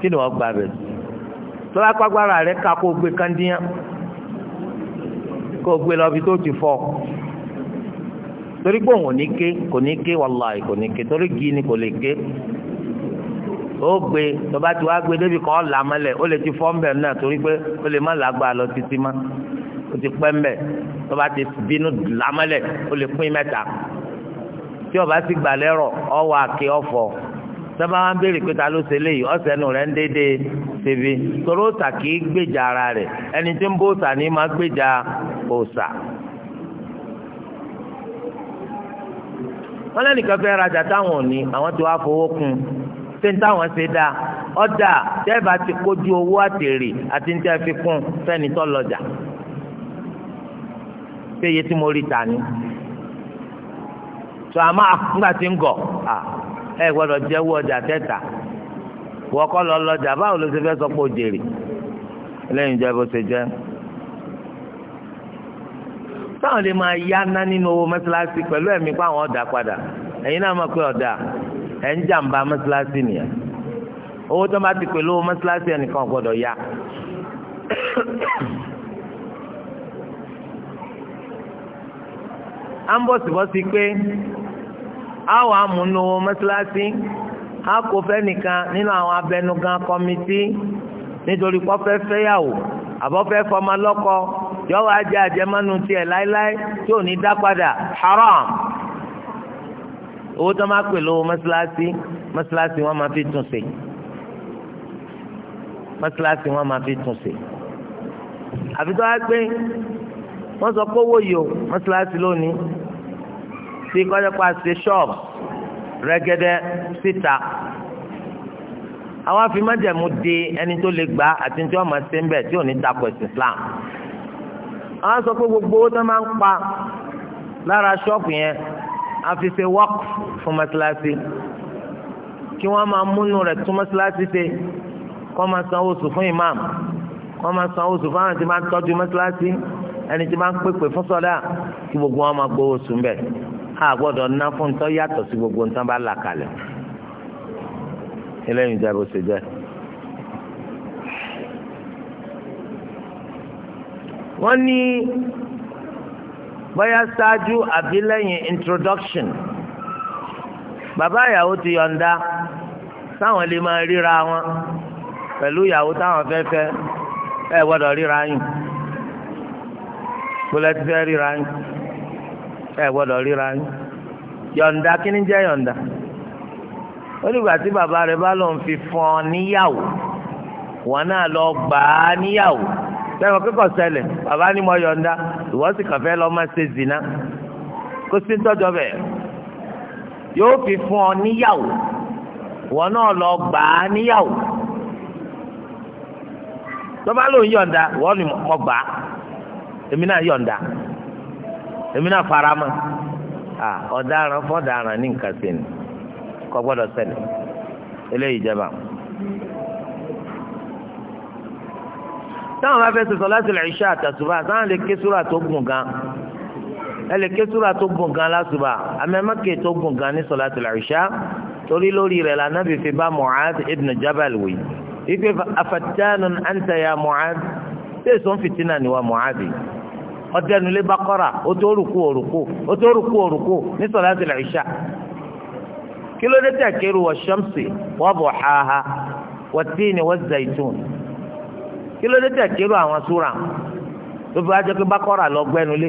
Speaker 2: kí ni wọ́n gba bẹ̀ sí tọ́lá pàgbára rẹ̀ ká kó gbé kandíyàn kó gbé lọ tó ti fọ́ torí pé ò ní ké kò ní ké wàláì kò ní ké torí gí ni kò lè ké. ó gbé tọba tí wàá gbé débi kan ọ̀là mọ́lẹ̀ ó lè ti fọ́ náà torí pé ó lè má làgbà lọ títí má ó ti pẹ mbẹ tọba ti bínú là mọ́lẹ̀ ó lè pín mẹta tí ọba ti gbà lẹ́rọ̀ ọwọ́ àké ọ̀fọ̀ sábà wọn béèrè pé ta ló ṣe léyìí nù ń dédé kì í gbèjà ara rẹ̀ ẹni tí ń bó òòṣà ní máa gbèjà òòṣà. wọ́n lẹ́nìkan fẹ́ rajà táwọn ò ní àwọn tí wàá fowó kún un ṣé ń táwọn ṣe dáa ọ̀dà tẹ́ẹ̀bà ti kójú owó àtèrè àti ń tẹ́ fi kún fẹ́ni tó lọ́jà iye tí mo rí ta ni tó a máa ńgbà tí ń gọ̀ ẹ gbọ́dọ̀ jẹ́wọ́ ọjà tẹ́ta wọ́n kọ́ lọ lọ́jà báwo ló ṣe fẹ́ sọ pé ó jèrè lẹ́yìn ìjọba ó ṣe jẹ́ táwọn lè máa yá ná nínú owó mọ́ṣáláṣí pẹ̀lú ẹ̀mí pé àwọn ọ̀dà padà ẹ̀yin náà mọ̀ pé ọ̀dà ẹ̀ ń jàǹbá mọ́sálásí owó tó bá ti pẹ̀lú mọ́sálásí ẹnìkan gbọ́dọ̀ ya à ń bọ̀ síbọ̀ pé a wà á múnú mọ́sálásí a kò fẹ́ nìkan nínú àwọn abẹnugan kọ́mítì nítorí kọ́ fẹ́yàwó àbọ̀ fẹ́ yọ wá jẹ àjẹmánu tiẹ̀ láéláé tí ò ní dá haram. owó tó máa pè lówó mọ́sálásí mọ́sálásí wọ́n máa fi tún ṣe mọ́sálásí wọ́n máa fi tún ṣe àfi tó wá pé wọ́n sọ pé owó yìí o mọ́sálásí lónìí tí kọ́jà pa ṣe ṣọ́ọ̀bù rẹ́gẹ́dẹ́ síta àwọn afimájẹ̀mú di ẹni tó lè gbà àti tí wọ́n máa ṣe ń bẹ̀ tí ò ní takò ẹ̀sìn Islam àwọn sọ pé gbogbo owó tó máa ń pa lára ṣọ́ọ̀bù yẹn àfi ṣe wákù fún mọ́sálásí kí wọ́n máa múnú rẹ̀ tún mọ́sálásí ṣe kó máa san oṣù fún imam kó máa san oṣù fún àwọn tí máa ń tọ́jú mọ́sálásí ẹni tí máa ń pèpè fún sọ́dá kí gbogbo wọn máa gbowó oṣù mbẹ́ a gbọ́dọ̀ ná fún tó yàtọ̀ sí gbogbo nǹkan bá là kalẹ̀ eléyìí jẹ́ bó ṣe jẹ́. wọ́n ní bóyá ṣáájú àbí lẹ́yìn introduction bàbá ìyàwó ti yọ̀ǹda sáwọn lè máa ríra wọn pẹ̀lú ìyàwó táwọn fẹ́ fẹ́ ẹ gbọ́dọ̀ ríra yín kólẹ́ ti fẹ́ ríra yín ẹ gbọ́dọ̀ ríra yín yọ̀ǹda kí ni jẹ́ yọ̀ǹda ó dìgbà tí bàbá rẹ̀ bá lọ́n fi fún níyàwó wọn náà lọ gbà á níyàwó. sẹ́wọ̀n kíkọ̀ sẹlẹ̀ bàbá ni mo yọ̀ǹda sì kàn fẹ́ ọ níyàwó wọn náà lọ gbà á níyàwó tọ́ba yọ̀ǹda wọ́n ni mo gbà á èmi náà yọ̀ǹda èmi náà fara mọ́ ọ̀daràn fọ́daràn ní nǹkan gbọ́dọ̀ eléyìí táwọn bá fẹ́ ṣe sọ̀látul ìṣá àtàsùbà táwọn lè ké súrà tó gùn gan ẹ lè ké súrà tó gùn gan lásùbà àmẹ́mẹ́kẹ́ tó gùn gan ní sọ̀látul ìṣá torí lórí rẹ̀ la Nábì fi bá Mu'adh ibn Jabal wí ife afatanun anta ya Mu'adh tẹ́ sọ́n fìtínà ni wa Mu'adh ọ̀dẹ́nulé Baqara ó tó rùkú òrùkú ó tó rùkú òrùkú ní sọ̀látul ìṣá kí ló dé tẹ̀ kéru wa shamsi wa duhaha wa tini wa zaitun kí ló dé tẹ̀ kérò àwọn súra tó fi wá jẹ́ pé bákọ́rà lọ gbẹ́nulé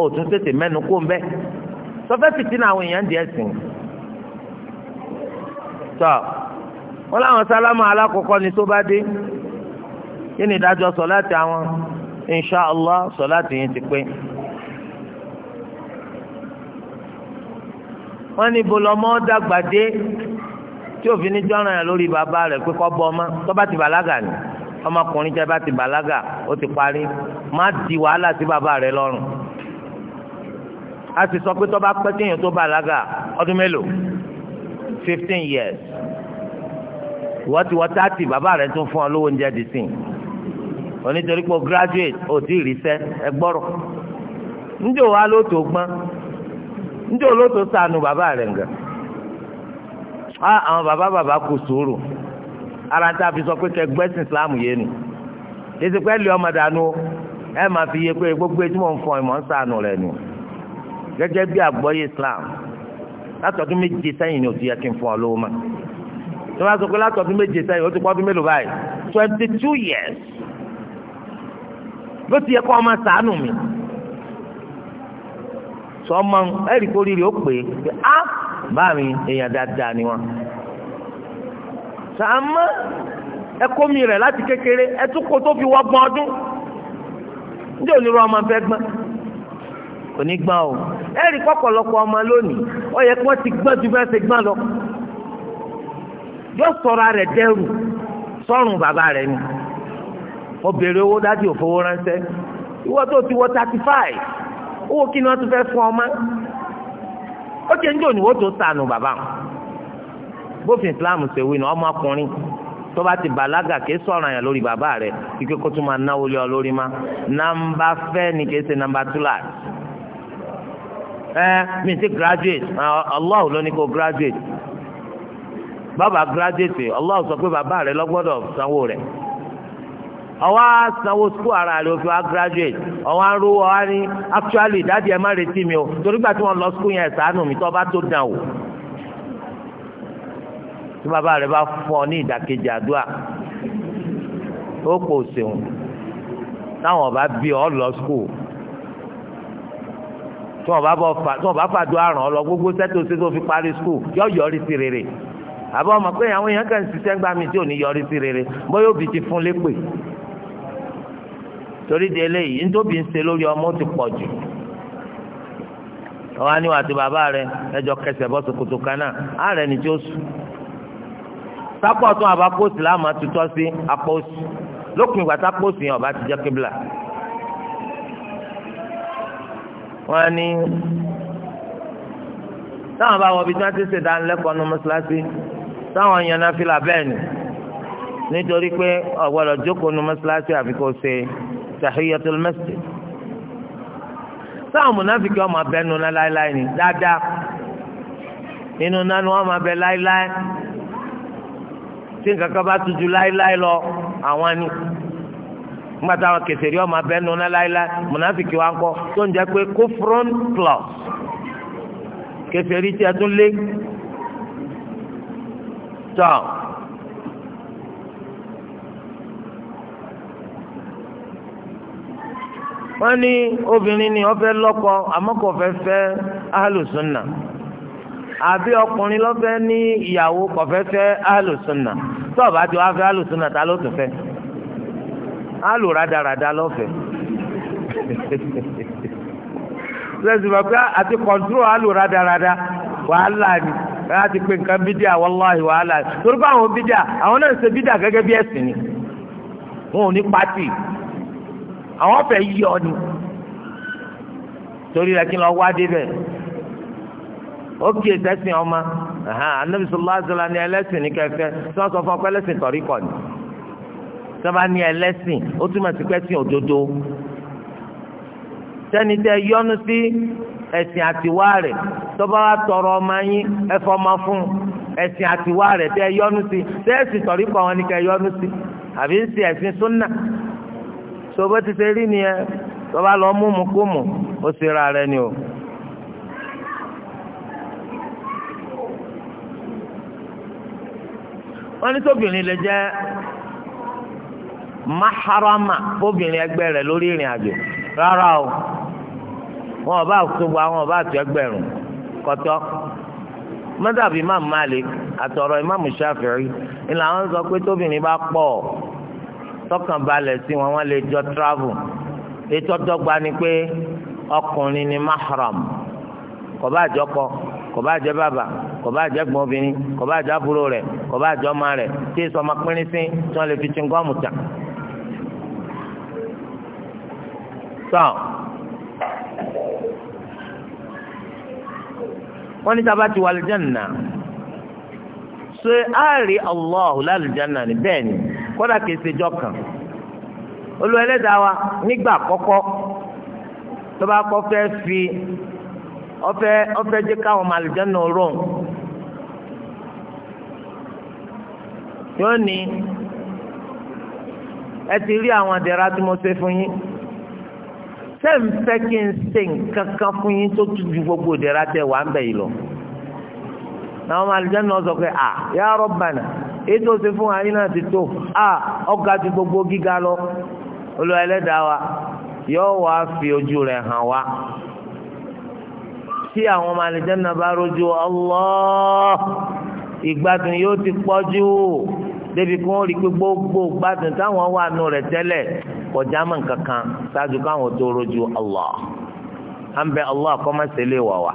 Speaker 2: ó tún tètè mẹ́nu kó ń bẹ́ sọfẹ́sì tí náà àwọn èèyàn díẹ̀ sìn tọ́ wọn láwọn sálámà alákọ̀ọ́kọ́ ni tó bá dé kí ni ìdájọ́ sọ láti àwọn inṣàlá sọ láti yẹn ti pé. wọ́n ní bolọ́mọ́ dàgbà dé tí òfin ní jọ́ràn yẹn lórí bàbá rẹ̀ pé kọ́ bọ́ ọmọ tó bá ti bàlágà ni ọmọkùnrin tẹ́ bá ti bàlágà ó ti parí má di wàhálà sí bàbá rẹ lọ́rùn a sì sọ pé tó bá pẹ́ téèyàn tó bàlágà ọdún mélòó fifteen years wọ́n ti wọ́ tààtì bàbá rẹ tún fún ọ lówó oúnjẹ dì sí onítorí pé o graduate o ti rí sẹ́ ẹ gbọ́rọ̀ njẹ́ o wá ló tó gbọ́n njẹ́ o ló tó sànù bàbá rẹ̀ nǹkan àwọn bàbá bàbá kù sùúrù. ara tá a fi sọ pé kẹgbẹ́sìn islam yé nu ọmọ dànù ẹ máa fi yé gbogbo etí mò ń fọ ìmọ̀ ń sànù rẹ̀ nù gẹ́gẹ́ bí islam látọ̀dún méje sẹ́yìn ni ò ti yẹ kí n fún ọ lówó tí wọ́n sọ pé látọ̀dún méje sẹ́yìn ó ti pọ́ ọdún mélòó báyìí twenty two years ló ti yẹ kó mi sọ ọmọ ṣá àmọ́ rẹ̀ láti kékeré ẹ fi gbọ́n ọdún ọmọ fẹ́ gbọ́n kò ní gbọ́n o ẹ pọ̀pọ̀lọpọ̀ ọmọ lónìí ó yẹ kí wọ́n ti gbọ́n ju fẹ́ ṣe gbọ́n lọ yóò sọ̀rọ̀ rẹ̀ dẹ́rù bàbá rẹ̀ ni ó béèrè owó dájú òfowó ránṣẹ́ tó ti thirty five owó kí ni wọ́n fẹ́ fún ọmọ ó ní wọ́n tó sànù bàbá wọn. bófin islam ṣe wí ni ọmọkùnrin tó bá ti bàlágà kìí sọ̀rọ̀ àyàn lórí bàbá rẹ̀ kíkẹ́ kó tún máa náwó lé ọ lórí ma nàmbà fẹ́ ni kìí ṣe nàmbà túlà ẹ mi ti graduate Allah ló ní kó graduate bàbá graduate Allah sọ pé bàbá rẹ̀ lọ́gbọ́dọ̀ sanwó rẹ̀ ọwọ́ sanwó sukuu ara rẹ̀ òfin wa graduate ọwọ́ arúgbó wa ni actually dáàdi ẹ̀ má retí mi o torí gbà tí wọ́n lọ sukuu yẹn ṣàánú mi tó bá tó dàn o. tí bàbá rẹ bá fọ ní ìdàkejì àdúrà ó pò sèwọn táwọn ọba bí ọ lọ skul tí wọn bá bọ fà tí wọn bá fàdúrà ràn ọ lọ gbogbo sẹtò sí tó fi parí skul yọ yọrí sí rere àbọ̀ ọmọ pé àwọn èèyàn kàn ń ṣiṣẹ́ gbá mi tí ò ní yọrí sí rere bóyá òbí ti fún lépè torí de eléyìí nítòbí ń ṣe lórí ọmọ ó ti pọ̀ jù ọ̀hání wa àti bàbá rẹ ẹjọ kẹsẹ̀ bọ́ sòkòtò kan náà á rẹ ni tí ó sùn sápò ọ̀tún àbápò sí láàmú atutọ́ sí apò sí lókun ìgbà sápò sí yẹn ọba ti jẹ́ kébìlà. wọ́n á ní táwọn bá wọ ibi tí wọ́n ti ṣe dánilẹ́kọ̀ọ́ ní mọ́ṣáláṣí táwọn yan náà fìlà bẹ́ẹ̀ ni nítorí pé ọ̀gbọ́dọ̀ jókòó ní mọ́ṣáláṣí àfi kó ṣe tahiyatul masjid táwọn mùnàfíkì ọmọ abẹ́nu náà láéláé ni dáadáa inú náà ni wọ́n máa bẹ láéláé. tí nǹkan kan bá tuju láéláé lọ àwọn ni gbàtà àwọn kẹsìrì ọmọ abẹ nùnà láéláé mùnàfíkì wa ń kọ tó ń jẹ pé kófrón plus kẹsìrì tí a tún lé tọ. wọ́n ní obìnrin ni ó fẹ́ lọ́kọ àmọ́ fẹ́ fẹ́ náà. àbí ọkùnrin lọ́fẹ́ ní ìyàwó kọ̀fẹ́ fẹ́ alùsùnà tó ti wá fẹ́ alùsùnà ta ló tún fẹ́ radarada lọ́fẹ́ lẹ́sìmọ̀ pé àti kọ̀ǹtúrò alùradaràda wàhálà ni wàhálà ti pé nǹkan bídíà wàláhì wàhálà torí bá àwọn bídíà àwọn náà ń ṣe bídíà gẹ́gẹ́ bí ni wọn ò ní pátì àwọn fẹ́ yí ọ ni torí rẹ̀ kí n lọ ó kí ẹsẹ̀sìn ọmọ anabi sọlá sọlá ní ẹlẹ́sìn ní kẹfẹ́ sọ sọ fún ọpẹ ẹlẹ́sìn ni sọba ní ẹlẹ́sìn ó túmọ̀ sí pẹ́sìn òdodo sẹ́ni tẹ́ yọ́nú sí ẹ̀sìn àtiwá rẹ̀ tọ́ba wa tọrọ ọmọ yín ẹ̀fọ́ ọmọ fún ẹ̀sìn àtiwá rẹ̀ tẹ́ yọ́nú sí tẹ́ ẹ̀sìn tọ̀ríkọ̀ wọn ni kẹ́ yọ́nú sí àbí ń sin ẹ̀sìn súnà sọ ti ṣe rí nìyẹn tọ́ba lọ mú mu kó mu ó ṣe rẹ ni o. wọ́n ní tóbìnrin lè jẹ́ maharama fóbìnrin ẹgbẹ́ rẹ̀ lórí ìrìn àjò rárá o wọn ò bá tóbu àwọn ò bá tó ẹgbẹ̀rún kọ́tọ́ mọ́tàbí imam Malik àtọ̀rọ̀ imam Shafi'i ìlà wọn sọ pé tóbìnrin bá pọ̀ tọkàn balẹ̀ sí wọn wọn lè jọ travel ètò ọ̀dọ́gba ni pé ọkùnrin ni maharam. kò bá àjọkọ kò bá jẹ́ bàbá kò bá jẹ́ gbọ́n obìnrin kò bá jẹ́ àbúrò rẹ̀ kò bá jẹ́ ọmọ rẹ̀ tí èso ọmọ pínrín sí tí wọ́n lè fi ti ń gọ́ọ̀mù tà. wọ́n ní sábà ti wà lìjánà ṣé àárí Allahu lálìjánà ni bẹ́ẹ̀ ni kódà kìí ṣèjọ kan olú ẹlẹ́dàá wa nígbà àkọ́kọ́ tó bá kọ́ fẹ́ fi ọfẹ ọfẹ jẹ káwọn ọmọ àlùjáná rọrùn yóò ní ẹ ti rí àwọn àdẹ̀rà tí mo ṣe fún yín ṣé fẹ́ kí n ṣe nǹkan kan fún yín tó tún ju gbogbo ìdẹ̀ra tẹ wà ń bẹ̀ yìí lọ àwọn ọmọ àlùjáná sọ pé à yà rọ́bànà èyí tó ṣe fún wa yín náà ti tó à ọ̀gá gbogbo gíga lọ olùwà ẹlẹ́dàá wa yóò wá fi ojú rẹ̀ hàn wá. tí àwọn ọmọ àlìjẹ́nà bá rojú Allah ìgbádùn yóò ti pọ̀jù débi kí wọ́n rí pé gbogbo gbádùn táwọn wà nù rẹ̀ tẹ́lẹ̀ kọjá mọ̀ kankan ṣáájú káwọn tó rojú Allah à ń bẹ Allah kọ́mọ́sẹ̀lẹ̀ wà wá.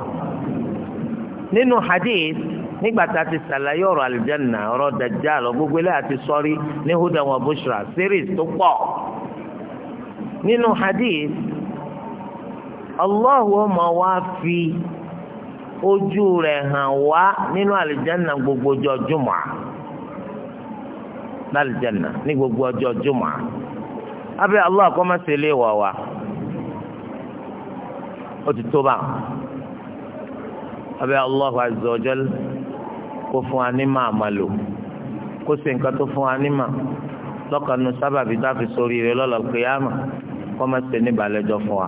Speaker 2: nínú hadith nígbà tá a ti sàlàyé ọ̀rọ̀ àlìjẹ́nà ọ̀rọ̀ dajjal gbogbo ilé àti sọ́rí ní bushra series tó pọ̀ nínú hadith Allahu máa fi ojú rẹ̀ hàn wá nínú gbogbo ọjọ́ jùmọ̀ lálìjánà ní gbogbo ọjọ́ jùmọ̀ abẹ́ Allah kó má ṣe wà wá ó ti tó bá abẹ́ Allah kó fún wa fi sórí lọ́lọ́ pé ṣe